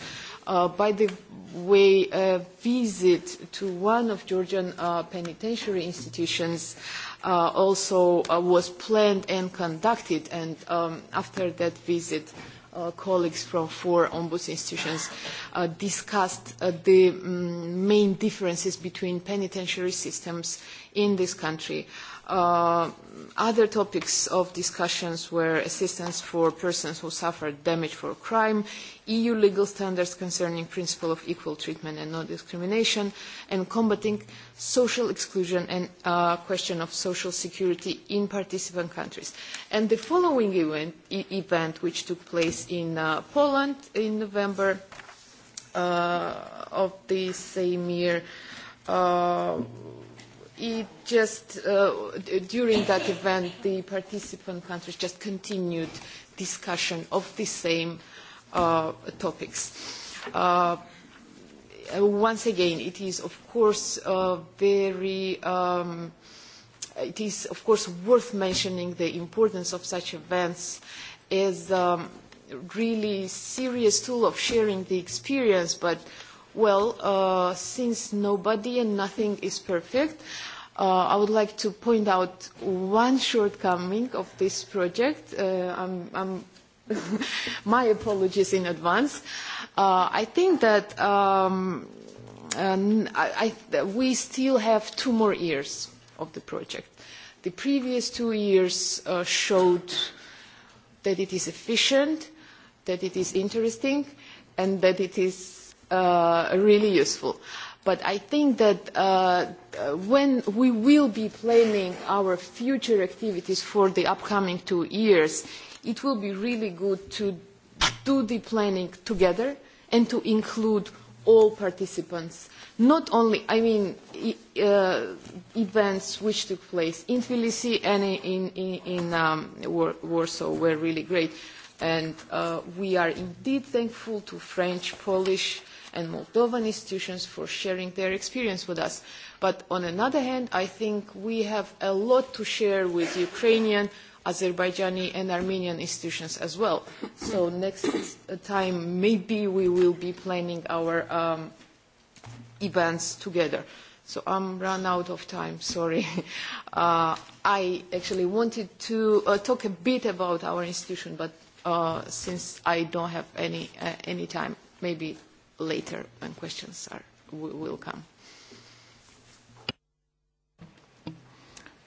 Uh, by the way, a visit to one of Georgian uh, penitentiary institutions uh, uh, also uh, was planned and conducted. And um, after that visit, uh, colleagues from four ombuds institutions uh, discussed uh, the um, main differences between penitentiary systems in this country. Uh, Uh, other topics of discussions were assistance for persons who suffered damage for crime, EU legal standards concerning principle of equal treatment and non-discrimination, and combating social exclusion and uh, question of social security in participant countries. And the following event, e event which took place in uh, Poland in November uh, of the same year, uh, it just uh, during that event, the participant countries just continued discussion of the same uh, topics. Uh, once again, it is of course uh, very. Um, it is of course worth mentioning the importance of such events as um, really serious tool of sharing the experience, but Well, uh, since nobody and nothing is perfect, uh, I would like to point out one shortcoming of this project. Uh, I'm, I'm my apologies in advance. Uh, I think that um, uh, I, I, we still have two more years of the project. The previous two years uh, showed that it is efficient, that it is interesting, and that it is Uh, really useful. But I think that uh, uh, when we will be planning our future activities for the upcoming two years, it will be really good to do the planning together and to include all participants. Not only, I mean, e, uh, events which took place in Tbilisi and in, in, in um, Warsaw were really great. And uh, we are indeed thankful to French, Polish, and Moldovan institutions for sharing their experience with us. But on another hand, I think we have a lot to share with Ukrainian, Azerbaijani and Armenian institutions as well. So next time, maybe we will be planning our um, events together. So I'm run out of time, sorry. Uh, I actually wanted to uh, talk a bit about our institution, but uh, since I don't have any, uh, any time, maybe later when questions are, will come.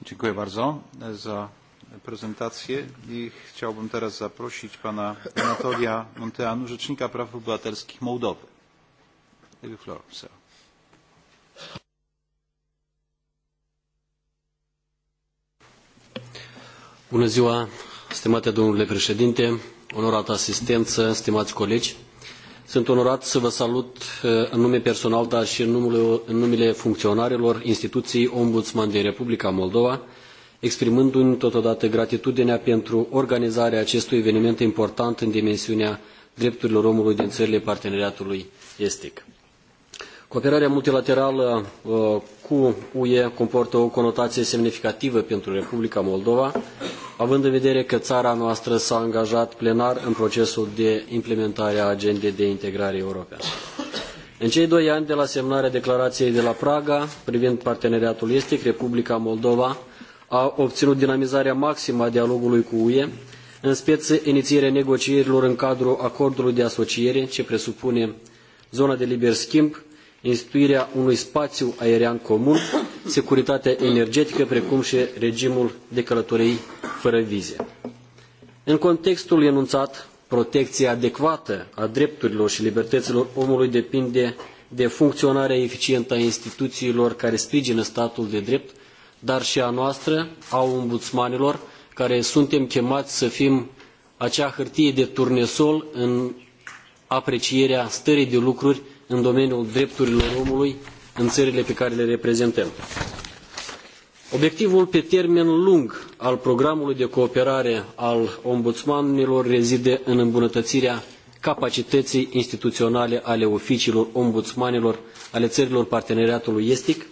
Dziękuję bardzo za prezentację i chciałbym teraz zaprosić pana Anatolia Monteanu, Rzecznika Praw Obywatelskich Mołdowy. Bună ziua, stimate domnule președinte, onorată asistență, stimați colegi. Sunt onorat să vă salut eh, în nume personal, dar și în numele, în numele funcționarilor instituției Ombudsman din Republica Moldova, exprimându-mi totodată gratitudinea pentru organizarea acestui eveniment important în dimensiunea drepturilor omului din țările parteneriatului estic. Cooperarea multilaterală uh, cu UE comportă o conotație semnificativă pentru Republica Moldova, având în vedere că țara noastră s-a angajat plenar în procesul de implementare a agendei de integrare europeană. În cei doi ani de la semnarea declarației de la Praga privind parteneriatul estic, Republica Moldova a obținut dinamizarea maximă a dialogului cu UE, în speță inițierea negocierilor în cadrul acordului de asociere ce presupune zona de liber schimb, instituirea unui spațiu aerian comun, securitatea energetică, precum și regimul de călătorii fără vize. În contextul enunțat, protecția adecvată a drepturilor și libertăților omului depinde de funcționarea eficientă a instituțiilor care sprijină statul de drept, dar și a noastră, a ombudsmanilor, care suntem chemați să fim acea hârtie de turnesol în aprecierea stării de lucruri în domeniul drepturilor omului în țările pe care le reprezentăm. Obiectivul pe termen lung al programului de cooperare al ombudsmanilor rezide în îmbunătățirea capacității instituționale ale oficiilor ombudsmanilor ale țărilor parteneriatului estic,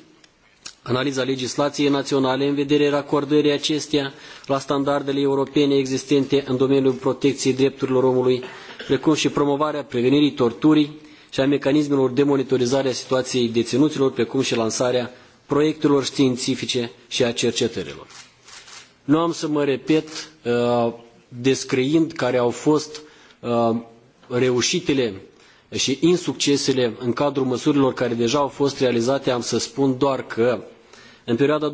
analiza legislației naționale în vederea racordării acesteia la standardele europene existente în domeniul protecției drepturilor omului, precum și promovarea prevenirii torturii, și a mecanismelor de monitorizare a situației deținuților, precum și lansarea proiectelor științifice și a cercetărilor. Nu am să mă repet uh, descriind care au fost uh, reușitele și insuccesele în cadrul măsurilor care deja au fost realizate, am să spun doar că în perioada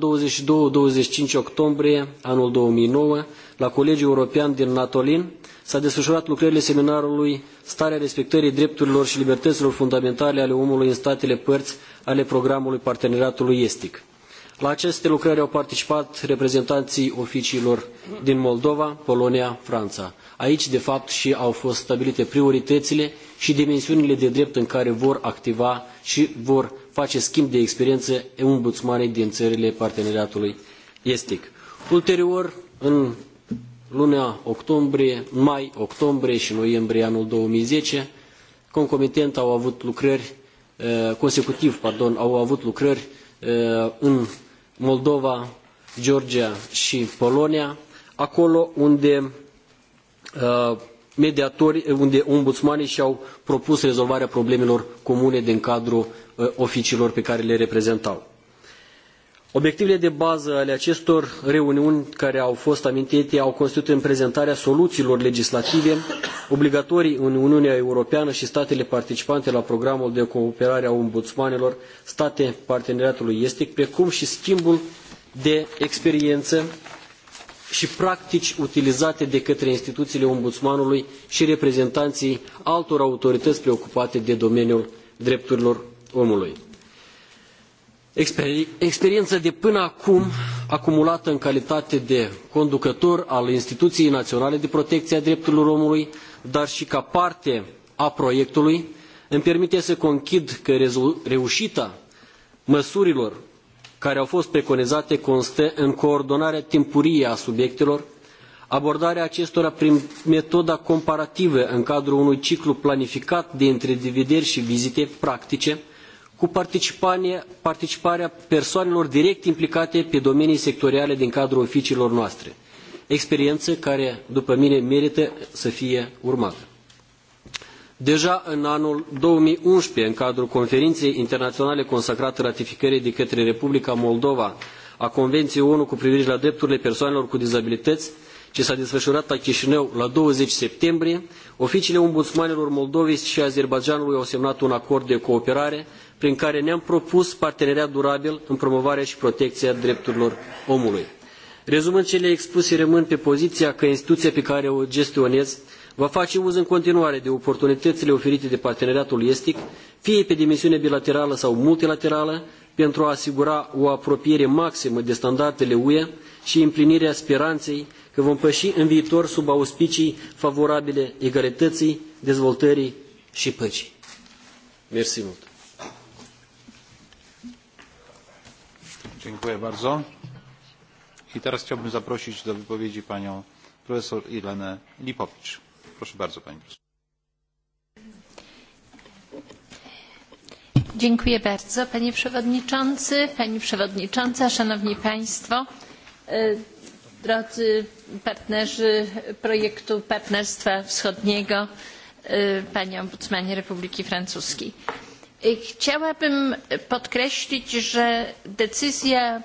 22-25 octombrie anul 2009, la Colegiul European din Natolin, s-a desfășurat lucrările seminarului Starea respectării drepturilor și libertăților fundamentale ale omului în statele părți ale programului parteneriatului estic. La aceste lucrări au participat reprezentanții oficiilor din Moldova, Polonia, Franța. Aici, de fapt, și au fost stabilite prioritățile și dimensiunile de drept în care vor activa și vor face schimb de experiență ombudsmanii din țările parteneriatului estic. Ulterior, în luna octombrie, mai, octombrie și noiembrie anul 2010. Concomitent au avut lucrări, eh, consecutiv, pardon, au avut lucrări eh, în Moldova, Georgia și Polonia, acolo unde eh, mediatori, unde ombudsmanii și-au propus rezolvarea problemelor comune din cadrul oficiilor pe care le reprezentau. Obiectivele de bază ale acestor reuniuni care au fost amintite au constituit în prezentarea soluțiilor legislative obligatorii în Uniunea Europeană și statele participante la programul de cooperare a ombudsmanilor, state parteneriatului estic, precum și schimbul de experiență și practici utilizate de către instituțiile ombudsmanului și reprezentanții altor autorități preocupate de domeniul drepturilor omului. Experiență de până acum acumulată în calitate de conducător al Instituției Naționale de Protecție a Drepturilor Omului, dar și ca parte a proiectului, îmi permite să conchid că reușita măsurilor care au fost preconizate constă în coordonarea timpurie a subiectelor, abordarea acestora prin metoda comparativă în cadrul unui ciclu planificat de întrevederi și vizite practice, cu participarea persoanelor direct implicate pe domenii sectoriale din cadrul oficiilor noastre. Experiență care, după mine, merită să fie urmată. Deja în anul 2011, în cadrul conferinței internaționale consacrate ratificării de către Republica Moldova a Convenției ONU cu privire la drepturile persoanelor cu dizabilități, ce s-a desfășurat la Chișinău la 20 septembrie, oficiile ombudsmanilor Moldovei și Azerbaidjanului au semnat un acord de cooperare prin care ne-am propus parteneriat durabil în promovarea și protecția drepturilor omului. Rezumând cele expuse, rămân pe poziția că instituția pe care o gestionez va face uz în continuare de oportunitățile oferite de parteneriatul estic, fie pe dimensiune bilaterală sau multilaterală, pentru a asigura o apropiere maximă de standardele UE și împlinirea speranței că vom păși în viitor sub auspicii favorabile egalității, dezvoltării și păcii. Mersi mult! Dziękuję bardzo. I teraz chciałbym zaprosić do wypowiedzi panią profesor Irenę Lipowicz. Proszę bardzo pani profesor. Dziękuję bardzo panie przewodniczący, pani przewodnicząca, szanowni państwo. E, drodzy partnerzy projektu Partnerstwa Wschodniego, Pani ombudsmanie Republiki Francuskiej. Chciałabym podkreślić, że decyzja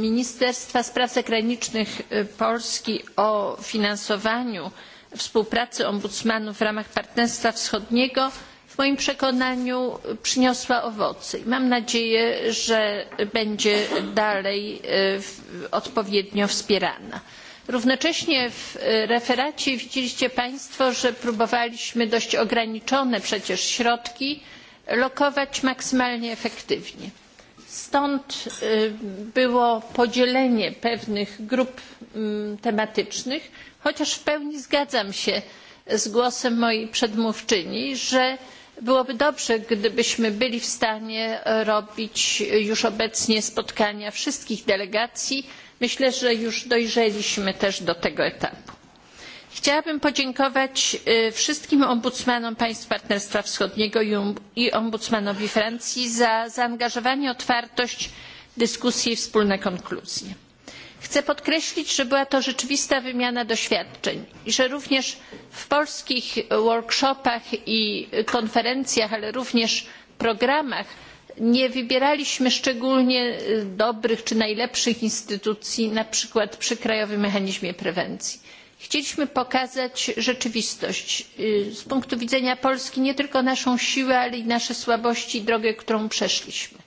Ministerstwa Spraw Zagranicznych Polski o finansowaniu współpracy ombudsmanów w ramach Partnerstwa Wschodniego w moim przekonaniu przyniosła owoce i mam nadzieję że będzie dalej e, odpowiednio wspierana. równocześnie w e, referacie widzieliście państwo że próbowaliśmy dość ograniczone przecież środki lokować maksymalnie efektywnie. stąd e, było podzielenie pewnych grup tematycznych chociaż w pełni zgadzam się z głosem mojej przedmówczyni że byłoby dobrze gdybyśmy byli w stanie e, robić e, już obecnie spotkania wszystkich delegacji myślę że już dojrzeliśmy też do tego etapu. chciałabym podziękować e, wszystkim ombudsmanom państw partnerstwa wschodniego i um-, ombudsmanowi francji za zaangażowanie otwartość dyskusję i wspólne konkluzje. Chcę podkreślić, że była to rzeczywista wymiana doświadczeń i że również w polskich workshopach i konferencjach, ale również programach nie wybieraliśmy szczególnie dobrych czy najlepszych instytucji, na przykład przy Krajowym Mechanizmie Prewencji. Chcieliśmy pokazać rzeczywistość z punktu widzenia Polski nie tylko naszą siłę, ale i nasze słabości i drogę, którą przeszliśmy.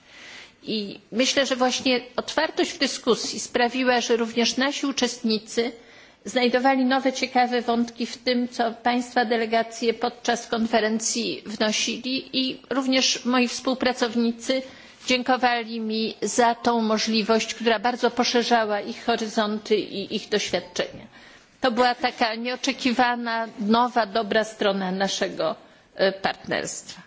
I myślę, że właśnie otwartość w dyskusji sprawiła, że również nasi uczestnicy znajdowali nowe ciekawe wątki w tym, co Państwa delegacje podczas konferencji wnosili i również moi współpracownicy dziękowali mi za tą możliwość, która bardzo poszerzała ich horyzonty i ich doświadczenia. To była taka nieoczekiwana, nowa, dobra strona naszego e, partnerstwa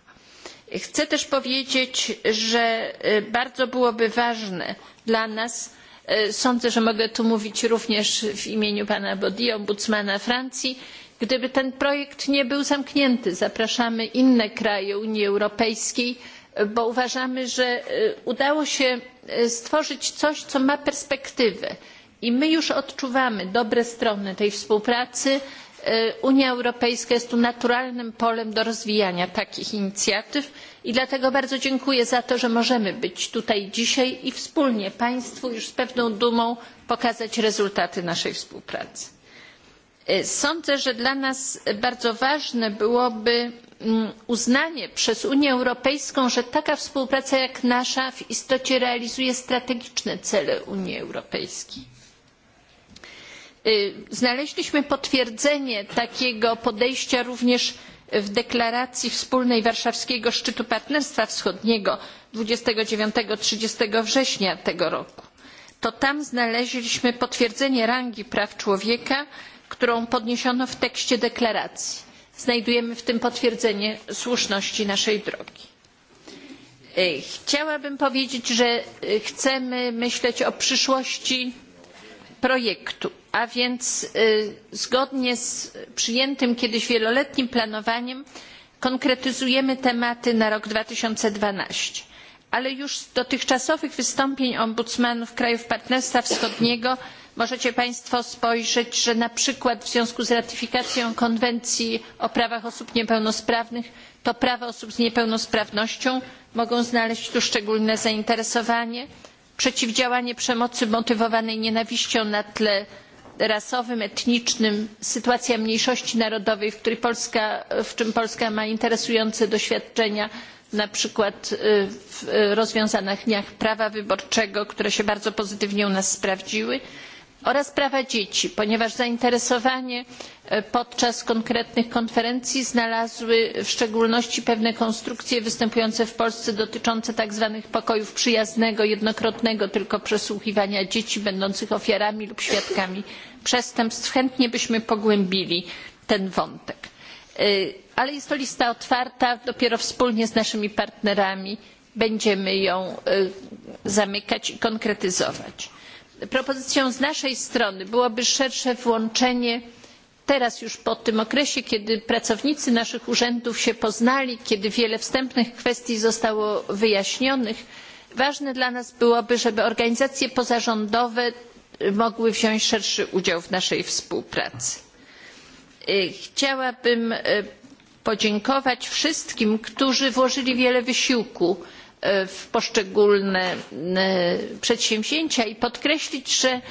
chcę też powiedzieć że e, bardzo byłoby ważne dla nas e, sądzę że mogę tu mówić również w imieniu pana bodis ombudsmana francji gdyby ten projekt nie był zamknięty zapraszamy inne kraje unii europejskiej e, bo uważamy że udało się stworzyć coś co ma perspektywę i my już odczuwamy dobre strony tej współpracy E, unia europejska jest tu naturalnym polem do rozwijania takich inicjatyw i dlatego bardzo dziękuję za to że możemy być tutaj dzisiaj i wspólnie państwu już z pewną dumą pokazać rezultaty naszej współpracy. E, sądzę że dla nas bardzo ważne byłoby mm, uznanie przez unię europejską że taka współpraca jak nasza w istocie realizuje strategiczne cele unii europejskiej znaleźliśmy potwierdzenie takiego podejścia również w deklaracji wspólnej warszawskiego szczytu partnerstwa wschodniego dwadzieścia dziewięć trzydzieści września tego roku to tam znaleźliśmy potwierdzenie rangi praw człowieka którą podniesiono w tekście deklaracji znajdujemy w tym potwierdzenie słuszności naszej drogi. chciałabym powiedzieć że chcemy myśleć o przyszłości projektu a więc zgodnie z przyjętym kiedyś wieloletnim planowaniem konkretyzujemy tematy na rok dwa tysiące dwanaście ale już z dotychczasowych wystąpień ombudsmanów krajów partnerstwa wschodniego możecie państwo spojrzeć że na przykład w związku z ratyfikacją konwencji o prawach osób niepełnosprawnych to prawa osób z niepełnosprawnością mogą znaleźć tu szczególne zainteresowanie przeciwdziałanie przemocy motywowanej nienawiścią na tle rasowym etnicznym sytuacja mniejszości narodowej w, czym polska ma interesujące doświadczenia na przykład w rozwiązaniach prawa wyborczego które się bardzo pozytywnie u nas sprawdziły czy oraz prawa dzieci ponieważ zainteresowanie e, podczas konkretnych konferencji znalazły w szczególności pewne konstrukcje występujące w polsce dotyczące tak zwanych pokojów przyjaznego jednokrotnego tylko przesłuchiwania dzieci będących ofiarami lub świadkami przestępstw. chętnie byśmy pogłębili ten wątek e, ale jest to lista otwarta dopiero wspólnie z naszymi partnerami będziemy ją e, zamykać i konkretyzować propozycją z naszej strony byłoby szersze włączenie teraz już po tym okresie kiedy pracownicy naszych urzędów się poznali kiedy wiele wstępnych kwestii zostało wyjaśnionych ważne dla nas byłoby żeby organizacje pozarządowe mogły wziąć szerszy udział w naszej współpracy. chciałabym podziękować wszystkim którzy włożyli wiele wysiłku E, w poszczególne e, przedsięwzięcia i podkreślić że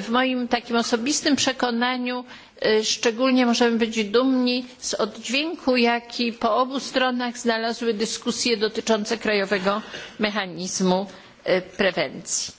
w moim takim osobistym przekonaniu e, szczególnie możemy być dumni z oddźwięku jaki po obu stronach znalazły dyskusje dotyczące krajowego mechanizmu prewencji.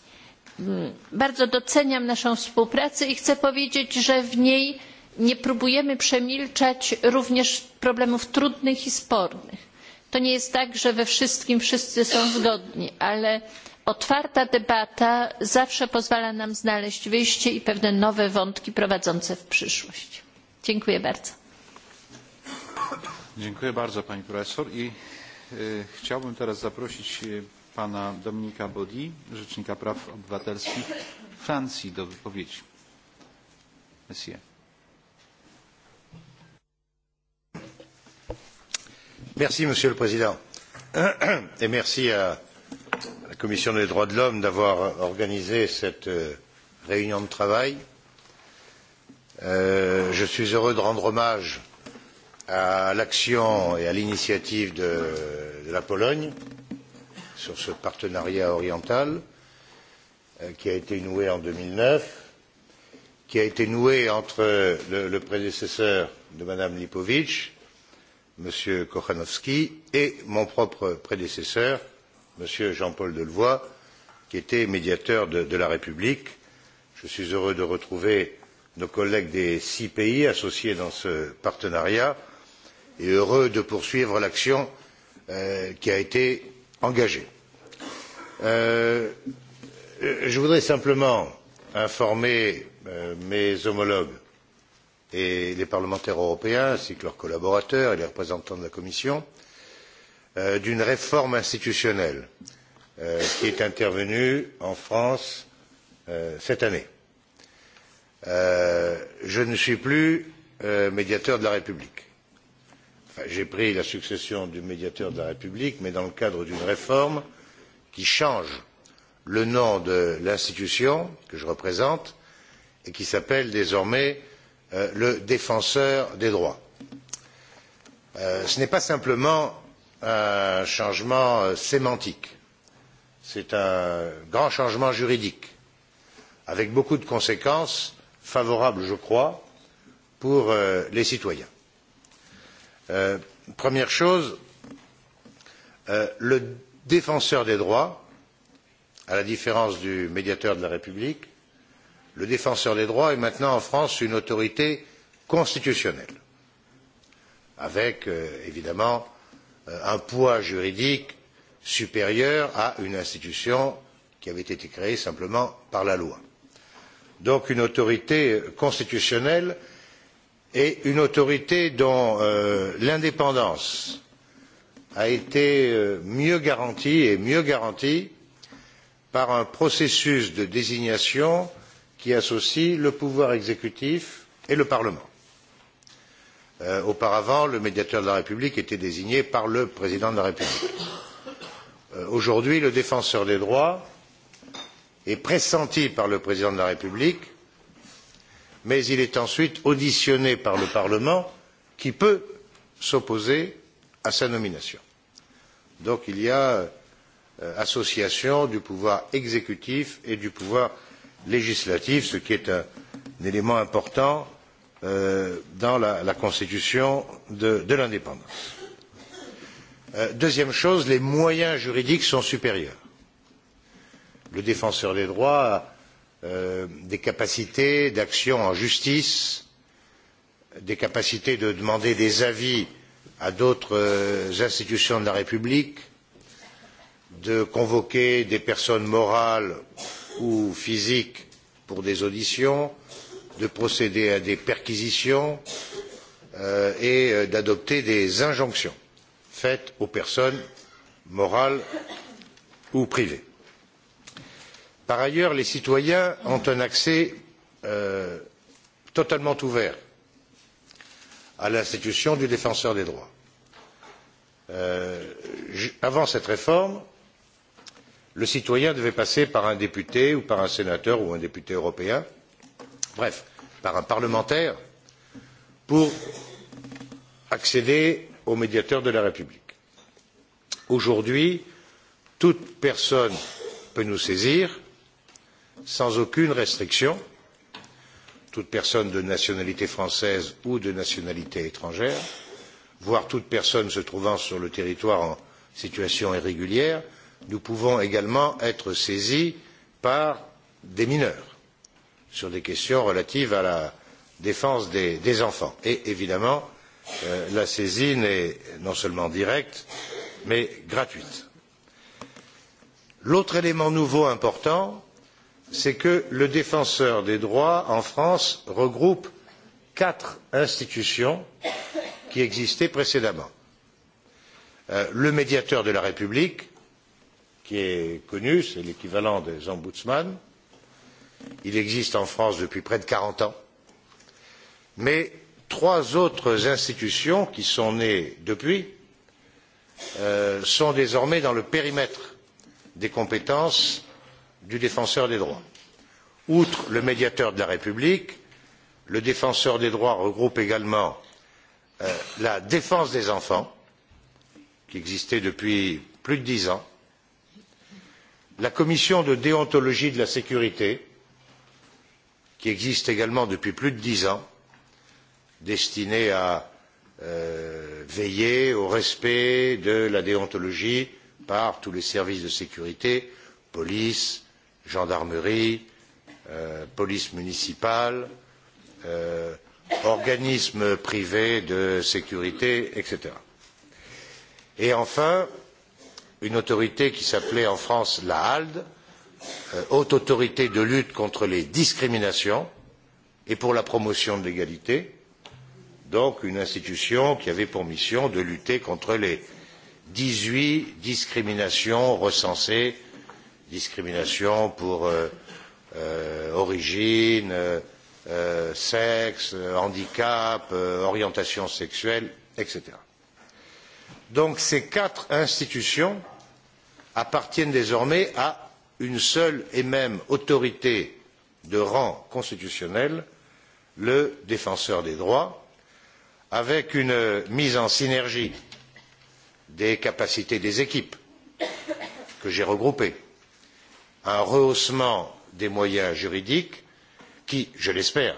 Mm, bardzo doceniam naszą współpracę i chcę powiedzieć że w niej nie próbujemy przemilczać również problemów trudnych i spornych to nie jest tak że we wszystkim wszyscy są zgodni ale otwarta debata zawsze pozwala nam znaleźć wyjście i pewne nowe wątki prowadzące w przyszłość. dziękuję bardzo. dziękuję bardzo pani profesor i y, chciałbym teraz zaprosić pana dominika bodis rzecznika praw obywatelskich francji do wypowiedzi. Monsieur. Monsieur le Président. Et merci à la Commission des droits de l'homme d'avoir organisé cette euh, réunion de travail. Euh, je suis heureux de rendre hommage à l'action et à l'initiative de, la Pologne sur ce partenariat oriental euh, qui a été noué en deux mille neuf qui a été noué entre le, le prédécesseur de mme lipovic m. kochanowski et mon propre prédécesseur m. jean paul delevoye qui était médiateur de, la république. je suis heureux de retrouver nos collègues des six pays associés dans ce partenariat et heureux de poursuivre l'action euh, qui a été engagée. Euh, je voudrais simplement informer euh, mes homologues et les parlementaires européens ainsi que leurs collaborateurs et les représentants de la commission euh, d'une réforme institutionnelle euh, qui est intervenue en france euh, cette année. Euh, je ne suis plus euh, médiateur de la république. Enfin, j'ai pris la succession du médiateur de la république mais dans le cadre d'une réforme qui change le nom de l'institution que je représente et qui s'appelle désormais Euh, le défenseur des droits. Euh, ce n'est pas simplement un changement euh, sémantique c'est un grand changement juridique avec beaucoup de conséquences favorables je crois pour les citoyens. première chose le défenseur des droits à la différence du médiateur de la république le défenseur des droits est maintenant en France une autorité constitutionnelle, avec euh, évidemment euh, un poids juridique supérieur à une institution qui avait été créée simplement par la loi. Donc une autorité constitutionnelle et une autorité dont euh, l'indépendance a été euh, mieux garantie et mieux garantie par un processus de désignation euh, qui associe le pouvoir exécutif et le parlement. Euh, auparavant le médiateur de la république était désigné par le président de la république. Euh, aujourd'hui le défenseur des droits est pressenti par le président de la république mais il est ensuite auditionné par le parlement qui peut s'opposer à sa nomination. donc il y a euh, association du pouvoir exécutif et du pouvoir législative, ce qui est un, un élément important euh, dans la, la constitution de, de l'indépendance. Euh, deuxième chose, les moyens juridiques sont supérieurs. Le défenseur des droits a euh, des capacités d'action en justice, des capacités de demander des avis à d'autres euh, institutions de la République, de convoquer des personnes morales ou physiques pour des auditions, de procéder à des perquisitions euh, et euh, d'adopter des injonctions faites aux personnes morales ou privées. Par ailleurs, les citoyens ont un accès euh, totalement ouvert à l'institution du défenseur des droits. Euh, avant cette réforme, le citoyen devait passer par un député ou par un sénateur ou un député européen bref par un parlementaire pour accéder au médiateur de la république. aujourd'hui toute personne peut nous saisir sans aucune restriction toute personne de nationalité française ou de nationalité étrangère voire toute personne se trouvant sur le territoire en situation irrégulière nous pouvons également être saisis par des mineurs sur des questions relatives à la défense des, des enfants. Et évidemment, euh, la saisine est non seulement directe, mais gratuite. L'autre élément nouveau important, c'est que le défenseur des droits en France regroupe quatre institutions qui existaient précédemment. Euh, le médiateur de la République, qui est connu c'est l'équivalent des ombudsmans il existe en france depuis près de quarante ans mais trois autres institutions qui sont nées depuis euh, sont désormais dans le périmètre des compétences du défenseur des droits. outre le médiateur de la république le défenseur des droits regroupe également euh, la défense des enfants qui existait depuis plus de dix ans la commission de déontologie de la sécurité qui existe également depuis plus de dix ans destinée à euh, veiller au respect de la déontologie par tous les services de sécurité police gendarmerie euh, police municipale euh, organismes privés de sécurité etc. et enfin euh, une autorité qui s'appelait en France la HALDE, euh, Haute Autorité de lutte contre les discriminations et pour la promotion de l'égalité, donc une institution qui avait pour mission de lutter contre les dix huit discriminations recensées, discriminations pour euh, euh, origine, euh, euh sexe, handicap, euh, orientation sexuelle, etc. Donc ces quatre institutions appartiennent désormais à une seule et même autorité de rang constitutionnel le défenseur des droits avec une mise en synergie des capacités des équipes que j'ai regroupées un rehaussement des moyens juridiques qui je l'espère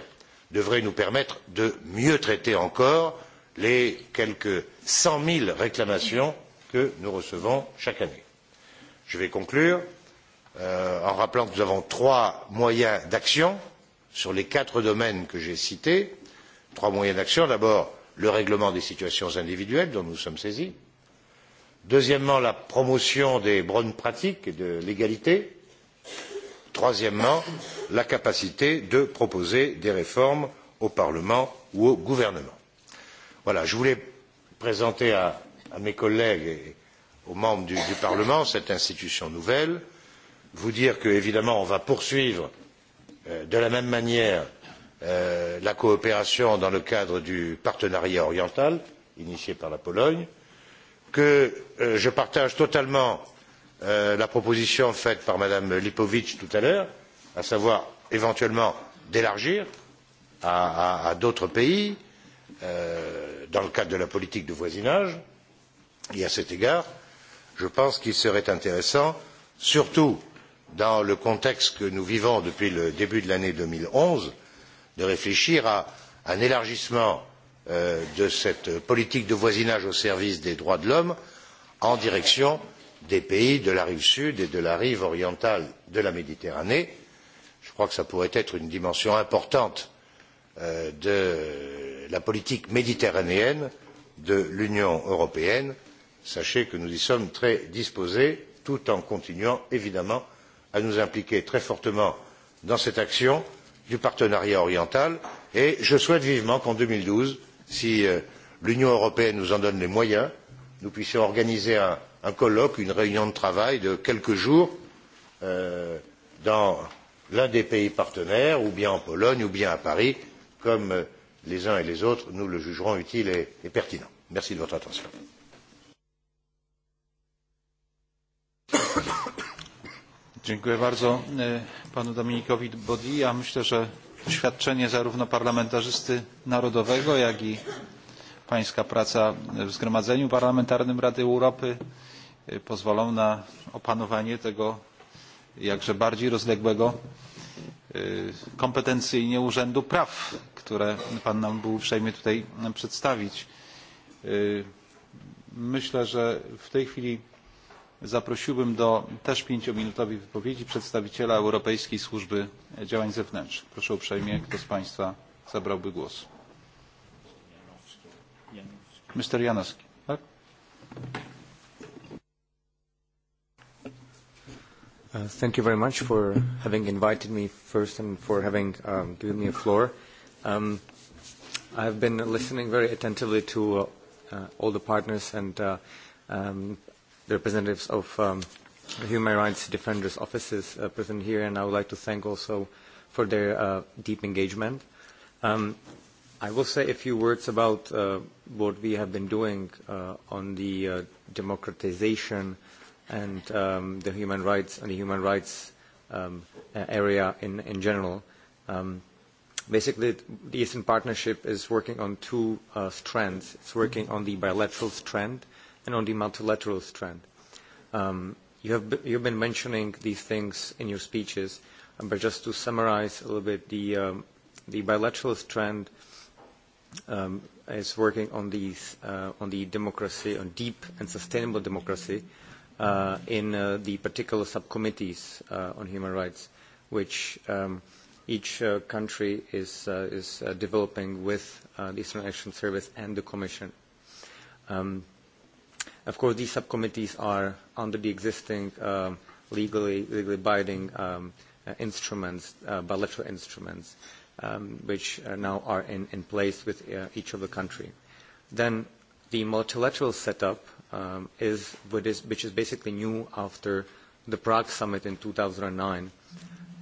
devrait nous permettre de mieux traiter encore les quelque cent mille réclamations que nous recevons chaque année. Je vais conclure euh, en rappelant que nous avons trois moyens d'action sur les quatre domaines que j'ai cités. Trois moyens d'action. D'abord, le règlement des situations individuelles dont nous sommes saisis. Deuxièmement, la promotion des bonnes pratiques et de l'égalité. Troisièmement, la capacité de proposer des réformes au Parlement ou au gouvernement. Voilà, je voulais présenter à, à mes collègues et, aux membres du, du Parlement, cette institution nouvelle, vous dire que, évidemment, on va poursuivre euh, de la même manière euh, la coopération dans le cadre du partenariat oriental, initié par la Pologne, que euh, je partage totalement euh, la proposition faite par Mme Lipovic tout à l'heure, à savoir éventuellement d'élargir à, à, à d'autres pays euh, dans le cadre de la politique de voisinage. Et à cet égard, euh, je pense qu'il serait intéressant surtout dans le contexte que nous vivons depuis le début de l'année deux mille onze de réfléchir à un élargissement euh, de cette politique de voisinage au service des droits de l'homme en direction des pays de la rive sud et de la rive orientale de la méditerranée. je crois que cela pourrait être une dimension importante euh, de la politique méditerranéenne de l'union européenne sachez que nous y sommes très disposés tout en continuant évidemment à nous impliquer très fortement dans cette action du partenariat oriental et je souhaite vivement qu'en deux mille douze si euh, l'union européenne nous en donne les moyens nous puissions organiser un, un colloque une réunion de travail de quelques jours euh, dans l'un des pays partenaires ou bien en pologne ou bien à paris comme euh, les uns et les autres nous le jugerons utile et, et pertinent. merci de votre attention. Dziękuję bardzo e, panu Dominikowi Bodi. Ja myślę, że doświadczenie zarówno parlamentarzysty narodowego, jak i pańska praca w Zgromadzeniu Parlamentarnym Rady Europy e, pozwolą na opanowanie tego jakże bardziej rozległego e, kompetencyjnie Urzędu Praw, które pan nam był uprzejmy tutaj przedstawić. Myślę, że w tej chwili zaprosiłbym do też pięciominutowej wypowiedzi przedstawiciela europejskiej służby działań zewnętrznych. proszę uprzejmie kto z państwa zabrałby głos? mr janowski tak? Uh, thank you very much for having invited me first and for having um, given me a floor. Um, I've been listening very attentively to uh, uh, all the partners and uh, um, the representatives of um, human rights defenders' offices uh, present here, and I would like to thank also for their uh, deep engagement. Um, I will say a few words about uh, what we have been doing uh, on the uh, democratization and um, the human rights and the human rights um, area in, in general. Um, basically, the Eastern Partnership is working on two uh, strands. It's working on the bilateral strand, and on the multilateral strand. Um, you have you've been mentioning these things in your speeches, um, but just to summarize a little bit, the, um, the bilateral strand um, is working on, these, uh, on the democracy, on deep and sustainable democracy, uh, in uh, the particular subcommittees uh, on human rights, which um, each uh, country is, uh, is uh, developing with uh, the Eastern Action Service and the Commission. Um, Of course, these subcommittees are under the existing um, legally, legally binding um, uh, instruments, uh, bilateral instruments, um, which are now are in, in place with uh, each of the country. Then the multilateral setup um, is, what is, which is basically new after the Prague summit in 2009.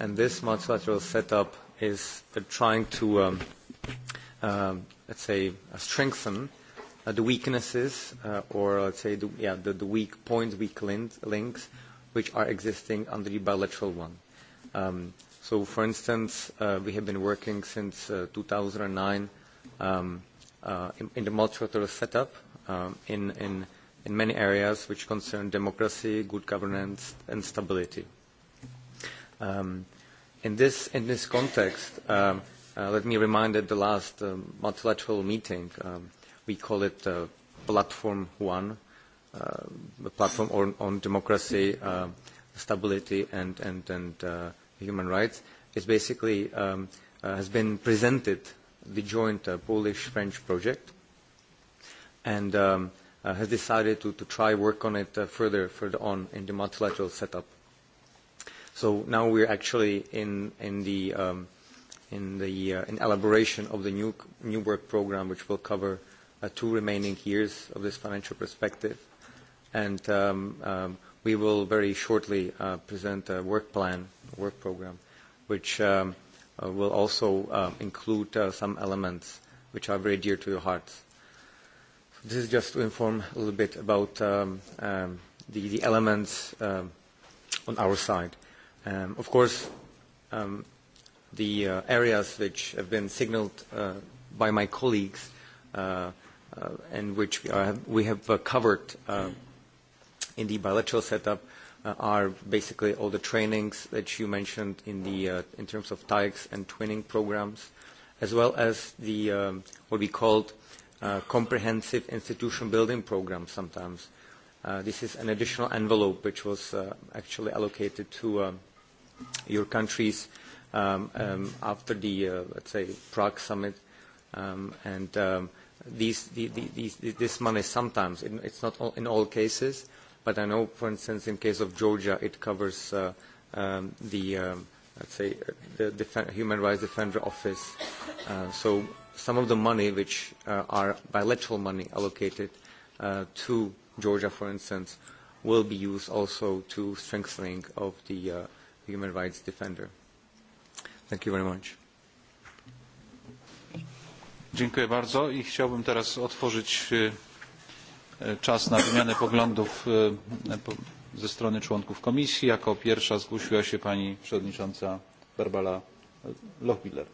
And this multilateral setup is uh, trying to, um, uh, let's say, uh, strengthen Uh, the weaknesses uh, or let's say the, yeah, the, the weak points, weak links, links, which are existing under the bilateral one. Um, so, for instance, uh, we have been working since uh, 2009 um, uh, in, in the multilateral setup um, in, in, in many areas which concern democracy, good governance, and stability. Um, in, this, in this context, um, uh, let me remind that the last um, multilateral meeting um, we call it uh, Platform One, uh, platform on, on democracy, uh, stability, and and and uh, human rights. It's basically um, uh, has been presented the joint uh, Polish-French project, and um, uh, has decided to, to try work on it uh, further further on in the multilateral setup. So now we're actually in in the um, in the uh, in elaboration of the new new work program, which will cover Uh, two remaining years of this financial perspective. And um, um, we will very shortly uh, present a work plan, a work program, which um, uh, will also uh, include uh, some elements which are very dear to your hearts. This is just to inform a little bit about um, um, the, the elements um, on our side. Um, of course, um, the uh, areas which have been signaled uh, by my colleagues uh, and uh, which we have uh, covered uh, in the bilateral setup are basically all the trainings that you mentioned in the in terms of TIEX and twinning programs, as well as the um, what we called comprehensive institution building program sometimes. this is an additional envelope which was actually allocated to um, your countries um, after the, let's say, Prague summit. and these, the, these, this money sometimes. It, it's not all, in all cases, but I know, for instance, in case of Georgia, it covers uh, um, the, um, let's say, the Defe Human Rights Defender Office. Uh, so some of the money which uh, are bilateral money allocated uh, to Georgia, for instance, will be used also to strengthening of the uh, human rights defender. Thank you very much. Dziękuję bardzo i chciałbym teraz otworzyć e, e, czas na wymianę poglądów e, ze strony członków komisji. Jako pierwsza zgłosiła się pani przewodnicząca Barbara Lochbiller.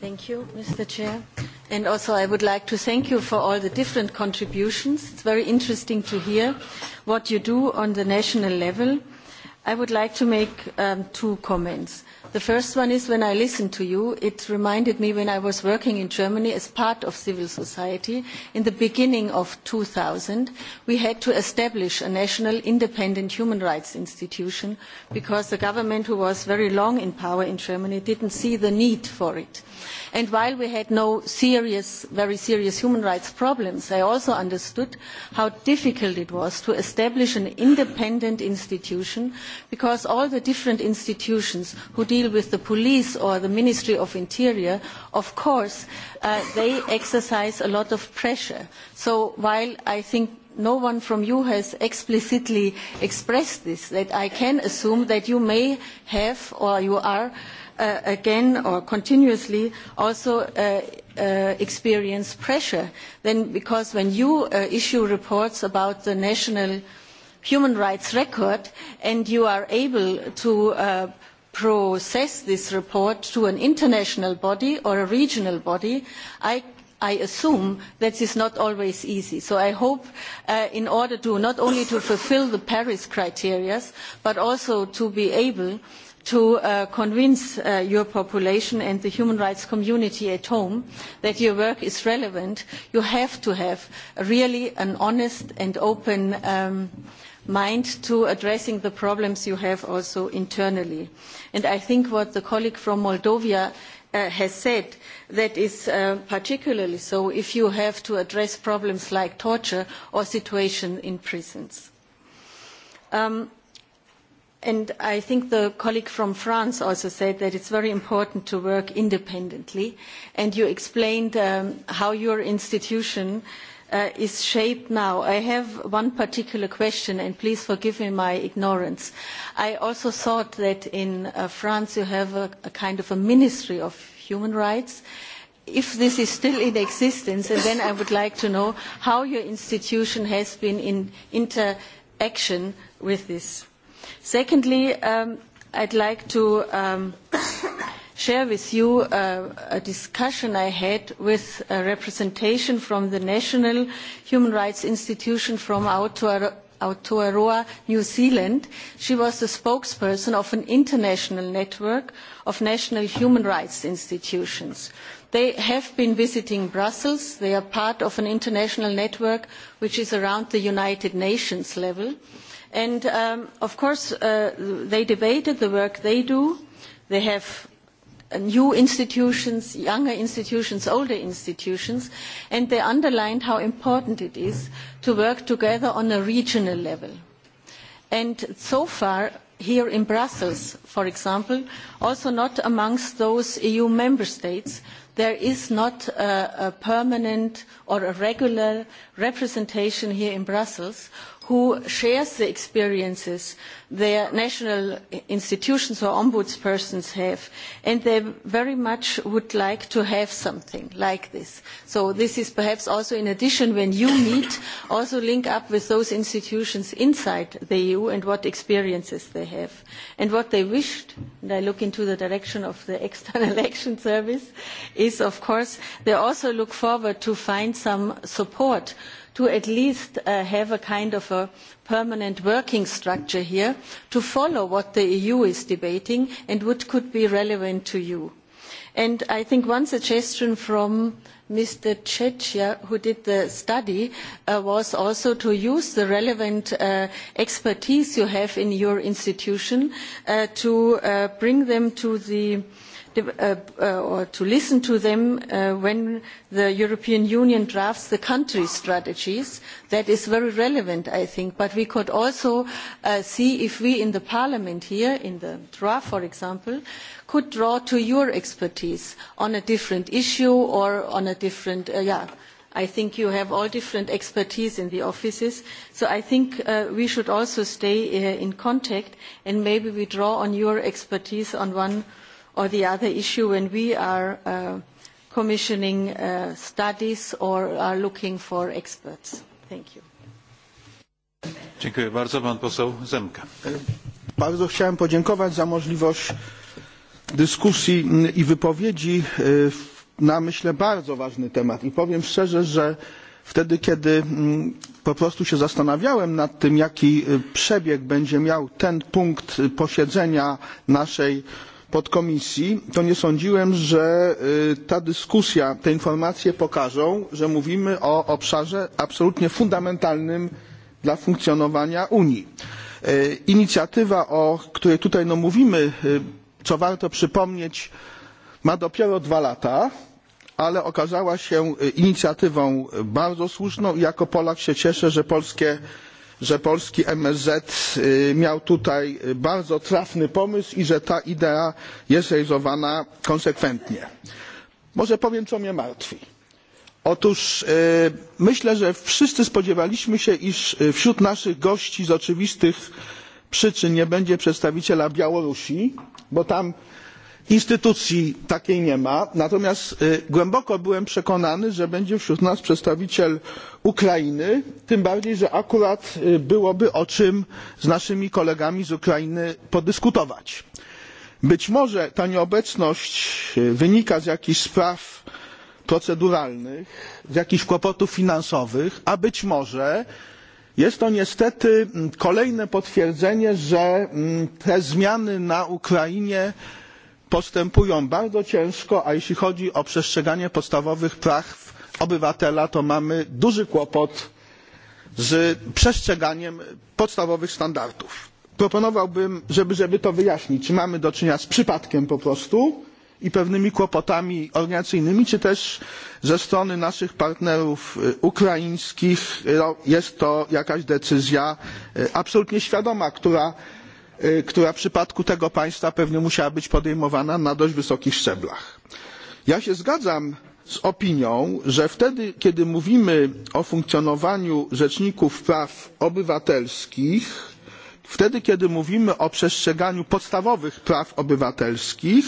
Thank you, Mr. Chair. And also I would like to thank you for all the different contributions. It's very interesting to hear what you do on the national level. I would like to make um, two comments. The first one is when I listened to you, it reminded me when I was working in Germany as part of civil society in the beginning of 2000, we had to establish a national independent human rights institution because the government who was very long in power in Germany didn't see the need for it. And while we had no serious, very serious human rights problems, I also understood how difficult it was to establish an independent institution because all the different institutions who deal deal with the police or the Ministry of Interior, of course, uh, they exercise a lot of pressure. So while I think no one from you has explicitly expressed this, that I can assume that you may have or you are uh, again or continuously also uh, uh, experience pressure. Then, because when you uh, issue reports about the national human rights record and you are able to uh, process this report to an international body or a regional body, I i assume that is not always easy so i hope uh, in order to not only to fulfil the paris criteria but also to be able to uh, convince uh, your population and the human rights community at home that your work is relevant you have to have really an honest and open um, mind to addressing the problems you have also internally. And I think what the colleague from Moldova uh, has said, that is uh, particularly so if you have to address problems like torture or situation in prisons. Um, and I think the colleague from France also said that it's very important to work independently. And you explained um, how your institution uh, Uh, is shaped now. I have one particular question, and please forgive me my ignorance. I also thought that in uh, France you have a, a kind of a ministry of human rights, if this is still in existence, and then I would like to know how your institution has been in interaction with this. Secondly, um, I'd like to um, share with you uh, a discussion I had with a representation from the National Human Rights Institution from Aotearoa Aotearoa, New Zealand. She was the spokesperson of an international network of national human rights institutions. They have been visiting Brussels. They are part of an international network which is around the United Nations level. And um, of course, uh, they debated the work they do. They have new institutions, younger institutions, older institutions, and they underlined how important it is to work together on a regional level. And so far, here in Brussels, for example, also not amongst those EU member states, there is not a, a permanent or a regular representation here in Brussels who shares the experiences their national institutions or ombudspersons have, and they very much would like to have something like this. So this is perhaps also in addition when you meet, also link up with those institutions inside the EU and what experiences they have. And what they wished, and I look into the direction of the External Action Service, is of course they also look forward to find some support to at least uh, have a kind of a permanent working structure here to follow what the EU is debating and what could be relevant to you. And I think one suggestion from Mr. Cechia, who did the study, uh, was also to use the relevant uh, expertise you have in your institution uh, to uh, bring them to the Uh, uh, or to listen to them uh, when the European Union drafts the country strategies. That is very relevant, I think. But we could also see if we in the Parliament here, in the draft, for example, could draw to your expertise on a different issue or on a different, yeah, i think you have all different expertise in the offices, so I think uh, we should also stay uh, in contact and maybe we draw on your expertise on one or the other issue when we are uh, commissioning uh, studies or are looking for experts. Thank you. Dziękuję bardzo. Pan poseł Zemka. Bardzo chciałem podziękować za możliwość dyskusji mm, i wypowiedzi na myślę bardzo ważny temat i powiem szczerze, że wtedy kiedy mm, po prostu się zastanawiałem nad tym, jaki przebieg będzie miał ten punkt posiedzenia naszej podkomisji to nie sądziłem że ta dyskusja te informacje pokażą że mówimy o obszarze absolutnie fundamentalnym dla funkcjonowania unii. inicjatywa o której tutaj no mówimy co warto przypomnieć ma dopiero dwa lata ale okazała się inicjatywą bardzo słuszną i jako polak się cieszę że polskie że polski msz miał tutaj bardzo trafny pomysł i że ta idea jest realizowana konsekwentnie. może powiem co mnie martwi. otóż myślę że wszyscy spodziewaliśmy się iż wśród naszych gości z oczywistych przyczyn nie będzie przedstawiciela białorusi bo tam instytucji takiej nie ma natomiast głęboko byłem przekonany że będzie wśród nas przedstawiciel ukrainy tym bardziej że akurat byłoby o czym z naszymi kolegami z ukrainy podyskutować. być może ta nieobecność wynika z jakichś spraw proceduralnych z jakichś kłopotów finansowych a być może jest to niestety mm, kolejne potwierdzenie że mm, te zmiany na ukrainie postępują bardzo ciężko a jeśli chodzi o przestrzeganie podstawowych praw obywatela to mamy duży kłopot z przestrzeganiem podstawowych standardów. proponowałbym żeby, to wyjaśnić czy mamy do czynienia z przypadkiem po prostu i pewnymi kłopotami organizacyjnymi czy też ze strony naszych partnerów ukraińskich no, jest to jakaś decyzja absolutnie świadoma która, która w przypadku tego państwa pewnie musiała być podejmowana na dość wysokich szczeblach. ja się zgadzam z opinią że wtedy kiedy mówimy o funkcjonowaniu rzeczników praw obywatelskich wtedy kiedy mówimy o przestrzeganiu podstawowych praw obywatelskich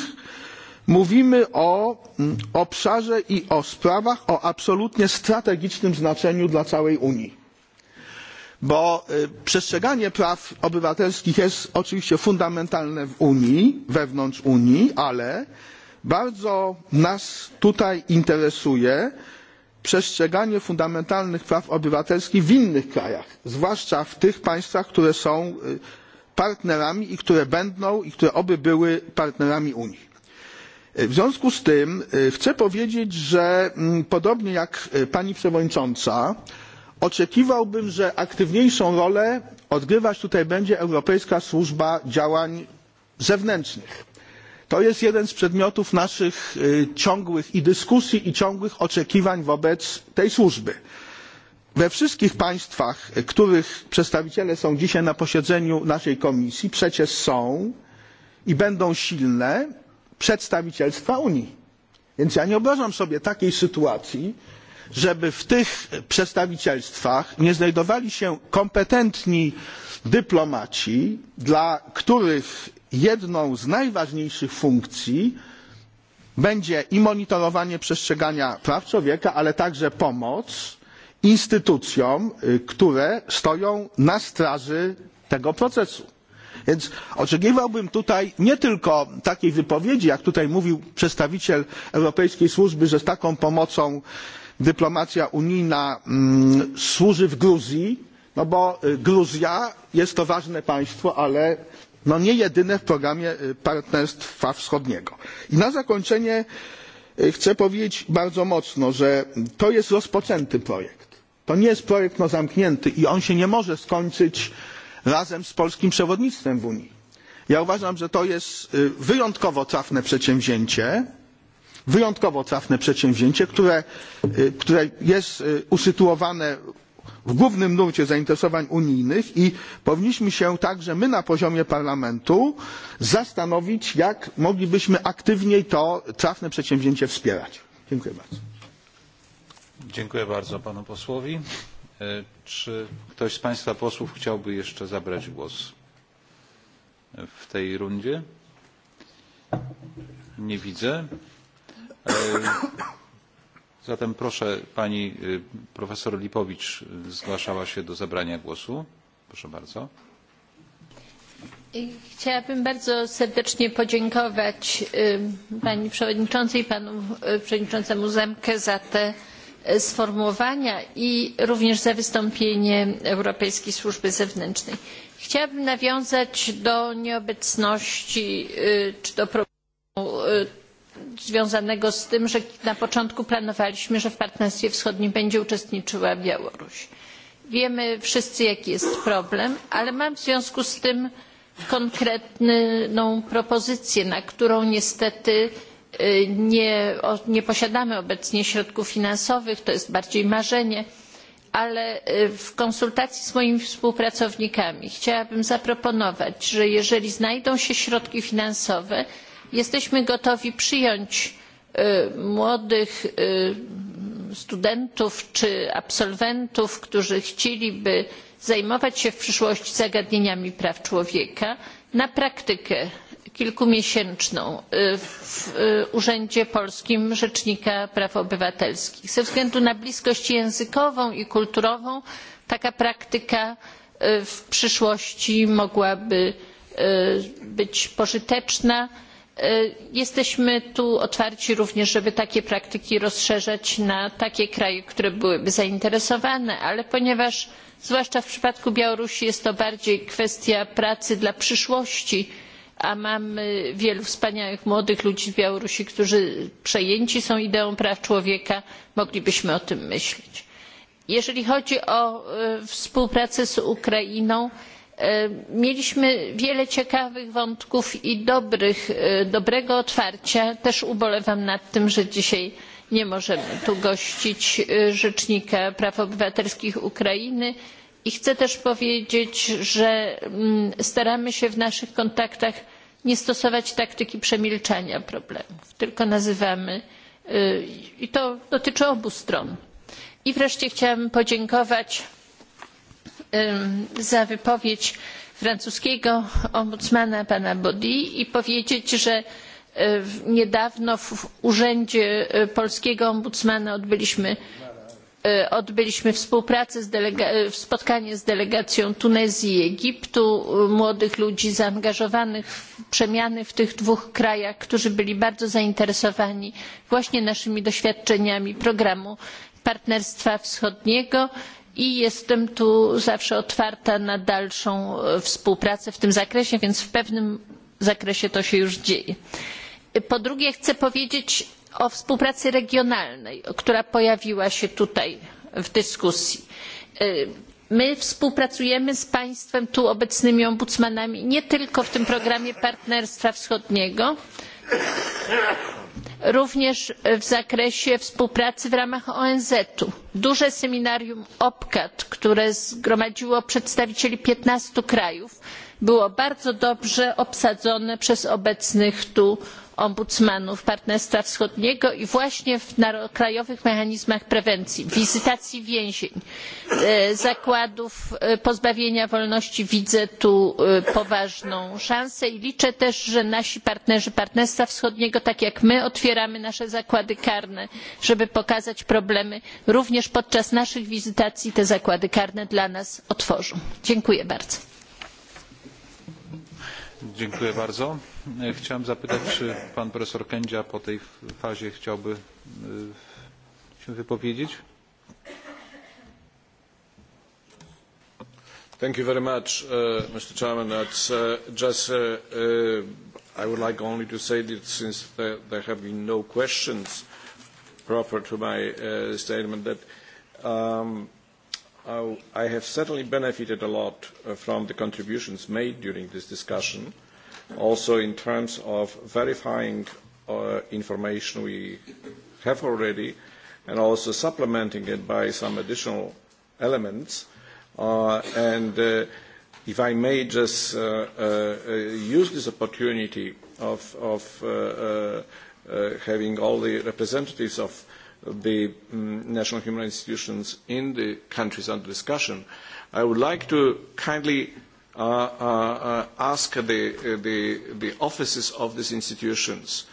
mówimy o mm, obszarze i o sprawach o absolutnie strategicznym znaczeniu dla całej unii bo przestrzeganie praw obywatelskich jest oczywiście fundamentalne w unii wewnątrz unii ale Bardzo nas tutaj interesuje przestrzeganie fundamentalnych praw obywatelskich w innych krajach, zwłaszcza w tych państwach, które są partnerami i które będą i które oby były partnerami Unii. W związku z tym chcę powiedzieć, że mm, podobnie jak pani przewodnicząca, oczekiwałbym, że aktywniejszą rolę odgrywać tutaj będzie Europejska Służba Działań Zewnętrznych to jest jeden z przedmiotów naszych ciągłych i dyskusji i ciągłych oczekiwań wobec tej służby. we wszystkich państwach których przedstawiciele są dzisiaj na posiedzeniu naszej komisji przecież są i będą silne przedstawicielstwa unii więc ja nie wyobrażam sobie takiej sytuacji żeby w tych przedstawicielstwach nie znajdowali się kompetentni dyplomaci dla których jedną z najważniejszych funkcji będzie i monitorowanie przestrzegania praw człowieka ale także pomoc instytucjom które stoją na straży tego procesu. Więc oczekiwałbym tutaj nie tylko takiej wypowiedzi, jak tutaj mówił przedstawiciel Europejskiej Służby, że z taką pomocą dyplomacja unijna mm, służy w Gruzji, no bo Gruzja jest to ważne państwo, ale no nie jedyne w programie partnerstwa wschodniego. i na zakończenie chcę powiedzieć bardzo mocno że to jest rozpoczęty projekt to nie jest projekt na no, zamknięty i on się nie może skończyć razem z polskim przewodnictwem w unii. ja uważam że to jest wyjątkowo trafne przedsięwzięcie wyjątkowo trafne przedsięwzięcie które, które jest usytuowane w głównym nurcie zainteresowań unijnych i powinniśmy się także my na poziomie parlamentu zastanowić jak moglibyśmy aktywniej to trafne przedsięwzięcie wspierać. dziękuję bardzo. dziękuję bardzo panu posłowi. E, czy ktoś z państwa posłów chciałby jeszcze zabrać głos w tej rundzie? nie widzę. E, Zatem proszę pani profesor Lipowicz zgłaszała się do zabrania głosu. Proszę bardzo. Chciałabym bardzo serdecznie podziękować pani przewodniczącej i panu przewodniczącemu Zemke za te sformułowania i również za wystąpienie Europejskiej Służby Zewnętrznej. Chciałabym nawiązać do nieobecności czy do problemu związanego z tym że na początku planowaliśmy że w partnerstwie wschodnim będzie uczestniczyła białoruś. wiemy wszyscy jaki jest problem ale mam w związku z tym konkretną propozycję na którą niestety nie, posiadamy obecnie środków finansowych to jest bardziej marzenie ale w konsultacji z moimi współpracownikami chciałabym zaproponować że jeżeli znajdą się środki finansowe jesteśmy gotowi przyjąć młodych studentów czy absolwentów którzy chcieliby zajmować się w przyszłości zagadnieniami praw człowieka na praktykę kilkumiesięczną w urzędzie polskim rzecznika praw obywatelskich. ze względu na bliskość językową i kulturową taka praktyka w przyszłości mogłaby być pożyteczna E, jesteśmy tu otwarci również żeby takie praktyki rozszerzać na takie kraje które byłyby zainteresowane ale ponieważ zwłaszcza w przypadku białorusi jest to bardziej kwestia pracy dla przyszłości a mamy wielu wspaniałych młodych ludzi z białorusi którzy przejęci są ideą praw człowieka moglibyśmy o tym myśleć. jeżeli chodzi o e, współpracę z ukrainą to E, mieliśmy wiele ciekawych wątków i e, dobrego otwarcia. też ubolewam nad tym że dzisiaj nie możemy tu gościć e, rzecznika praw obywatelskich ukrainy i chcę też powiedzieć że mm, staramy się w naszych kontaktach nie stosować taktyki przemilczania problemów tylko nazywamy i to dotyczy obu stron. i wreszcie chciałabym podziękować za wypowiedź francuskiego ombudsmana pana bodi i powiedzieć że e, niedawno w urzędzie e, polskiego ombudsmana odbyliśmy, e, spotkanie z delegacją tunezji i egiptu młodych ludzi zaangażowanych w przemiany w tych dwóch krajach którzy byli bardzo zainteresowani właśnie naszymi doświadczeniami programu partnerstwa wschodniego i i jestem tu zawsze otwarta na dalszą e, współpracę w tym zakresie więc w pewnym zakresie to się już dzieje. E, po drugie chcę powiedzieć o współpracy regionalnej która pojawiła się tutaj w dyskusji. E, my współpracujemy z państwem tu obecnymi ombudsmanami nie tylko w tym programie partnerstwa wschodniego również w zakresie współpracy w ramach onz duże seminarium opcat które zgromadziło przedstawicieli piętnaście krajów było bardzo dobrze obsadzone przez obecnych tu ombudsmanów partnerstwa wschodniego i właśnie w krajowych mechanizmach prewencji wizytacji więzień e, zakładów e, pozbawienia wolności widzę tu e, poważną szansę i liczę też że nasi partnerzy partnerstwa wschodniego tak jak my otwieramy nasze zakłady karne żeby pokazać problemy również podczas naszych wizytacji te zakłady karne dla nas otworzą. dziękuję bardzo. Chciałem zapytać, czy pan profesor Kędzia po tej fazie chciałby się wypowiedzieć? Thank you very much, uh, Mr. Chairman. That's uh, just uh, uh, I would like only to say that since there, there have been no questions proper to my uh, statement, that um, Uh, I have certainly benefited a lot uh, from the contributions made during this discussion, also in terms of verifying uh, information we have already and also supplementing it by some additional elements. Uh, and uh, if I may just uh, use this opportunity of, of having all the representatives of the mm, national human rights institutions in the countries under discussion, I would like to kindly uh, uh, uh ask the, uh, the, the, offices of these institutions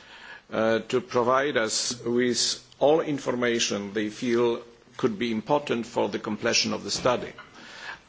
uh, to provide us with all information they feel could be important for the completion of the study.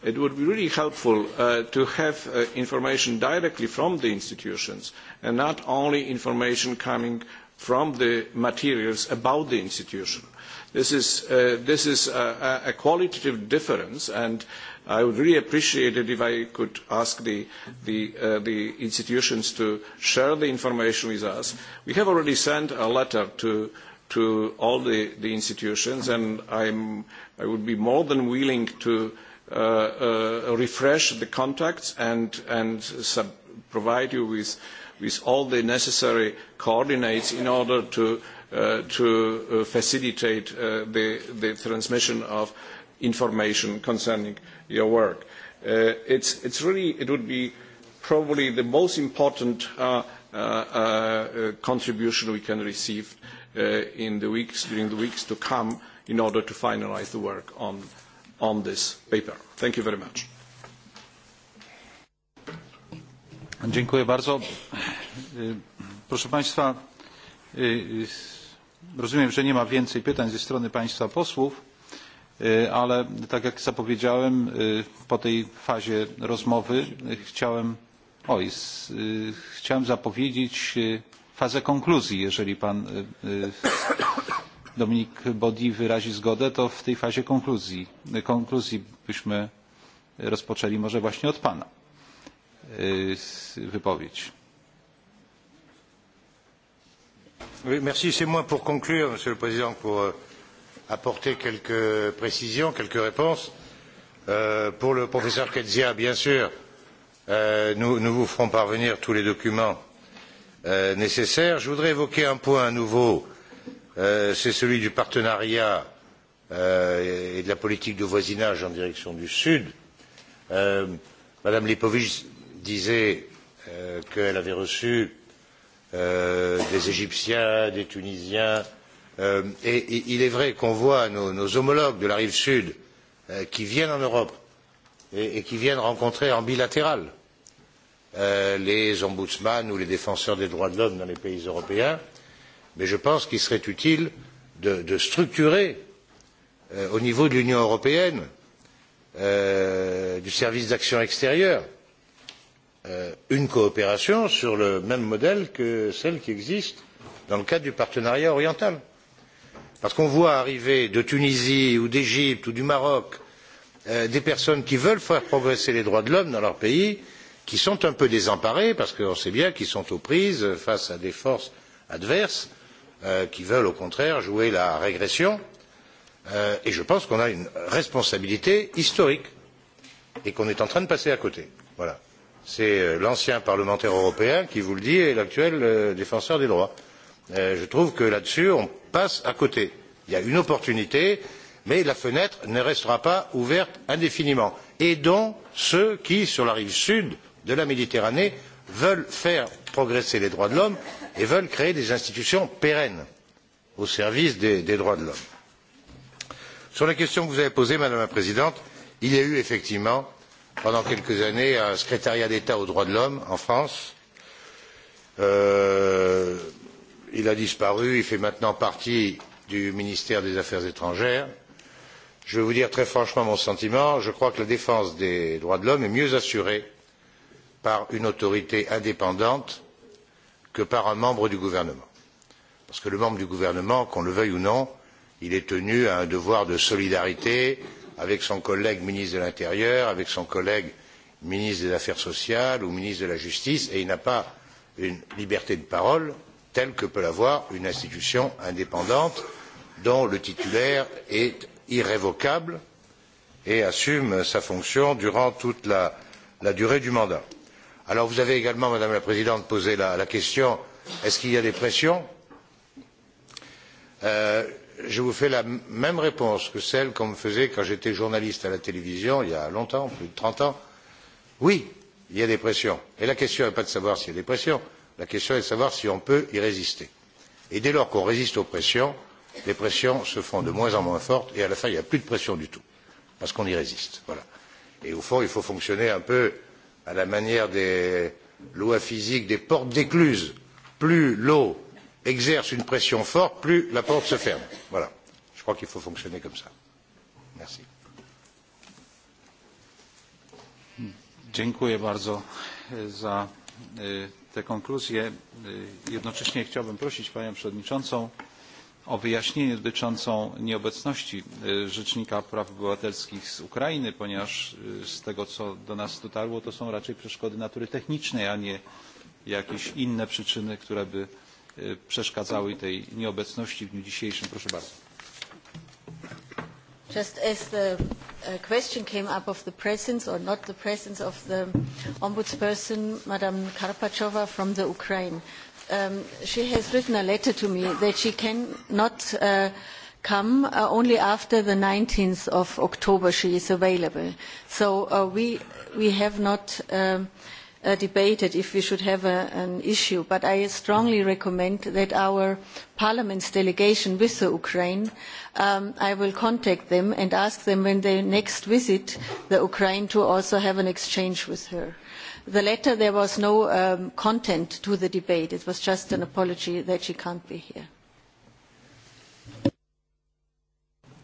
It would be really helpful uh, to have uh, information directly from the institutions and not only information coming from the materials about the institution. This is, uh, this is a, a, qualitative difference, and I would really appreciate it if I could ask the, the, uh, the, institutions to share the information with us. We have already sent a letter to, to all the, the institutions, and I'm, I would be more than willing to uh, uh refresh the contacts and, and sub- provide you with with all the necessary coordinates in order to, uh, to uh, facilitate uh, the, the transmission of information concerning your work. Uh, it's, it's really, it would be probably the most important uh, uh, uh contribution we can receive uh, in the weeks, during the weeks to come in order to finalise the work on, on this paper. Thank you very much. Proszę Państwa, rozumiem, że nie ma więcej pytań ze strony Państwa posłów, ale tak jak zapowiedziałem, po tej fazie rozmowy chciałem, chciałem zapowiedzieć fazę konkluzji. Jeżeli Pan dominique Bodi wyrazi zgodę, to w tej fazie konkluzji byśmy rozpoczęli może właśnie od Pana wypowiedź. Eh, oui, merci. C'est moi pour conclure, Monsieur le Président, pour euh, apporter quelques précisions, quelques réponses. Euh, pour le professeur Kedzia, bien sûr, euh, nous, nous vous ferons parvenir tous les documents euh, nécessaires. Je voudrais évoquer un point à nouveau, euh, c'est celui du partenariat euh, et de la politique de voisinage en direction du Sud. Euh, Madame disait euh, qu'elle avait reçu euh, des Égyptiens, des Tunisiens, euh, et, il est vrai qu'on voit nos, homologues de la rive sud qui viennent en Europe et, qui viennent rencontrer en bilatéral les ombudsman ou les défenseurs des droits de l'homme dans les pays européens, mais je pense qu'il serait utile de, de structurer euh, au niveau de l'Union européenne, euh, du service d'action extérieure, Euh, une coopération sur le même modèle que celle qui existe dans le cadre du partenariat oriental. Parce qu'on voit arriver de Tunisie ou d'Égypte ou du Maroc euh, des personnes qui veulent faire progresser les droits de l'homme dans leur pays, qui sont un peu désemparées, parce qu'on sait bien qu'ils sont aux prises face à des forces adverses euh, qui veulent au contraire jouer la régression. Euh, et je pense qu'on a une responsabilité historique et qu'on est en train de passer à côté. Voilà c'est euh, l'ancien parlementaire européen qui vous le dit et l'actuel euh, défenseur des droits. Euh, je trouve que là dessus on passe à côté. il y a une opportunité mais la fenêtre ne restera pas ouverte indéfiniment. aidons ceux qui sur la rive sud de la méditerranée veulent faire progresser les droits de l'homme et veulent créer des institutions pérennes au service des, des droits de l'homme. sur la question que vous avez posée madame la présidente il y a eu effectivement pendant quelques années un secrétariat d'état aux droits de l'homme en france. Euh, il a disparu il fait maintenant partie du ministère des affaires étrangères. je vais vous dire très franchement mon sentiment je crois que la défense des droits de l'homme est mieux assurée par une autorité indépendante que par un membre du gouvernement parce que le membre du gouvernement qu'on le veuille ou non il est tenu à un devoir de solidarité avec son collègue ministre de l'Intérieur, avec son collègue ministre des Affaires sociales ou ministre de la Justice, et il n'a pas une liberté de parole telle que peut l'avoir une institution indépendante dont le titulaire est irrévocable et assume sa fonction durant toute la, la durée du mandat. Alors vous avez également, Madame la Présidente, posé la, la question est ce qu'il y a des pressions? Euh, je vous fais la même réponse que celle qu'on me faisait quand j'étais journaliste à la télévision il y a longtemps plus de trente ans oui il y a des pressions et la question n'est pas de savoir s'il y a des pressions la question est de savoir si on peut y résister et dès lors qu'on résiste aux pressions les pressions se font de moins en moins fortes et à la fin il n'y a plus de pression du tout parce qu'on y résiste. Voilà. et au fond il faut fonctionner un peu à la manière des lois physiques des portes d'écluse plus l'eau exerce une pression forte, plus la porte se ferme. Voilà. Je crois qu'il faut fonctionner comme cela. Merci. Dziękuję bardzo e, za e, te konkluzje. Jednocześnie chciałbym prosić Panią Przewodniczącą o wyjaśnienie dotyczącą nieobecności e, Rzecznika Praw Obywatelskich z Ukrainy, ponieważ z tego, co do nas dotarło, to są raczej przeszkody natury technicznej, a nie jakieś inne przyczyny, które by przeszkadzały tej nieobecności w dniu dzisiejszym. Proszę bardzo. Just as the uh, question came up of the presence or not the presence of the ombudsperson, Madame Karpachova from the Ukraine, um, she has written a letter to me that she cannot uh, come uh, only after the 19th of October she is available. So uh, we, we have not uh, Uh, debated if we should have a, an issue, but I strongly recommend that our Parliament's delegation with the Ukraine, um, I will contact them and ask them when they next visit the Ukraine to also have an exchange with her. The letter, there was no um, content to the debate. It was just an apology that she can't be here.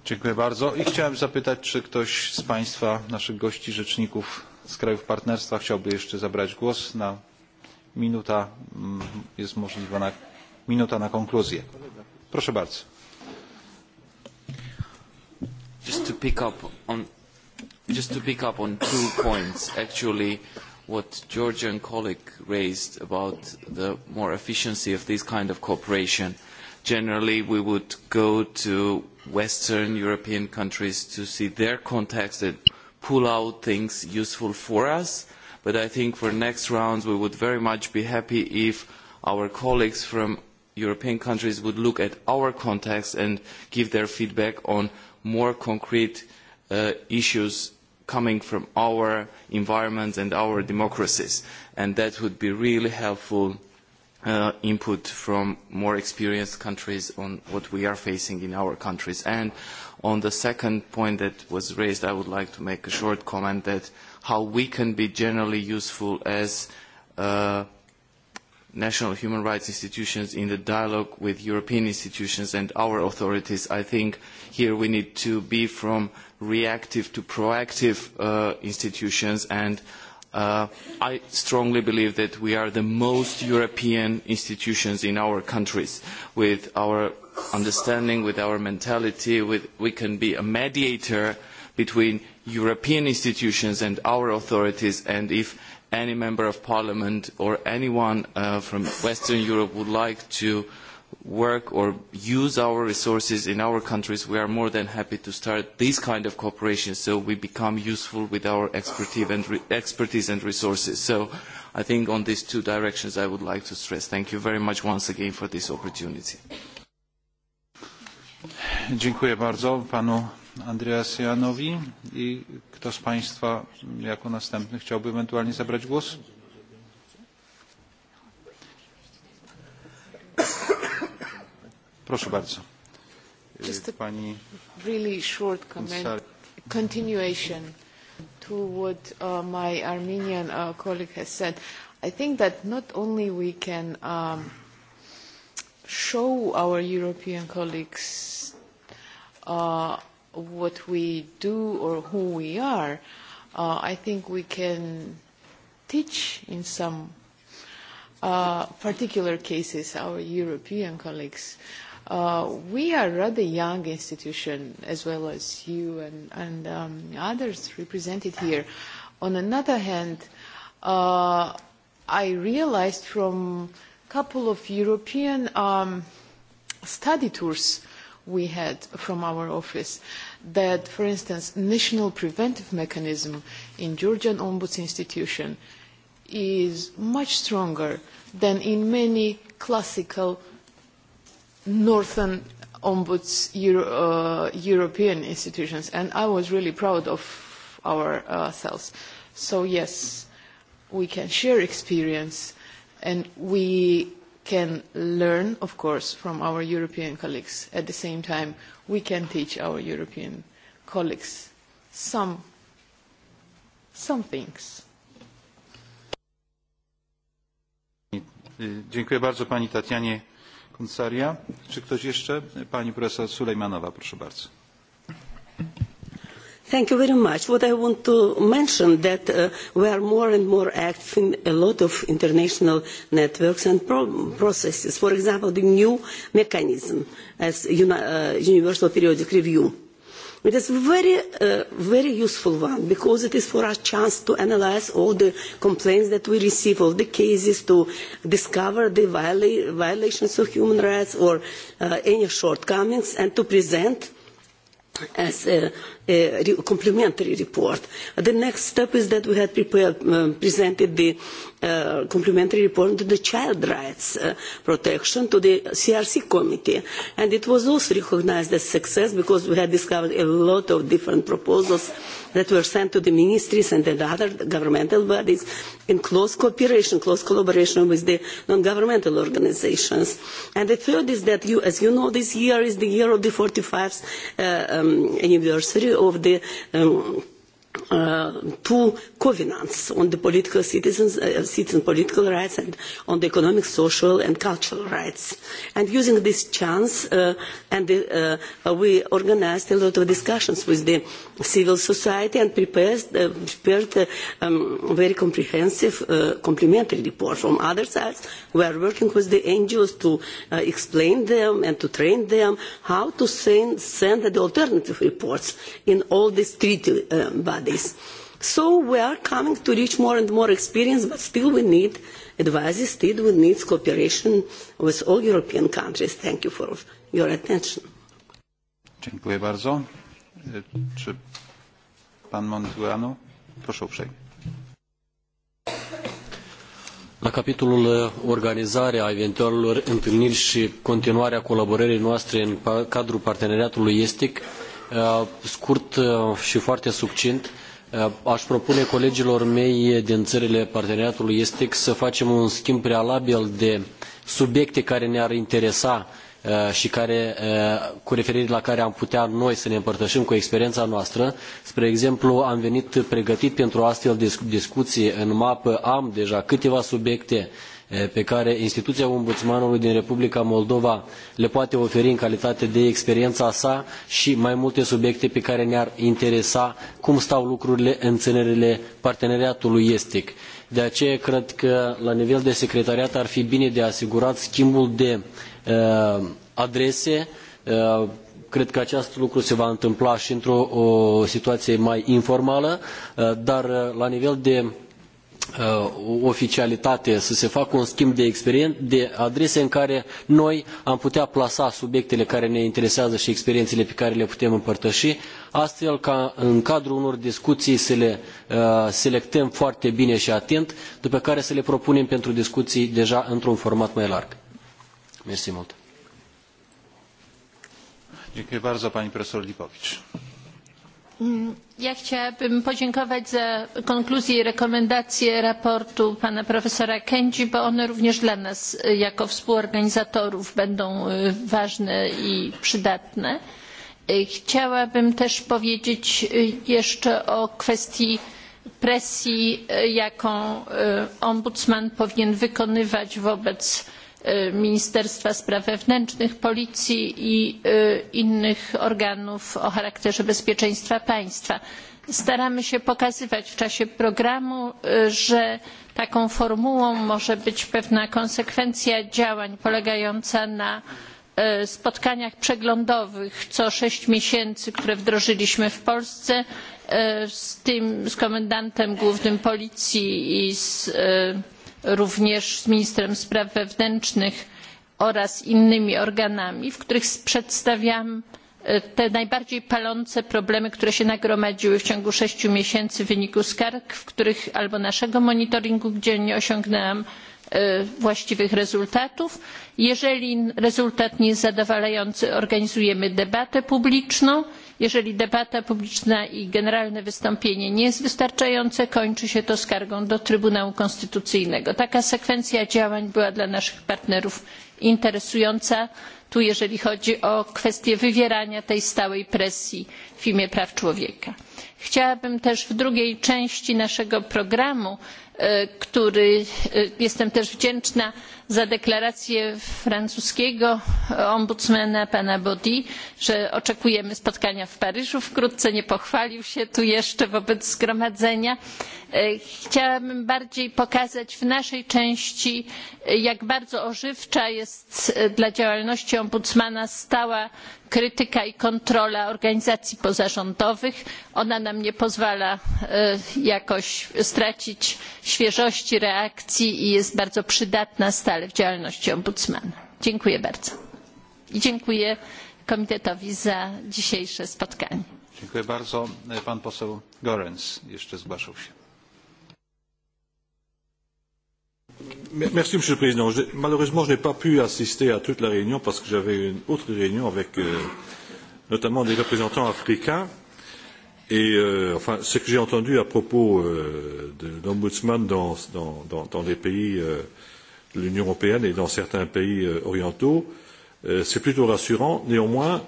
Dziękuję bardzo. I chciałem zapytać, czy ktoś z Państwa, naszych gości, rzeczników z krajów partnerstwa chciałby jeszcze zabrać głos na minuta mm, jest możliwa na, minuta na konkluzję. Proszę bardzo. Just to pick up on just to pick up on two points actually what Georgian colleague raised about the more efficiency of this kind of cooperation generally we would go to western european countries to see their context pull out things useful for us. But I think for next rounds we would very much be happy if our colleagues from European countries would look at our context and give their feedback on more concrete uh, issues coming from our environments and our democracies. And that would be really helpful uh, input from more experienced countries on what we are facing in our countries. And On the second point that was raised, I would like to make a short comment that how we can be generally useful as uh, national human rights institutions in the dialogue with European institutions and our authorities. I think here we need to be from reactive to proactive uh, institutions and Uh, I strongly believe that we are the most European institutions in our countries. With our understanding, with our mentality, with, we can be a mediator between European institutions and our authorities. And if any member of parliament or anyone uh, from Western Europe would like to uh, work or use our resources in our countries, we are more than happy to start these kind of cooperation so we become useful with our expertise and, resources. So I think on these two directions I would like to stress. Thank you very much once again for this opportunity. Dziękuję bardzo panu Andreasianowi. I kto z państwa jako następny chciałby ewentualnie zabrać głos? Proszę bardzo. Just a Pani... really short comment. Continuation to what uh, my Armenian uh, colleague has said. I think that not only we can um, show our European colleagues uh, what we do or who we are, uh, I think we can teach in some uh, particular cases our European colleagues uh, Uh, we are a rather young institution, as well as you and, and um, others represented here. On another hand, uh, I realized from a couple of European um, study tours we had from our office that, for instance, national preventive mechanism in Georgian Ombuds Institution is much stronger than in many classical northern ombuds Euro, uh, European institutions, and I was really proud of ourselves. Uh, so yes, we can share experience, and we can learn, of course, from our European colleagues. At the same time, we can teach our European colleagues some, some things. Dziękuję bardzo Pani Tatianie Kuncaria. Czy ktoś jeszcze? Pani profesor Sulejmanowa, proszę bardzo. Thank you very much. What I want to mention that uh, we are more and more active in a lot of international networks and pro processes. For example, the new mechanism as uni uh, Universal Periodic Review It is very, uh, very useful one because it is for us chance to analyze all the complaints that we receive, all the cases to discover the viola violations of human rights or uh, any shortcomings and to present as a, uh, uh, complementary report. The next step is that we had prepared, um, presented the uh, complementary report to the child rights uh, protection to the CRC committee. And it was also recognized as success because we had discovered a lot of different proposals that were sent to the ministries and the other governmental bodies in close cooperation, close collaboration with the non-governmental organizations. And the third is that you, as you know, this year is the year of the 45th uh, um, anniversary of the um, Uh, two covenants on the political citizens, uh, citizen political rights and on the economic, social and cultural rights. And using this chance, uh, and the, uh, uh, we organised a lot of discussions with the civil society and prepares, uh, prepared a um, very comprehensive uh, complementary report from other sides. We are working with the NGOs to uh, explain them and to train them how to send, send the alternative reports in all these treaty uh, bodies. So we are coming to reach more and more experience, but still we need advice. still we need cooperation with all European countries. Thank you for your attention. Dziękuję bardzo. E, czy La capitolul eh, organizarea eventualelor întâlniri și continuarea colaborării noastre în cadrul parteneriatului estic, eh, scurt eh, și foarte succint, Aș propune colegilor mei din țările parteneriatului estic să facem un schimb prealabil de subiecte care ne-ar interesa uh, Eh, și care, eh, cu referire la care am putea noi să ne împărtășim cu experiența noastră. Spre exemplu, am venit pregătit pentru astfel de discuții în mapă, am deja câteva subiecte eh, pe care instituția ombudsmanului din Republica Moldova le poate oferi în calitate de experiența sa și mai multe subiecte pe care ne-ar interesa cum stau lucrurile în țările parteneriatului estic. De aceea cred că la nivel de secretariat ar fi bine de asigurat schimbul de uh, Eh, adrese. Eh, cred că acest lucru se va întâmpla și într-o situație mai informală, eh, dar la nivel de oficialitate, să se facă un schimb de, de adrese în care noi am putea plasa subiectele care ne interesează și experiențele pe care le putem împărtăși, astfel ca în cadrul unor discuții să le selectăm foarte bine și atent, după care să le propunem pentru discuții deja într-un format mai larg. Merci moc. Dziękuję bardzo pani profesor Lipowicz. Mm, ja chciałabym podziękować za konkluzje i rekomendacje raportu pana profesora Kędzi, bo one również dla nas jako współorganizatorów będą ważne i przydatne. Chciałabym też powiedzieć jeszcze o kwestii presji, jaką ombudsman powinien wykonywać wobec E, Ministerstwa Spraw Wewnętrznych, Policji i e, innych organów o charakterze bezpieczeństwa państwa. Staramy się pokazywać w czasie programu, e, że taką formułą może być pewna konsekwencja działań polegająca na spotkaniach przeglądowych co sześć miesięcy które wdrożyliśmy w polsce z, komendantem głównym policji i z również z ministrem spraw wewnętrznych oraz innymi organami w których przedstawiam e, te najbardziej palące problemy które się nagromadziły w ciągu sześciu miesięcy w wyniku skarg w których albo naszego monitoringu gdzie nie osiągnęłam e, właściwych rezultatów. jeżeli rezultat nie jest zadowalający organizujemy debatę publiczną jeżeli debata publiczna i generalne wystąpienie nie jest wystarczające kończy się to skargą do trybunału konstytucyjnego. taka sekwencja działań była dla naszych partnerów interesująca jeżeli chodzi o kwestię wywierania tej stałej presji w imię praw człowieka. chciałabym też w drugiej części naszego programu e, który e, jestem też wdzięczna za deklarację francuskiego ombudsmana pana bodis że oczekujemy spotkania w paryżu wkrótce nie pochwalił się tu jeszcze wobec zgromadzenia. E, chciałabym bardziej pokazać w naszej części e, jak bardzo ożywcza jest e, dla działalności ombudsmana stała krytyka i kontrola organizacji pozarządowych. ona nam nie pozwala jakoś stracić świeżości reakcji i jest bardzo przydatna stale ale w działalności ombudsmana. Dziękuję bardzo. I dziękuję komitetowi za dzisiejsze spotkanie. Dziękuję bardzo. Pan poseł Gorenz jeszcze zgłaszał się. Merci, Monsieur le Président. Je, malheureusement, je n'ai pas pu assister à toute la réunion parce que j'avais une autre réunion avec euh, notamment des représentants africains. Et euh, enfin, ce que j'ai entendu à propos euh, de dans, dans, dans, dans les pays euh, l'Union européenne et dans certains pays euh, orientaux, euh, c'est plutôt rassurant. Néanmoins,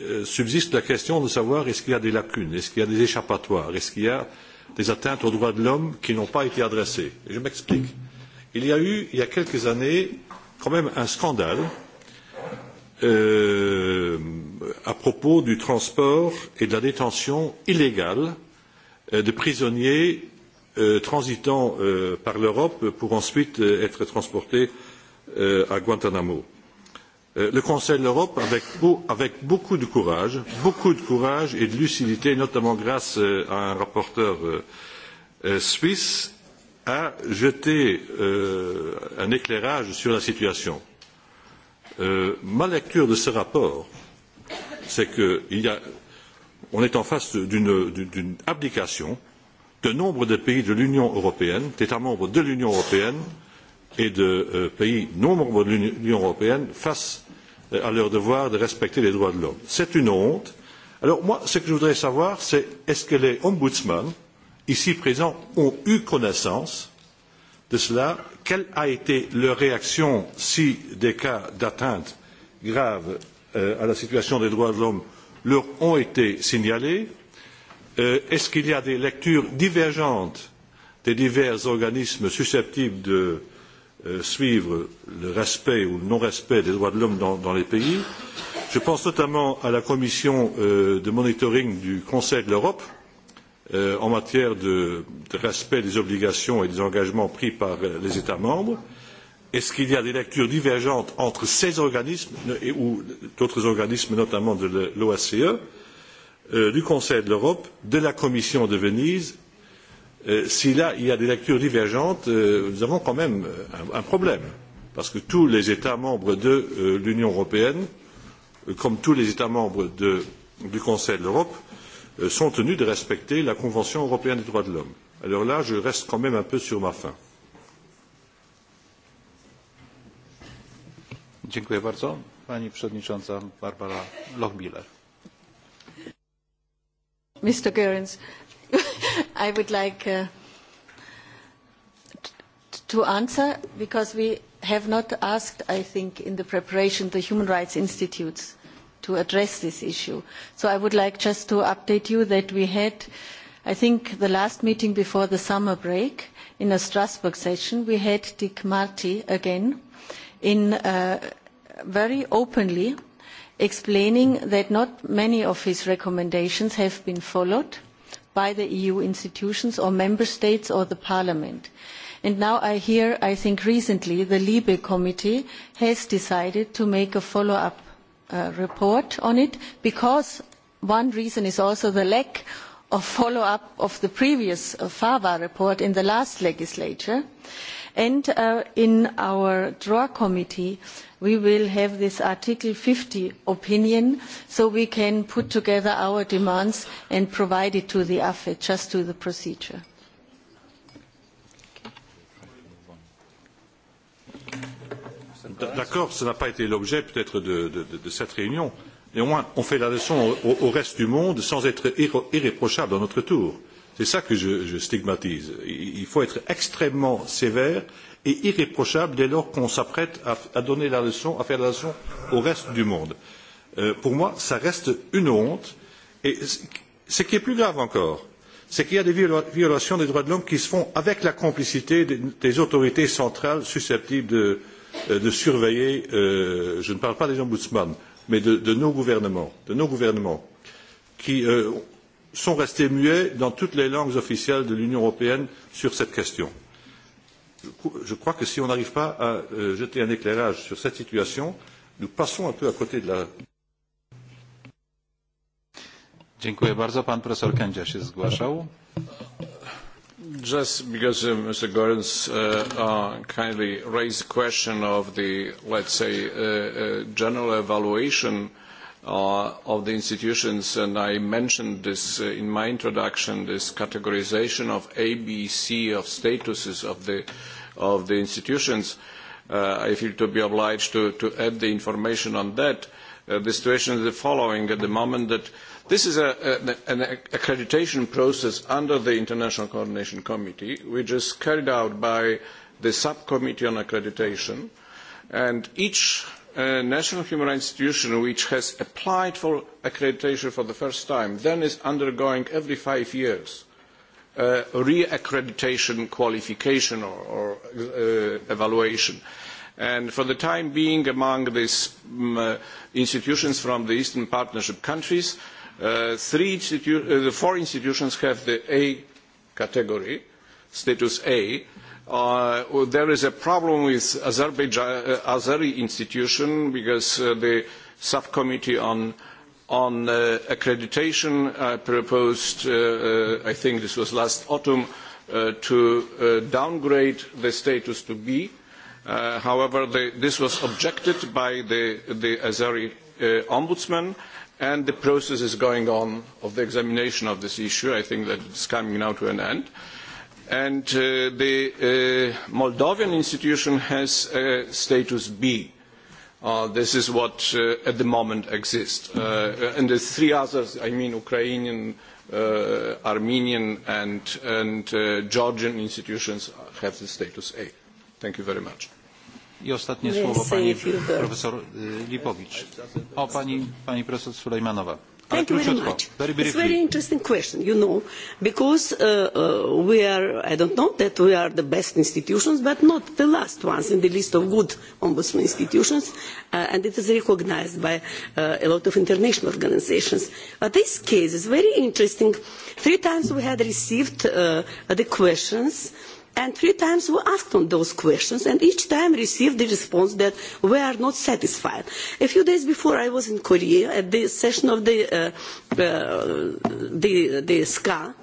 euh, subsiste la question de savoir est-ce qu'il y a des lacunes, est-ce qu'il y a des échappatoires, est-ce qu'il y a des atteintes aux droits de l'homme qui n'ont pas été adressées. Et je m'explique. Il y a eu, il y a quelques années, quand même un scandale euh, à propos du transport et de la détention illégale de prisonniers Euh, transitant euh, par l'Europe pour ensuite euh, être transportés à Guantanamo. le Conseil de l'Europe, avec, avec beaucoup de courage, beaucoup de courage et de lucidité, notamment grâce à un rapporteur suisse, a jeté un éclairage sur la situation. ma lecture de ce rapport, c'est qu'on est en face d'une abdication que nombre de pays de l'union européenne d'états membres de l'union européenne et de euh, pays non membres de l'union européenne fassent euh, à leur devoir de respecter les droits de l'homme. c'est une honte. alors moi ce que je voudrais savoir c'est est ce que les ombudsman ici présents ont eu connaissance de cela quelle a été leur réaction si des cas d'atteinte grave euh, à la situation des droits de l'homme leur ont été signalés? Euh, est-ce qu'il y a des lectures divergentes des divers organismes susceptibles de euh, suivre le respect ou le non-respect des droits de l'homme dans, dans les pays Je pense notamment à la commission euh, de monitoring du Conseil de l'Europe en matière de, de respect des obligations et des engagements pris par les États membres. Est-ce qu'il y a des lectures divergentes entre ces organismes et, ou d'autres organismes, notamment de l'OSCE Euh, du conseil de l'europe de la commission de venise euh, si là il y a des lectures divergentes euh, nous avons quand même un, problème parce que tous les états membres de l'union européenne comme tous les états membres de, du conseil de l'europe sont tenus de respecter la convention européenne des droits de l'homme. alors là je reste quand même un peu sur ma faim. Dziękuję bardzo. Pani Przewodnicząca Barbara Lochbiller. Mr. Goerens, I would like uh, to answer because we have not asked, I think, in the preparation the human rights institutes to address this issue. So I would like just to update you that we had, I think, the last meeting before the summer break in a Strasbourg session, we had Dick Marty again in uh, very openly explaining that not many of his recommendations have been followed by the eu institutions or member states or the parliament. And now i hear i think recently the libe committee has decided to make a follow up uh, report on it because one reason is also the lack of follow up of the previous uh, fava report in the last legislature and uh, in our draw committee uh, we will have this Article 50 opinion so we can put together our demands and provide it to the AFET, just to the procedure. D'accord, ce n'a pas été l'objet peut-être de, de, de, de cette réunion. Néanmoins, on fait la leçon au, au reste du monde sans être irré irréprochable à notre tour. C'est ça que je, je stigmatise. Il faut être extrêmement sévère et irréprochable dès lors qu'on s'apprête à, à donner la leçon, à faire la leçon au reste du monde. Euh, pour moi, ça reste une honte. Et ce qui est plus grave encore, c'est qu'il y a des viola violations des droits de l'homme qui se font avec la complicité des, des autorités centrales susceptibles de, euh, de surveiller, euh, je ne parle pas des ombudsman, mais de, de nos gouvernements, de nos gouvernements, qui euh, sont restés muets dans toutes les langues officielles de l'Union européenne sur cette question je crois que si on n'arrive pas à euh, jeter un éclairage sur cette situation, nous passons un peu à côté de la. Dziękuję bardzo. Pan profesor Kędzia się zgłaszał. Just because uh, Mr. Goerens uh, uh, kindly raised the question of the, let's say, uh, uh, general evaluation Uh, of the institutions, and I mentioned this uh, in my introduction, this categorization of A, B, C of statuses of the, of the institutions. Uh, I feel to be obliged to, to add the information on that. Uh, the situation is the following at the moment that this is a, a, an accreditation process under the International Coordination Committee, which is carried out by the Subcommittee on Accreditation, and each a national human rights institution which has applied for accreditation for the first time then is undergoing every five years uh, re-accreditation qualification or, or uh, evaluation. And for the time being, among these um, uh, institutions from the Eastern Partnership countries, uh, three institu- uh, four institutions have the A category, status A, Uh, there is a problem with Azerbaijan, uh, Azeri institution because uh, the subcommittee on on uh, accreditation uh, proposed, uh, uh I think this was last autumn, uh, to uh, downgrade the status to B. however, the, this was objected by the, the Azeri ombudsman, and the process is going on of the examination of this issue. I think that it's coming now to an end. Uh, and uh, the uh, Moldovan institution has a status B. Uh, this is what uh, at the moment exists. Uh, uh, and the three others, I mean Ukrainian, Armenian and, and Georgian institutions have the status A. Thank you very much. I ostatnie słowo pani profesor Lipowicz. O, pani, pani profesor Sulejmanowa. Thank you very much. Very briefly. It's a very interesting question, you know, because uh, uh, we are, I don't know that we are the best institutions, but not the last ones in the list of good ombudsman institutions, uh, and it is recognized by uh, a lot of international organizations. But this case is very interesting. Three times we had received uh, the questions uh, and three times we asked on those questions and each time received the response that we are not satisfied. A few days before I was in Korea at the session of the, uh, uh, the, the SCA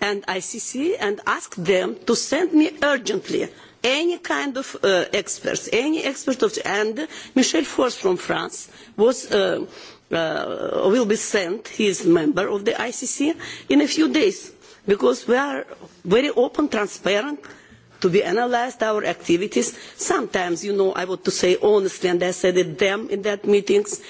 and ICC and asked them to send me urgently any kind of uh, experts, any expert of, and Michel Force from France was uh, uh, will be sent, he is member of the ICC, in a few days because we are very open, transparent, to be analysed our activities. Sometimes, you know, I want to say honestly, and I said it them in that meetings,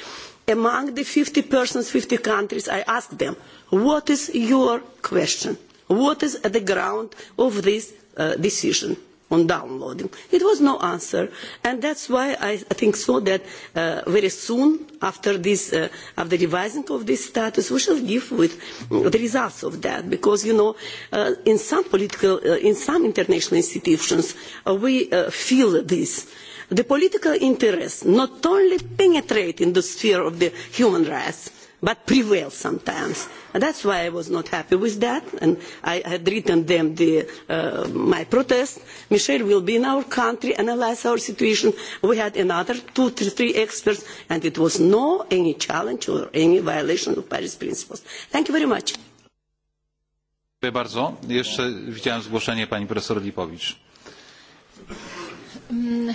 among the 50 persons, 50 countries, I asked them, what is your question? What is at the ground of this uh, decision? on downloading. It was no answer, and that's why I think so that uh, very soon after this, uh, after revising of this status, we shall give with mm, the results of that. Because you know, uh, in some political, uh, in some international institutions, uh, we uh, feel this. The political interests not only penetrate in the sphere of the human rights, but prevail sometimes. And that's why I was not happy with that, and I had written them the, uh, my protest. Michelle will be in our country, analyze our situation. We had another two, to three experts, and it was no any challenge or any violation of Paris principles. Thank you very much. Dziękuję bardzo. Jeszcze widziałem zgłoszenie pani profesor Lipowicz. Mm,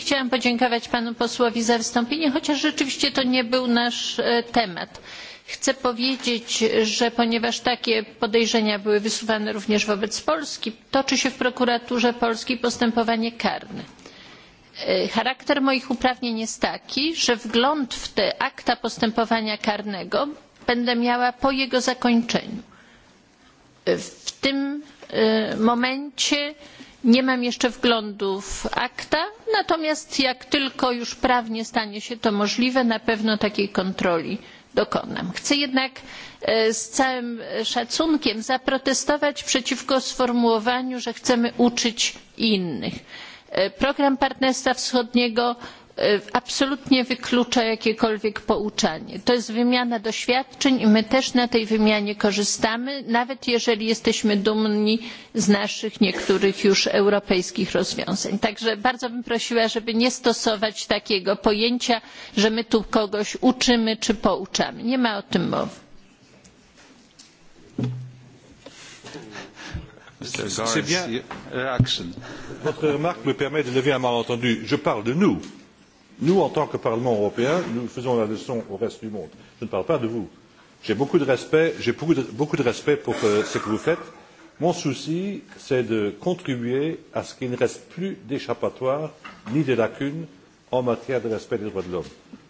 chciałam podziękować panu posłowi za wystąpienie, chociaż rzeczywiście to nie był nasz e, temat. Chcę powiedzieć, że ponieważ takie podejrzenia były wysuwane również wobec Polski, toczy się w prokuraturze polskiej postępowanie karne. E, charakter moich uprawnień jest taki, że wgląd w te akta postępowania karnego będę miała po jego zakończeniu. E, w tym momencie nie mam jeszcze wglądu w acta natomiast jak tylko już prawnie stanie się to możliwe na pewno takiej kontroli dokonam. chcę jednak e, z całym szacunkiem zaprotestować przeciwko sformułowaniu że chcemy uczyć innych. E, program partnerstwa wschodniego E, absolutnie wyklucza jakiekolwiek pouczanie. to jest wymiana doświadczeń i my też na tej wymianie korzystamy nawet jeżeli jesteśmy dumni z naszych niektórych już europejskich rozwiązań. także bardzo bym prosiła żeby nie stosować takiego pojęcia że my tu kogoś uczymy czy pouczamy. nie ma o tym mowy. Votre remarque me permet de lever un malentendu. Je parle de nous Nous, en tant que Parlement européen, nous faisons la leçon au reste du monde. Je ne parle pas de vous. J'ai beaucoup de respect, j'ai beaucoup de, beaucoup de respect pour euh, ce que vous faites. Mon souci, c'est de contribuer à ce qu'il ne reste plus d'échappatoire ni de lacunes en matière de respect des droits de l'homme.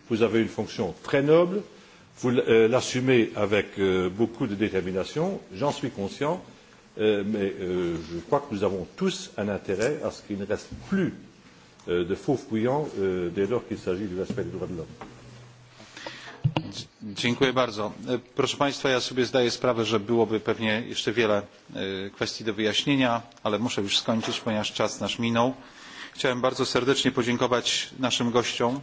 Vous avez une fonction très noble, vous euh, l'assumez avec euh, beaucoup de détermination, j'en suis conscient, mais je crois que nous avons tous un intérêt à ce qu'il ne reste plus Euh, de faux fuyants euh, dès lors qu'il s'agit du respect des droits de l'homme. Dziękuję bardzo. E, proszę Państwa, ja sobie zdaję sprawę, że byłoby pewnie jeszcze wiele e, kwestii do wyjaśnienia, ale muszę już skończyć, ponieważ czas nasz minął. Chciałem bardzo serdecznie podziękować naszym gościom,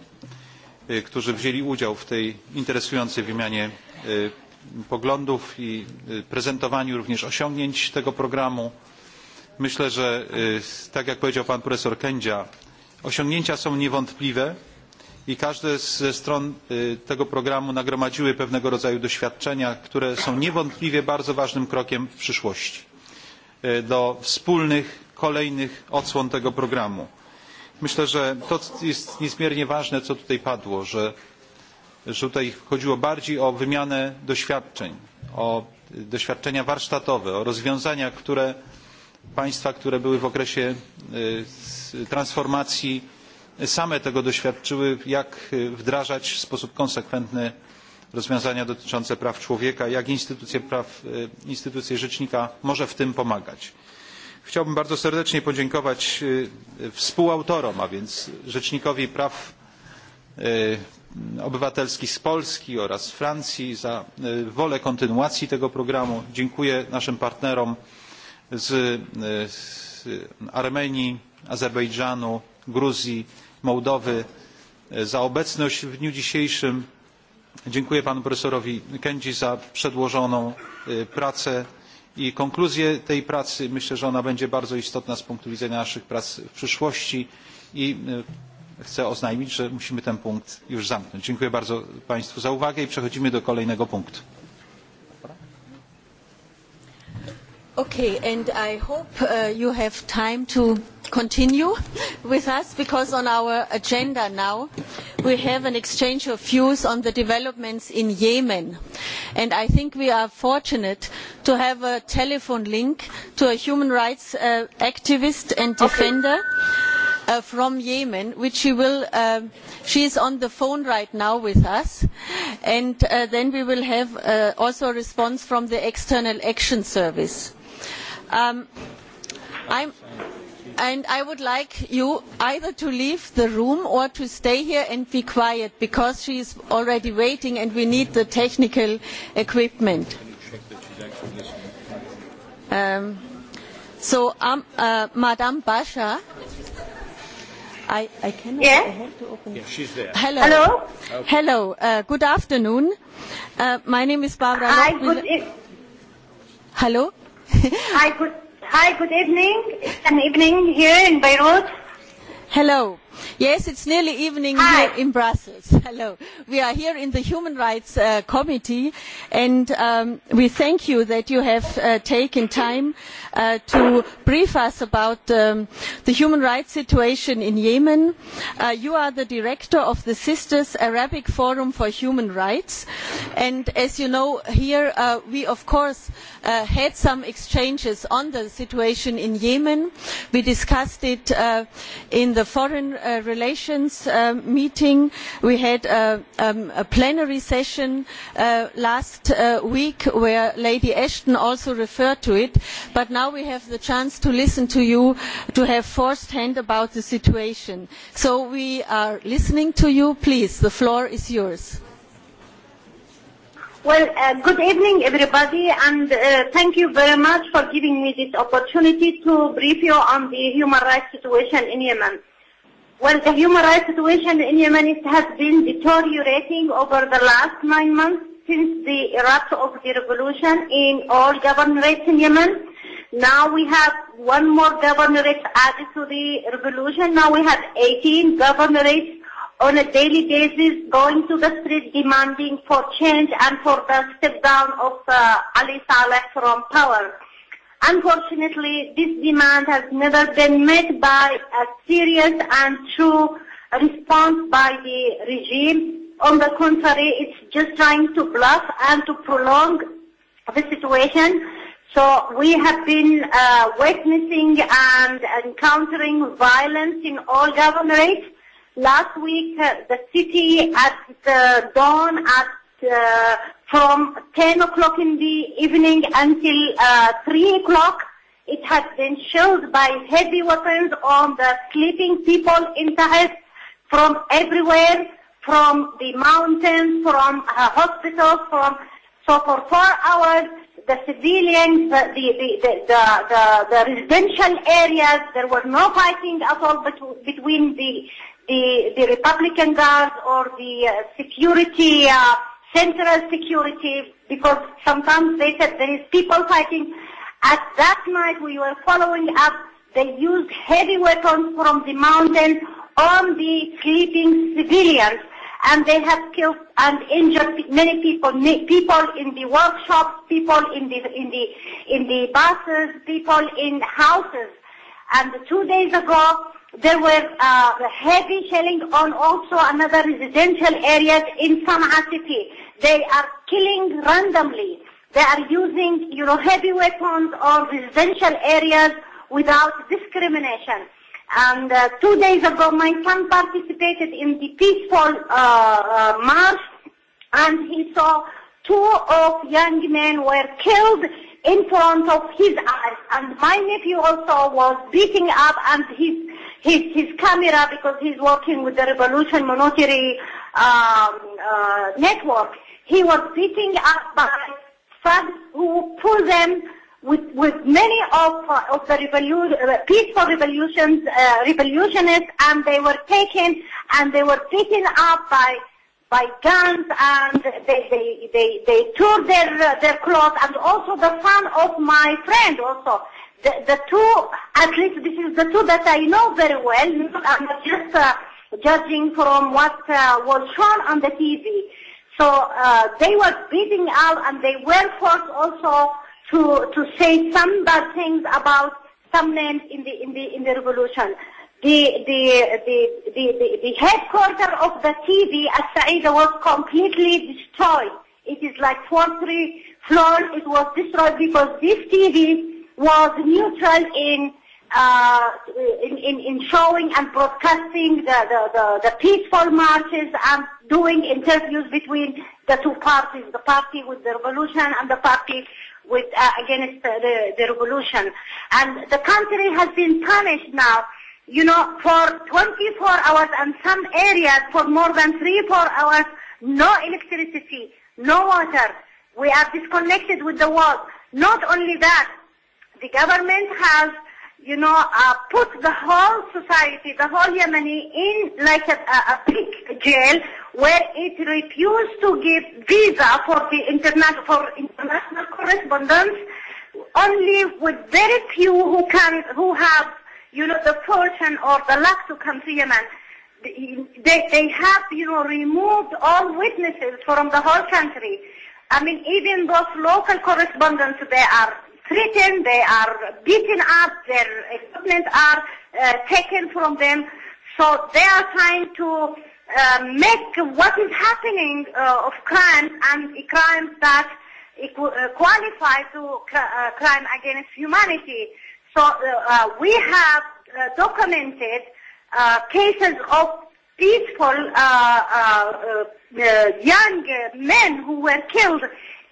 e, którzy wzięli udział w tej interesującej wymianie poglądów i prezentowaniu również osiągnięć tego programu. Myślę, że tak jak powiedział pan profesor Kędzia, osiągnięcia są niewątpliwe i każda ze stron tego programu nagromadziła pewnego rodzaju doświadczenia które są niewątpliwie bardzo ważnym krokiem w przyszłości do wspólnych kolejnych odsłon tego programu. myślę że to jest niezmiernie ważne co tutaj padło że, że tutaj chodziło bardziej o wymianę doświadczeń o doświadczenia warsztatowe o rozwiązania które państwa, które były w okresie e, transformacji, same tego doświadczyły, jak e, wdrażać w sposób konsekwentny rozwiązania dotyczące praw człowieka, jak instytucje, praw, e, instytucje rzecznika może w tym pomagać. Chciałbym bardzo serdecznie podziękować współautorom, a więc Rzecznikowi Praw obywatelskich z polski oraz francji za wolę kontynuacji tego programu dziękuję naszym partnerom z armenii azerbejdżanu gruzji mołdowy za obecność w dniu dzisiejszym dziękuję panu profesorowi kędziorowi za przedłożoną pracę i konkluzję tej pracy. myślę że ona będzie bardzo istotna z punktu widzenia naszych prac w przyszłości i chcę oznajmić że musimy ten punkt już zamknąć. dziękuję bardzo państwu za uwagę i przechodzimy do kolejnego punktu. Okay, and I hope uh, you have time to continue with us because on our agenda now we have an exchange of views on the developments in Yemen. And I think we are fortunate to have a telephone link to a human rights uh, activist and defender. Okay. Uh, from Yemen, which she will, uh, she is on the phone right now with us, and uh, then we will have uh, also a response from the External Action Service Um, and I would like you either to leave the room or to stay here and be quiet because she is already waiting and we need the technical equipment. Um, so, um, uh, Basha, I, cannot. Yeah. I have to open. Yeah, she's there. Hello. Hello. Okay. Hello. Uh, good afternoon. Uh, my name is Barbara. Hi. Good. E- Hello. Hi, good, hi, good evening. It's an evening here in Beirut. Hello. Yes, it's nearly evening Hi. here in Brussels. Hello. We are here in the Human Rights uh, Committee and um, we thank you that you have uh, taken time Uh, to brief us about um, the human rights situation in Yemen. Uh, you are the director of the Sisters Arabic Forum for Human Rights. And as you know, here uh, we of course had some exchanges on the situation in Yemen. We discussed it in the Foreign Relations meeting. We had um, a, plenary session last week where Lady Ashton also referred to it. But now we have the chance to listen to you to have first hand about the situation so we are listening to you please the floor is yours well, uh, good evening, everybody, and uh, thank you very much for giving me this opportunity to brief you on the human rights situation in Yemen. Well, the human rights situation in Yemen has been deteriorating over the last nine months since the erupt of the revolution in all governorates in Yemen. Now we have one more governorate added to the revolution. Now we have 18 governorates on a daily basis going to the street demanding for change and for the step down of uh, Ali Saleh from power. Unfortunately, this demand has never been met by a serious and true response by the regime. On the contrary, it's just trying to bluff and to prolong the situation So we have been uh, witnessing and encountering violence in all governorates. Last week, uh, the city at the dawn at uh, from 10 o'clock in the evening until uh, 3 o'clock, it has been shelled by heavy weapons on the sleeping people in Tahiz from everywhere, from the mountains, from uh, hospitals, from so for four hours the civilians, the, the, the, the, the, the residential areas, there was no fighting at all between the, the, the Republican Guards or the uh, security, uh, central security, because sometimes they said there is people fighting. At that night we were following up, they used heavy weapons from the mountains on the sleeping civilians and they have killed and injured many people, people in the workshops, people in the, in the, in the buses, people in houses. And two days ago, there were uh, heavy shelling on also another residential areas in Sana'a city. They are killing randomly. They are using, you know, heavy weapons on residential areas without discrimination. And uh, two days ago, my son participated in the peaceful uh, uh, march, and he saw two of young men were killed in front of his eyes. And my nephew also was beating up, and his his his camera because he's working with the Revolution Monetary um, uh, Network. He was beating up by thugs who pulled them with, with many of, uh, of the revolu- uh, peaceful revolutions, uh, revolutionists, and they were taken and they were beaten up by by guns, and they they they, they tore their uh, their clothes, and also the son of my friend also. The, the two, at least this is the two that I know very well. I'm not just uh, judging from what uh, was shown on the TV. So uh, they were beating up, and they were forced also to to say some bad things about some names in the in the in the revolution. The the the the, the, the headquarter of the TV at Saida was completely destroyed. It is like four three floor. It was destroyed because this TV was neutral in uh, in, in, in showing and broadcasting the, the, the, the peaceful marches and doing interviews between the two parties, the party with the revolution and the party with uh, against uh, the, the revolution. And the country has been punished now, you know, for 24 hours and some areas for more than three, four hours, no electricity, no water. We are disconnected with the world. Not only that, the government has, you know, uh, put the whole society, the whole Yemeni in like a, a, a big jail where it refused to give visa for the international for international correspondence only with very few who can who have you know the fortune or the luck to come to Yemen. They they have you know removed all witnesses from the whole country. I mean even those local correspondents they are threatened, they are beaten up, their equipment are uh, taken from them. So they are trying to Uh, make what is happening uh, of crimes and crimes that uh, qualify to uh, crime against humanity. So uh, we have uh, documented uh, cases of peaceful uh, uh, uh, young men who were killed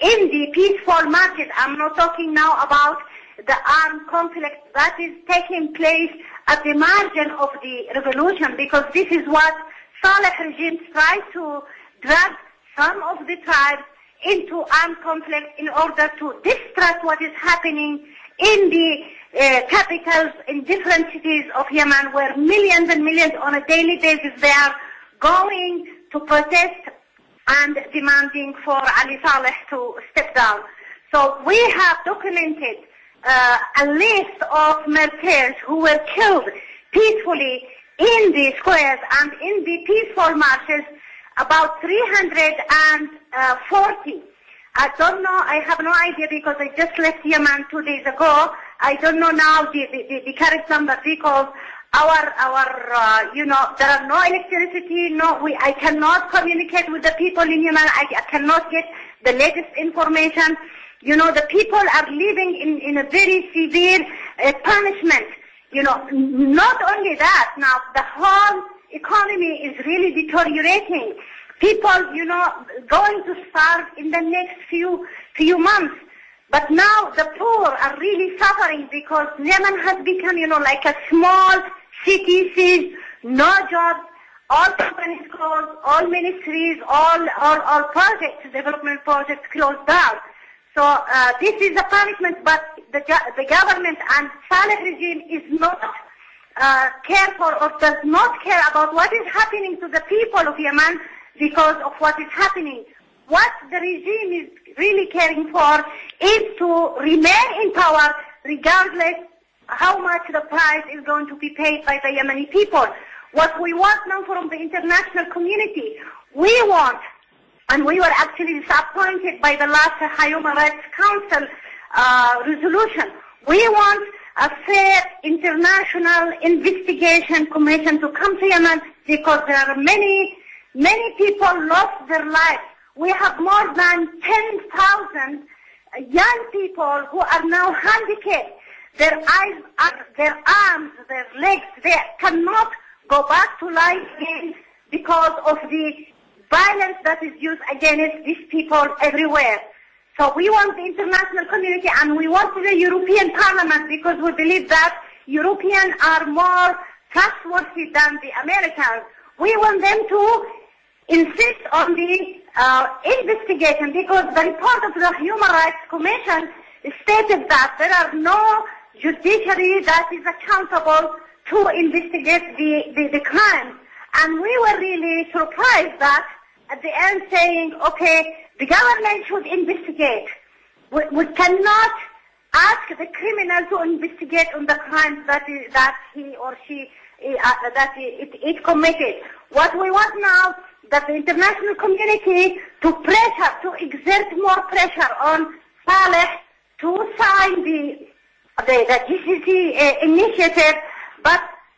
in the peaceful market. I'm not talking now about the armed conflict that is taking place at the margin of the revolution because this is what uh, Saleh regime tried to drag some of the tribes into armed conflict in order to distract what is happening in the uh, capitals in different cities of Yemen where millions and millions on a daily basis they are going to protest and demanding for Ali Saleh to step down. So we have documented uh, a list of martyrs who were killed peacefully in the squares and in the peaceful marches, about 340. I don't know, I have no idea because I just left Yemen two days ago. I don't know now the, the, the current number because our, our, uh, you know, there are no electricity, no, we, I cannot communicate with the people in Yemen. I, I cannot get the latest information. You know, the people are living in, in a very severe uh, punishment. You know, not only that, now the whole economy is really deteriorating. People, you know, going to starve in the next few few months. But now the poor are really suffering because Yemen has become, you know, like a small city, no jobs, all companies closed, all ministries, all, all, all projects, development projects closed down. So uh, this is a punishment, but the, the government and Saleh regime is not uh, careful or does not care about what is happening to the people of Yemen because of what is happening. What the regime is really caring for is to remain in power regardless how much the price is going to be paid by the Yemeni people. What we want now from the international community, we want And we were actually disappointed by the last Human Rights Council uh, resolution. We want a fair international investigation commission to come to Yemen because there are many, many people lost their lives. We have more than 10,000 young people who are now handicapped. Their eyes, are, their arms, their legs, they cannot go back to life again because of the violence that is used against these people everywhere. So we want the international community and we want the European Parliament because we believe that Europeans are more trustworthy than the Americans. We want them to insist on the uh, investigation because the report of the Human Rights Commission stated that there are no judiciary that is accountable to investigate the, the, the crimes. And we were really surprised that at the end saying, okay, the government should investigate. We, we cannot ask the criminal to investigate on the crimes that, that he or she eh, uh, that it, it committed. What we want now that the international community to pressure, to exert more pressure on Saleh to sign the the, the GCC uh, eh, initiative, but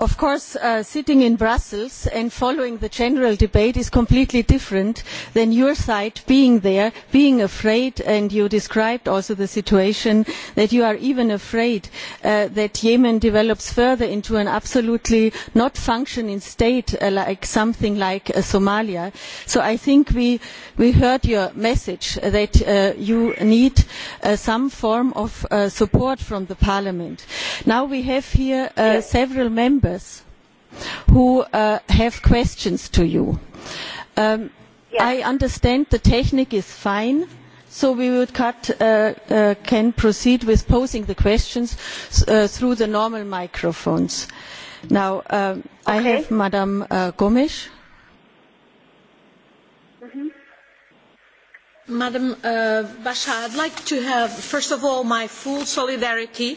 of course uh, sitting in brussels and following the general debate is completely different than your side being there being afraid and you also described the situation that you are even afraid uh, that yemen develops further into an absolutely non functioning state uh, like something like somalia so i think we heard your message that you need some form of support from parliament now we have here several members members who uh, have questions to you. Um, yes. I understand the technique is fine, so we would cut, uh, uh, can proceed with posing the questions uh, through the normal microphones. Now, um, okay. I have Madame uh, Gomes. Mm-hmm. Madam uh, Basha, I'd like to have, first of all, my full solidarity uh,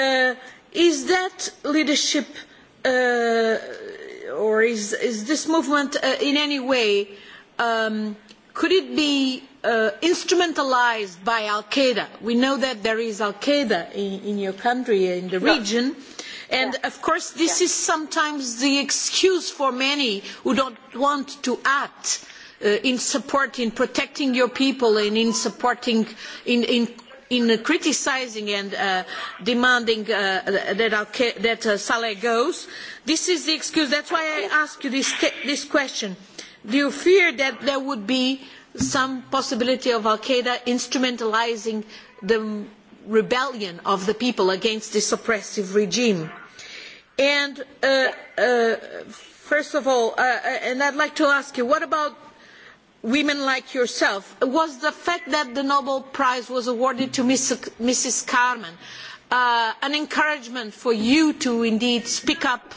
Uh, is that leadership uh, or is, is, this movement uh, in any way, um, could it be uh, instrumentalized by Al-Qaeda? We know that there is Al-Qaeda in, in, your country, in the region. And yeah. of course, this yeah. is sometimes the excuse for many who don't want to act uh, in support, in protecting your people and in supporting, in, in in criticising and uh, demanding uh, that, uh, Saleh goes. This is the excuse. That's why I ask you this, this question. Do you fear that there would be some possibility of Al-Qaeda instrumentalising the rebellion of the people against this oppressive regime? And uh, first of all, and I'd like to ask you, what about women like yourself was the fact that the Nobel Prize was awarded to Mrs. Carmen uh, an encouragement for you to indeed speak up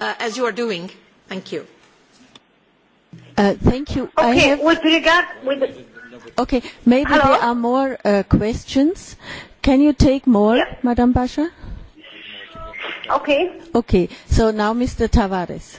uh, as you are doing? Thank you. Uh, thank you. Okay, have... with regard with... Okay, maybe Hello? there are more uh, questions. Can you take more, yeah. Madam Basha? Okay. Okay, so now Mr. Tavares.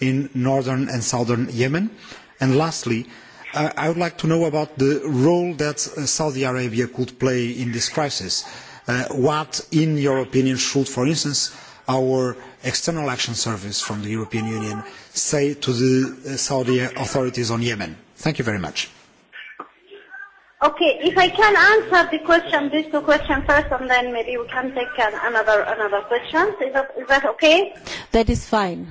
in northern and southern Yemen? And lastly, uh, I would like to know about the role that uh, Saudi Arabia could play in this crisis. Uh, what, in your opinion, should, for instance, our external action service from the European Union say to the uh, Saudi authorities on Yemen? Thank you very much. Okay, if I can answer the question, these two questions first, and then maybe we can take another another question. Is that, is that okay? That is fine.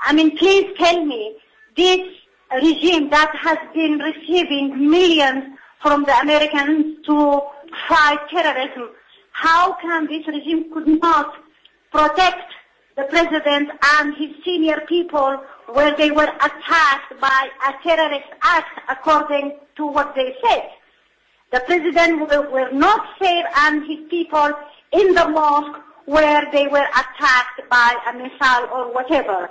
i mean, please tell me, this regime that has been receiving millions from the Americans to fight terrorism, how can this regime could not protect the president and his senior people where they were attacked by a terrorist act according to what they said? The president will, not safe and his people in the mosque where they were attacked by a missile or whatever.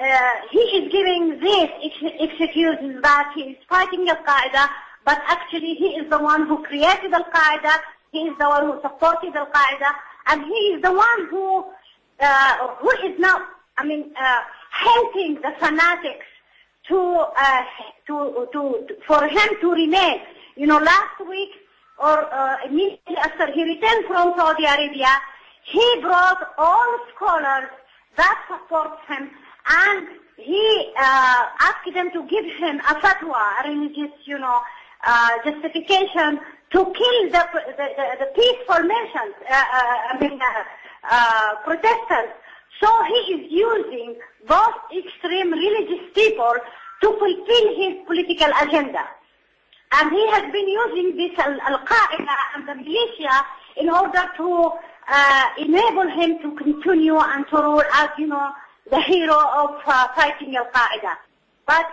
uh, he is giving this ex- execution that he is fighting Al Qaeda, but actually he is the one who created Al Qaeda, he is the one who supported Al Qaeda, and he is the one who uh, who is now, I mean, uh, helping the fanatics to, uh, to to to for him to remain. You know, last week or uh, immediately after he returned from Saudi Arabia, he brought all scholars that support him and he uh, asked them to give him a fatwa, a religious, you know, uh, justification to kill the the, the, the peaceful merchants, uh, uh, I mean, uh, uh, protesters. So he is using both extreme religious people to fulfill his political agenda. And he has been using this al-Qaeda and the militia in order to uh, enable him to continue and to rule as, you know, the hero of uh, fighting Al-Qaeda. But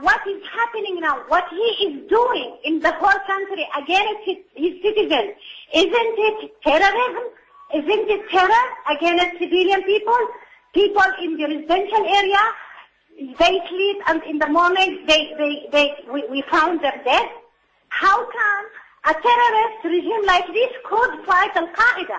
what is happening now, what he is doing in the whole country against his, his citizens, isn't it terrorism? Isn't it terror against civilian people? People in the residential area, they sleep and in the moment they, they, they, we, we found them dead. How can a terrorist regime like this could fight Al-Qaeda?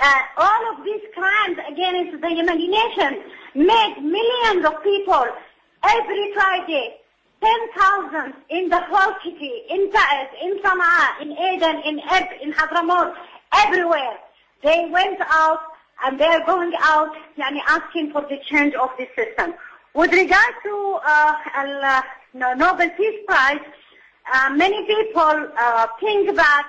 Uh, all of these crimes against the nation made millions of people every Friday, 10,000 in the whole city, in Taiz, in Sana'a, in Aden, in Eb, in Hadramaut, everywhere. They went out and they are going out yani, asking for the change of the system. With regard to the uh, uh, no, Nobel Peace Prize, uh, many people uh, think that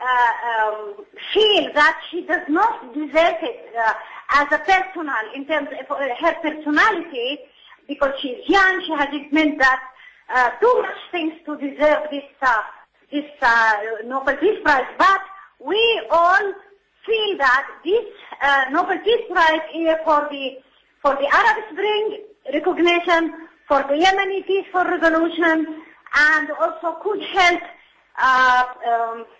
uh, um, feel that she does not deserve it uh, as a personal, in terms of uh, her personality, because she's young, she has it meant that uh, too much things to deserve this, uh, this uh, Nobel Peace Prize, but we all feel that this uh, Nobel Peace Prize here for the, for the Arab Spring recognition, for the Yemeni Peaceful Revolution, and also could help uh, um,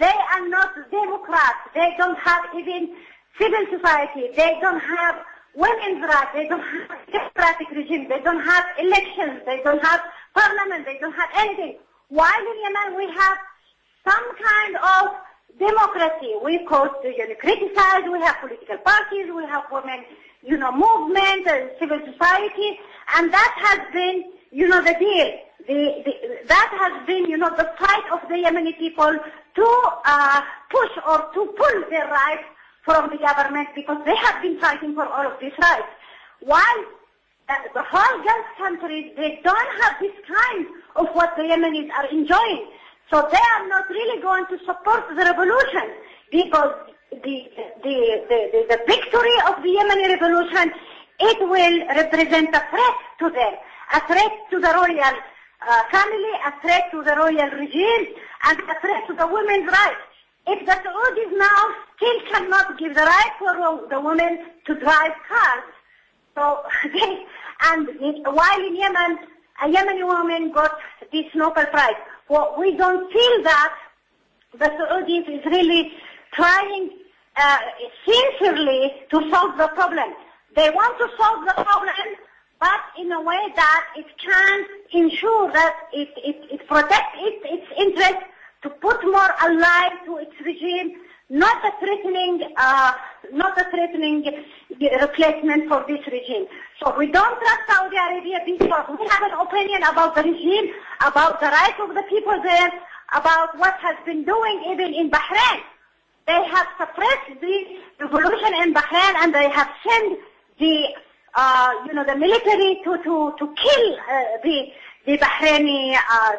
They are not democrats. They don't have even civil society. They don't have women's rights. They don't have democratic regime. They don't have elections. They don't have parliament. They don't have anything. While in Yemen we have some kind of democracy. We cause to you know, criticize. We have political parties. We have women, you know, movement and civil society, and that has been, you know, the deal. The, the, that has been, you know, the fight of the Yemeni people to uh, push or to pull their rights from the government because they have been fighting for all of these rights. While uh, the whole Gulf countries, they don't have this kind of what the Yemenis are enjoying. So they are not really going to support the revolution because the, the, the, the, the victory of the Yemeni revolution, it will represent a threat to them, a threat to the royal uh, family, a threat to the royal regime, and the threat to the women's rights. If the Saudis now still cannot give the right for the women to drive cars, so they, and while in Yemen, a Yemeni woman got this Nobel Prize. Well, we don't feel that the Saudis is really trying uh, sincerely to solve the problem. They want to solve the problem, but in a way that it can ensure that it, it, it protects its, its interests to put more allies to its regime, not a threatening, uh, not a threatening replacement for this regime. So we don't trust Saudi Arabia because we have an opinion about the regime, about the rights of the people there, about what has been doing even in Bahrain. They have suppressed the revolution in Bahrain and they have sent the, uh, you know, the military to, to, to kill uh, the, the Bahraini uh, uh,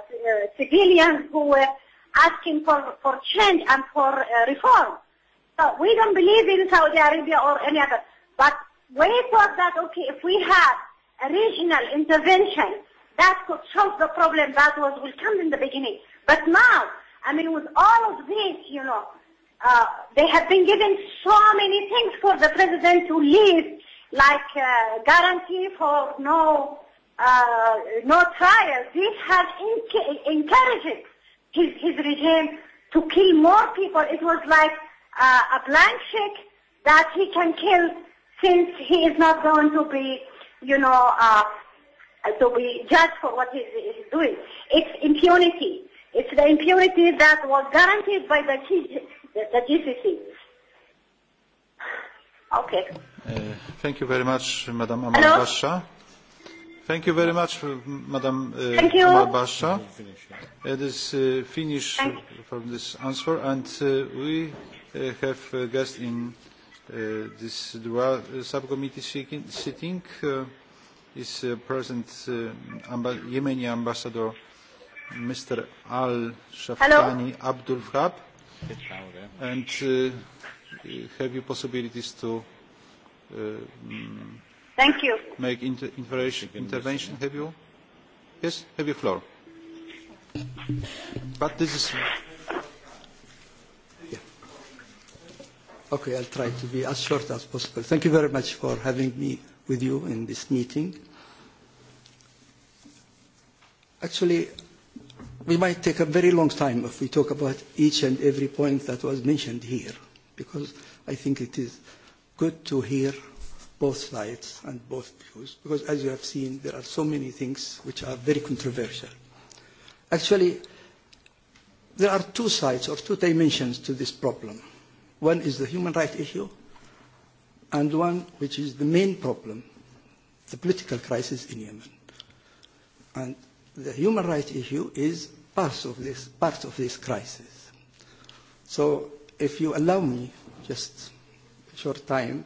civilians who were asking for, for change and for uh, reform. So we don't believe in Saudi Arabia or any other. But we thought that, okay, if we had a regional intervention that could solve the problem that was will come in the beginning. But now, I mean, with all of this, you know, uh, they have been given so many things for the president to leave, like uh, guarantee for no uh, no trial. This has enc- encouraged his, his regime to kill more people. It was like uh, a blank check that he can kill since he is not going to be, you know, uh, to be judged for what he is doing. It's impunity. It's the impunity that was guaranteed by the, G- the, the GCC. Okay. Uh, thank you very much, Madam Amal Basha. Thank you very much, Madam uh, Thank you. Basha. It is uh, finished from this answer, and uh, we uh, have a guest in uh, this dual subcommittee sitting. is present Yemeni ambassador, Mr. Al Shafkani Abdul Wahab, and have you possibilities to mm, Thank you. Make inter intervention. Have you? Yes, have you floor. But this is. Yeah. Okay, I'll try to be as short as possible. Thank you very much for having me with you in this meeting. Actually, we might take a very long time if we talk about each and every point that was mentioned here, because I think it is good to hear both sides and both views, because as you have seen, there are so many things which are very controversial. Actually, there are two sides or two dimensions to this problem. One is the human rights issue, and one which is the main problem, the political crisis in Yemen. And the human rights issue is part of this, part of this crisis. So if you allow me just a short time,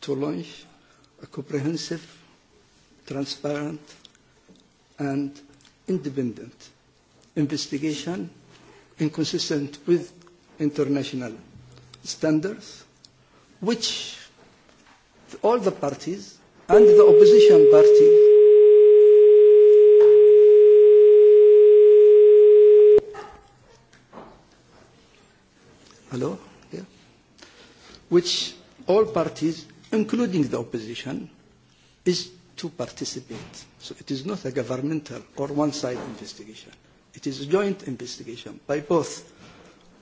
to launch a comprehensive, transparent, and independent investigation inconsistent with international standards, which all the parties and the opposition party Hello? Yeah. Which all parties including the opposition, is to participate. So it is not a governmental or one-side investigation. It is a joint investigation by both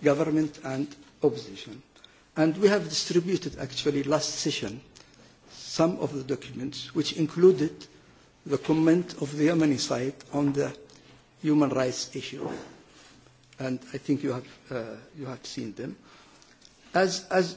government and opposition. And we have distributed, actually, last session, some of the documents which included the comment of the Yemeni side on the human rights issue. And I think you have, uh, you have seen them. As, as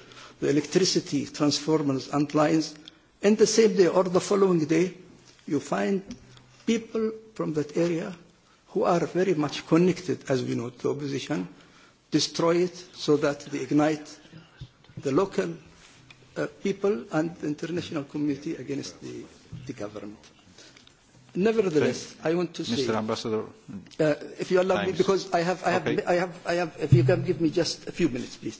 the electricity transformers and lines, and the same day or the following day, you find people from that area who are very much connected, as we know, to opposition, destroy it so that they ignite the local uh, people and the international community against the, the government. Nevertheless, okay. I want to Mr. say, Mr. Uh, Ambassador, uh, if you allow me, because I have, I have, okay. I have, I have, if you can give me just a few minutes, please.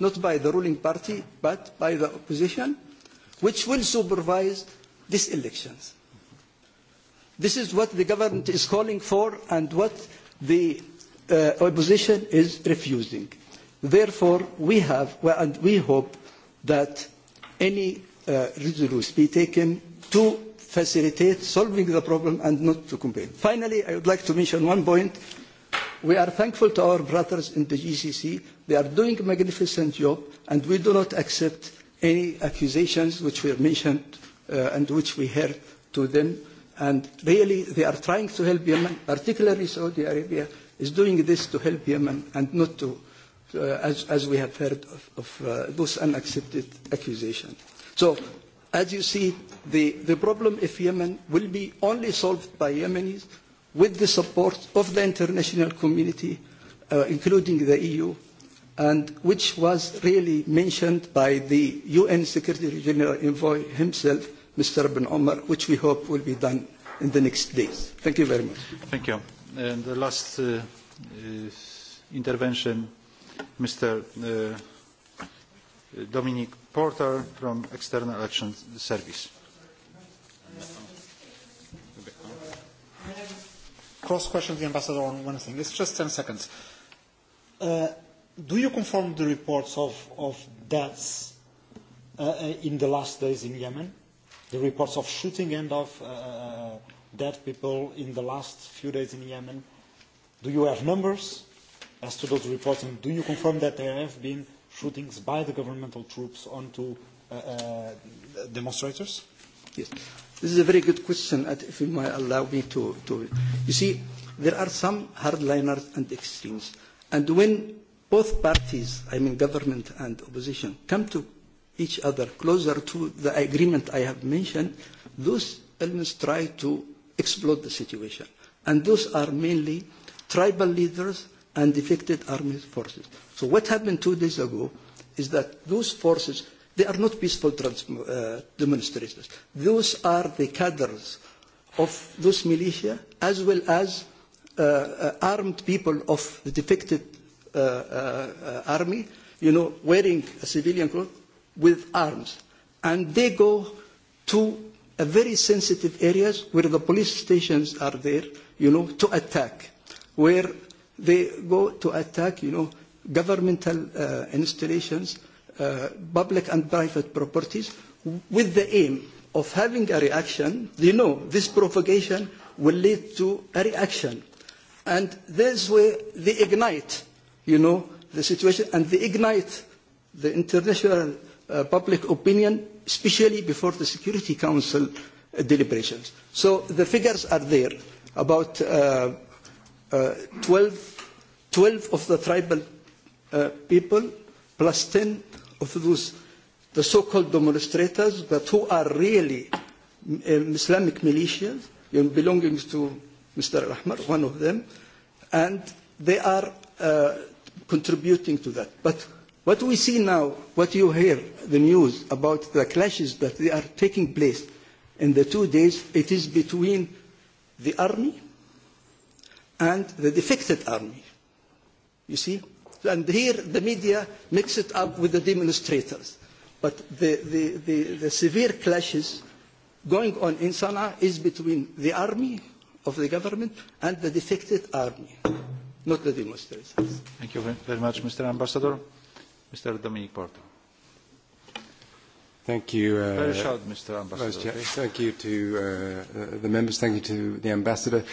not by the ruling party, but by the opposition, which will supervise these elections. This is what the government is calling for and what the uh, opposition is refusing. Therefore, we have, and we hope that any uh, resolution be taken to facilitate solving the problem and not to complain. Finally, I would like to mention one point. We are thankful to our brothers in the GCC They are doing a magnificent job, and we do not accept any accusations which were mentioned uh, and which we heard to them. And really, they are trying to help Yemen, particularly Saudi Arabia is doing this to help Yemen and not to, uh, as, as we have heard of, of uh, those unaccepted accusations. So, as you see, the, the problem of Yemen will be only solved by Yemenis with the support of the international community, uh, including the EU and which was really mentioned by the UN Security General Envoy himself, Mr. Bin Omar, which we hope will be done in the next days. Thank you very much. Thank you. And the last uh, uh, intervention, Mr. Uh, Dominic Porter from External Action Service. Cross question to the ambassador on one thing. It's just 10 seconds. Uh, do you confirm the reports of, of deaths uh, uh, in the last days in Yemen? The reports of shooting and of uh, uh, dead people in the last few days in Yemen? Do you have numbers as to those reports? And do you confirm that there have been shootings by the governmental troops onto uh, uh, demonstrators? Yes. This is a very good question, if you might allow me to, to. You see, there are some hardliners and extremes. And when both parties, I mean government and opposition, come to each other closer to the agreement I have mentioned, those elements try to exploit the situation. And those are mainly tribal leaders and defected army forces. So what happened two days ago is that those forces, they are not peaceful trans uh, demonstrators. Those are the cadres of those militia as well as uh, uh, armed people of the defected Uh, uh, uh, army, you know, wearing civilian clothes with arms. And they go to a very sensitive areas where the police stations are there, you know, to attack, where they go to attack, you know, governmental uh, installations, uh, public and private properties, with the aim of having a reaction. You know this provocation will lead to a reaction. And this way they ignite you know, the situation and they ignite the international uh, public opinion, especially before the Security Council uh, deliberations. So the figures are there about uh, uh, 12, 12 of the tribal uh, people plus 10 of those, the so-called demonstrators, but who are really um, Islamic militias belonging to Mr. Al-Ahmar, one of them, and they are uh, contributing to that. But what we see now, what you hear, the news about the clashes that they are taking place in the two days, it is between the army and the defected army. You see? And here the media mix it up with the demonstrators. But the, the, the, the severe clashes going on in Sana'a is between the army of the government and the defected army not the demonstrators. Thank you very much, Mr. Ambassador. Mr. Dominic Porto. Thank you. Uh, very short, Mr. Ambassador. Okay. Thank you to uh, uh, the members. Thank you to the ambassador.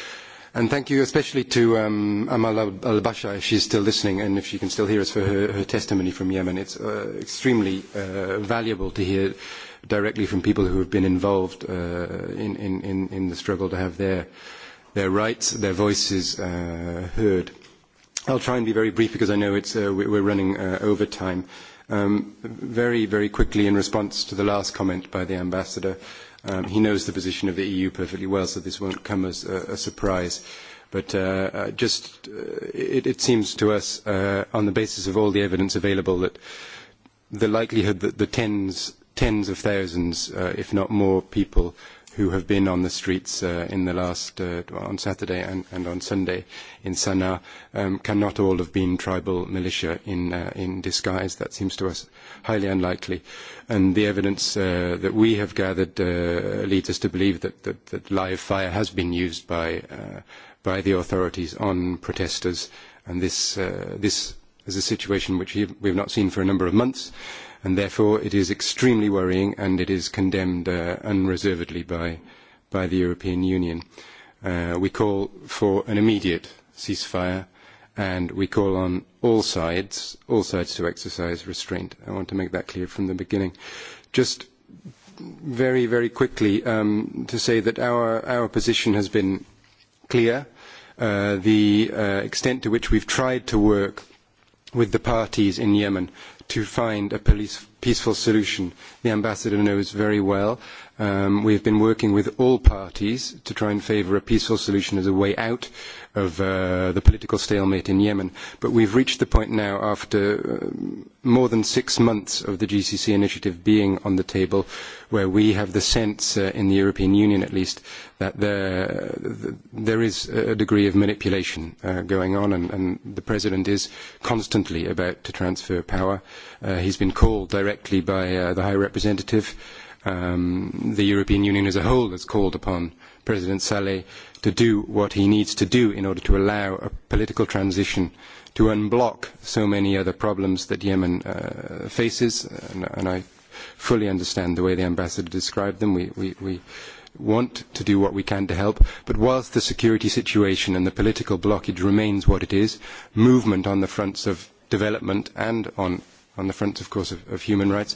And thank you especially to um, Amal al-Bashar, if she's still listening and if she can still hear us, for her, her testimony from Yemen. It's uh, extremely uh, valuable to hear directly from people who have been involved uh, in, in, in the struggle to have their, their rights, their voices uh, heard. I'll try and be very brief because I know it's, uh, we're running uh, over time. Um, very, very quickly, in response to the last comment by the ambassador, um, he knows the position of the EU perfectly well, so this won't come as a, a surprise. But uh, uh just uh, it, it, seems to us, on the basis of all the evidence available, that the likelihood that the tens, tens of thousands, if not more, people who have been on the streets uh, in the last uh, on Saturday and, and on Sunday in Sana'a um, cannot all have been tribal militia in uh, in disguise. That seems to us highly unlikely, and the evidence uh, that we have gathered uh, leads us to believe that, that that live fire has been used by uh, by the authorities on protesters, and this uh, this is a situation which we have not seen for a number of months and therefore it is extremely worrying and it is condemned uh, unreservedly by, by the European Union. Uh, we call for an immediate ceasefire and we call on all sides, all sides to exercise restraint. I want to make that clear from the beginning. Just very, very quickly um, to say that our, our position has been clear. Uh, the uh, extent to which we've tried to work with the parties in Yemen to find a peaceful solution. The ambassador knows very well Um, we have been working with all parties to try and favour a peaceful solution as a way out of uh, the political stalemate in Yemen. But we've reached the point now, after um, more than six months of the GCC initiative being on the table, where we have the sense, uh, in the European Union at least, that there, there is a degree of manipulation uh, going on, and, and the President is constantly about to transfer power. Uh, he's been called directly by uh, the High Representative um, the European Union as a whole has called upon President Saleh to do what he needs to do in order to allow a political transition to unblock so many other problems that Yemen uh, faces, and, and I fully understand the way the ambassador described them. We, we, we want to do what we can to help, but whilst the security situation and the political blockage remains what it is, movement on the fronts of development and on, on the fronts, of course, of, of human rights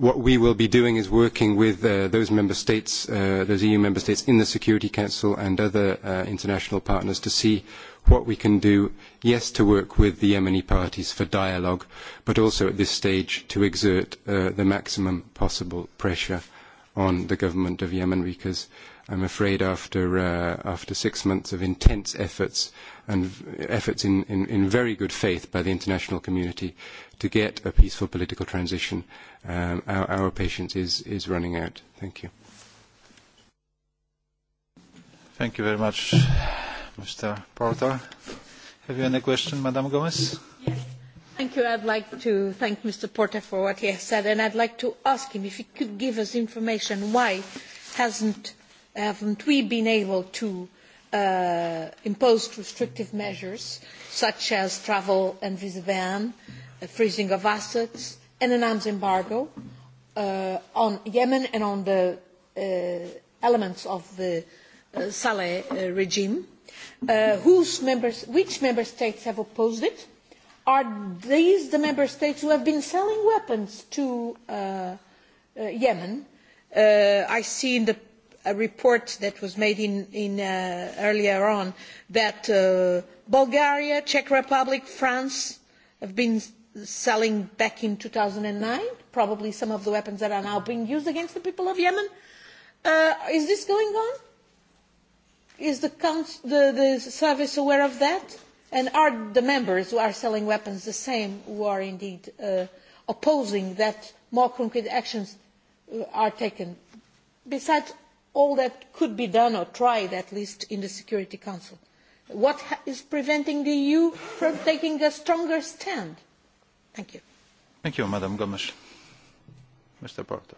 What we will be doing is working with uh, those member states, uh, those EU member states in the Security Council and other uh, international partners to see what we can do, yes, to work with the Yemeni parties for dialogue, but also at this stage to exert uh, the maximum possible pressure on the government of Yemen because I'm afraid after, uh, after six months of intense efforts, and efforts in, in, in very good faith by the international community to get a peaceful political transition, um, our, our patience is, is running out. Thank you. Thank you very much, Mr. Porter. Have you any question, Madam Gomez? Yes. Thank you. I'd like to thank Mr. Porter for what he has said, and I'd like to ask him if he could give us information why hasn't, haven't we been able to uh, imposed restrictive measures such as travel and visa ban, a uh, freezing of assets, and an arms embargo uh, on Yemen and on the uh, elements of the uh, Saleh uh, regime. Uh, whose members, which member states have opposed it? Are these the member states who have been selling weapons to uh, uh, Yemen? Uh, I see in the a report that was made in, in, uh, earlier on that uh, Bulgaria, Czech Republic, France have been selling back in 2009 probably some of the weapons that are now being used against the people of Yemen. Uh, is this going on? Is the, the, the service aware of that? And are the members who are selling weapons the same who are indeed uh, opposing that more concrete actions uh, are taken? Besides all that could be done or tried at least in the Security Council? What is preventing the EU from taking a stronger stand? Thank you. Thank you, Madam Gomes. Mr. Porter.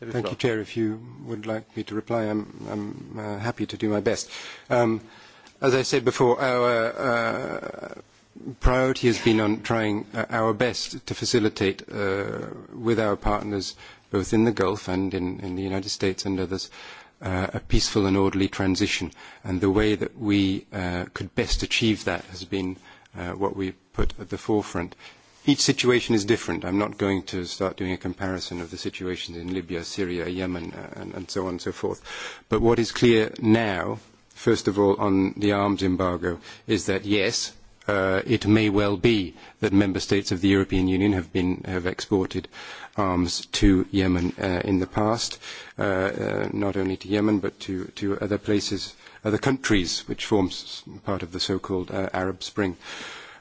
Thank you, Chair. If you would like me to reply, I'm, I'm uh, happy to do my best. Um, as I said before, our uh, priority has been on trying uh, our best to facilitate uh, with our partners uh, both in the Gulf and in, in the United States and others, uh, a peaceful and orderly transition. And the way that we uh, could best achieve that has been uh, what we put at the forefront. Each situation is different. I'm not going to start doing a comparison of the situations in Libya, Syria, Yemen, uh, and, and so on and so forth. But what is clear now, first of all, on the arms embargo, is that yes, uh, it may well be that member states of the European Union have, been, have exported arms to Yemen uh, in the past, uh, uh, not only to Yemen but to, to other places, other countries, which forms part of the so-called uh, Arab Spring.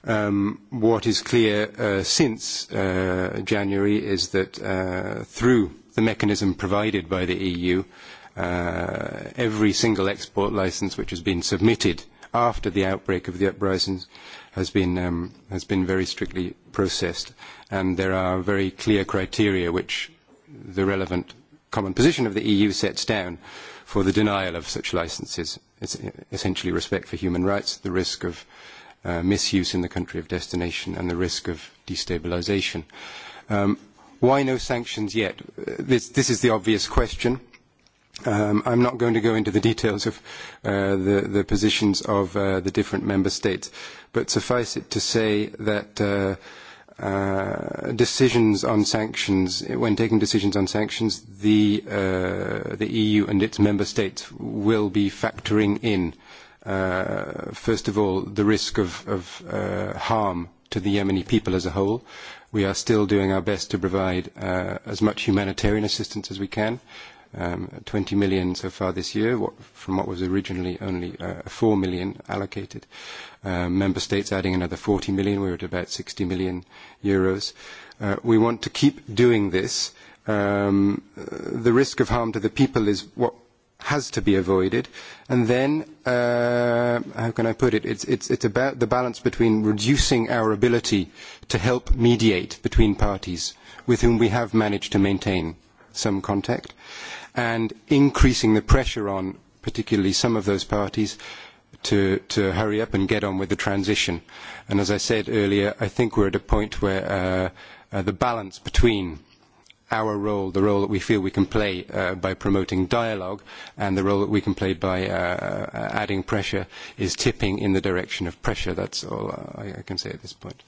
Um, what is clear uh, since uh, January is that uh, through the mechanism provided by the EU, uh, every single export license which has been submitted after the outbreak of the uprisings has been, um, has been very strictly processed. And there are very clear criteria which the relevant common position of the EU sets down for the denial of such licenses. It's essentially respect for human rights, the risk of uh, misuse in the country of destination, and the risk of destabilization. Um, why no sanctions yet? Uh, this, this is the obvious question. Uh, Um, I'm not going to go into the details of uh, the, the positions of uh, the different member states, but suffice it to say that uh, uh, decisions on sanctions, when taking decisions on sanctions, the, uh, the EU and its member states will be factoring in, uh, first of all, the risk of, of uh, harm to the Yemeni people as a whole. We are still doing our best to provide uh, as much humanitarian assistance as we can um, 20 million so far this year, what, from what was originally only uh, 4 million allocated. Uh, member states adding another 40 million. We're at about 60 million euros. Uh, we want to keep doing this. Um, the risk of harm to the people is what has to be avoided. And then, uh, how can I put it? It's, it's, it's about the balance between reducing our ability to help mediate between parties with whom we have managed to maintain some contact and increasing the pressure on particularly some of those parties to, to hurry up and get on with the transition. And as I said earlier, I think we're at a point where uh, uh, the balance between our role, the role that we feel we can play uh, by promoting dialogue, and the role that we can play by uh, uh adding pressure is tipping in the direction of pressure. That's all I, I can say at this point.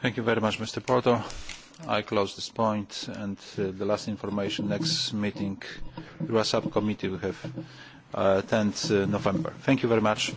Thank you very much, Mr. Porto. I close this point. And uh, the last information, next meeting, through a subcommittee, we have uh, 10th uh, November. Thank you very much.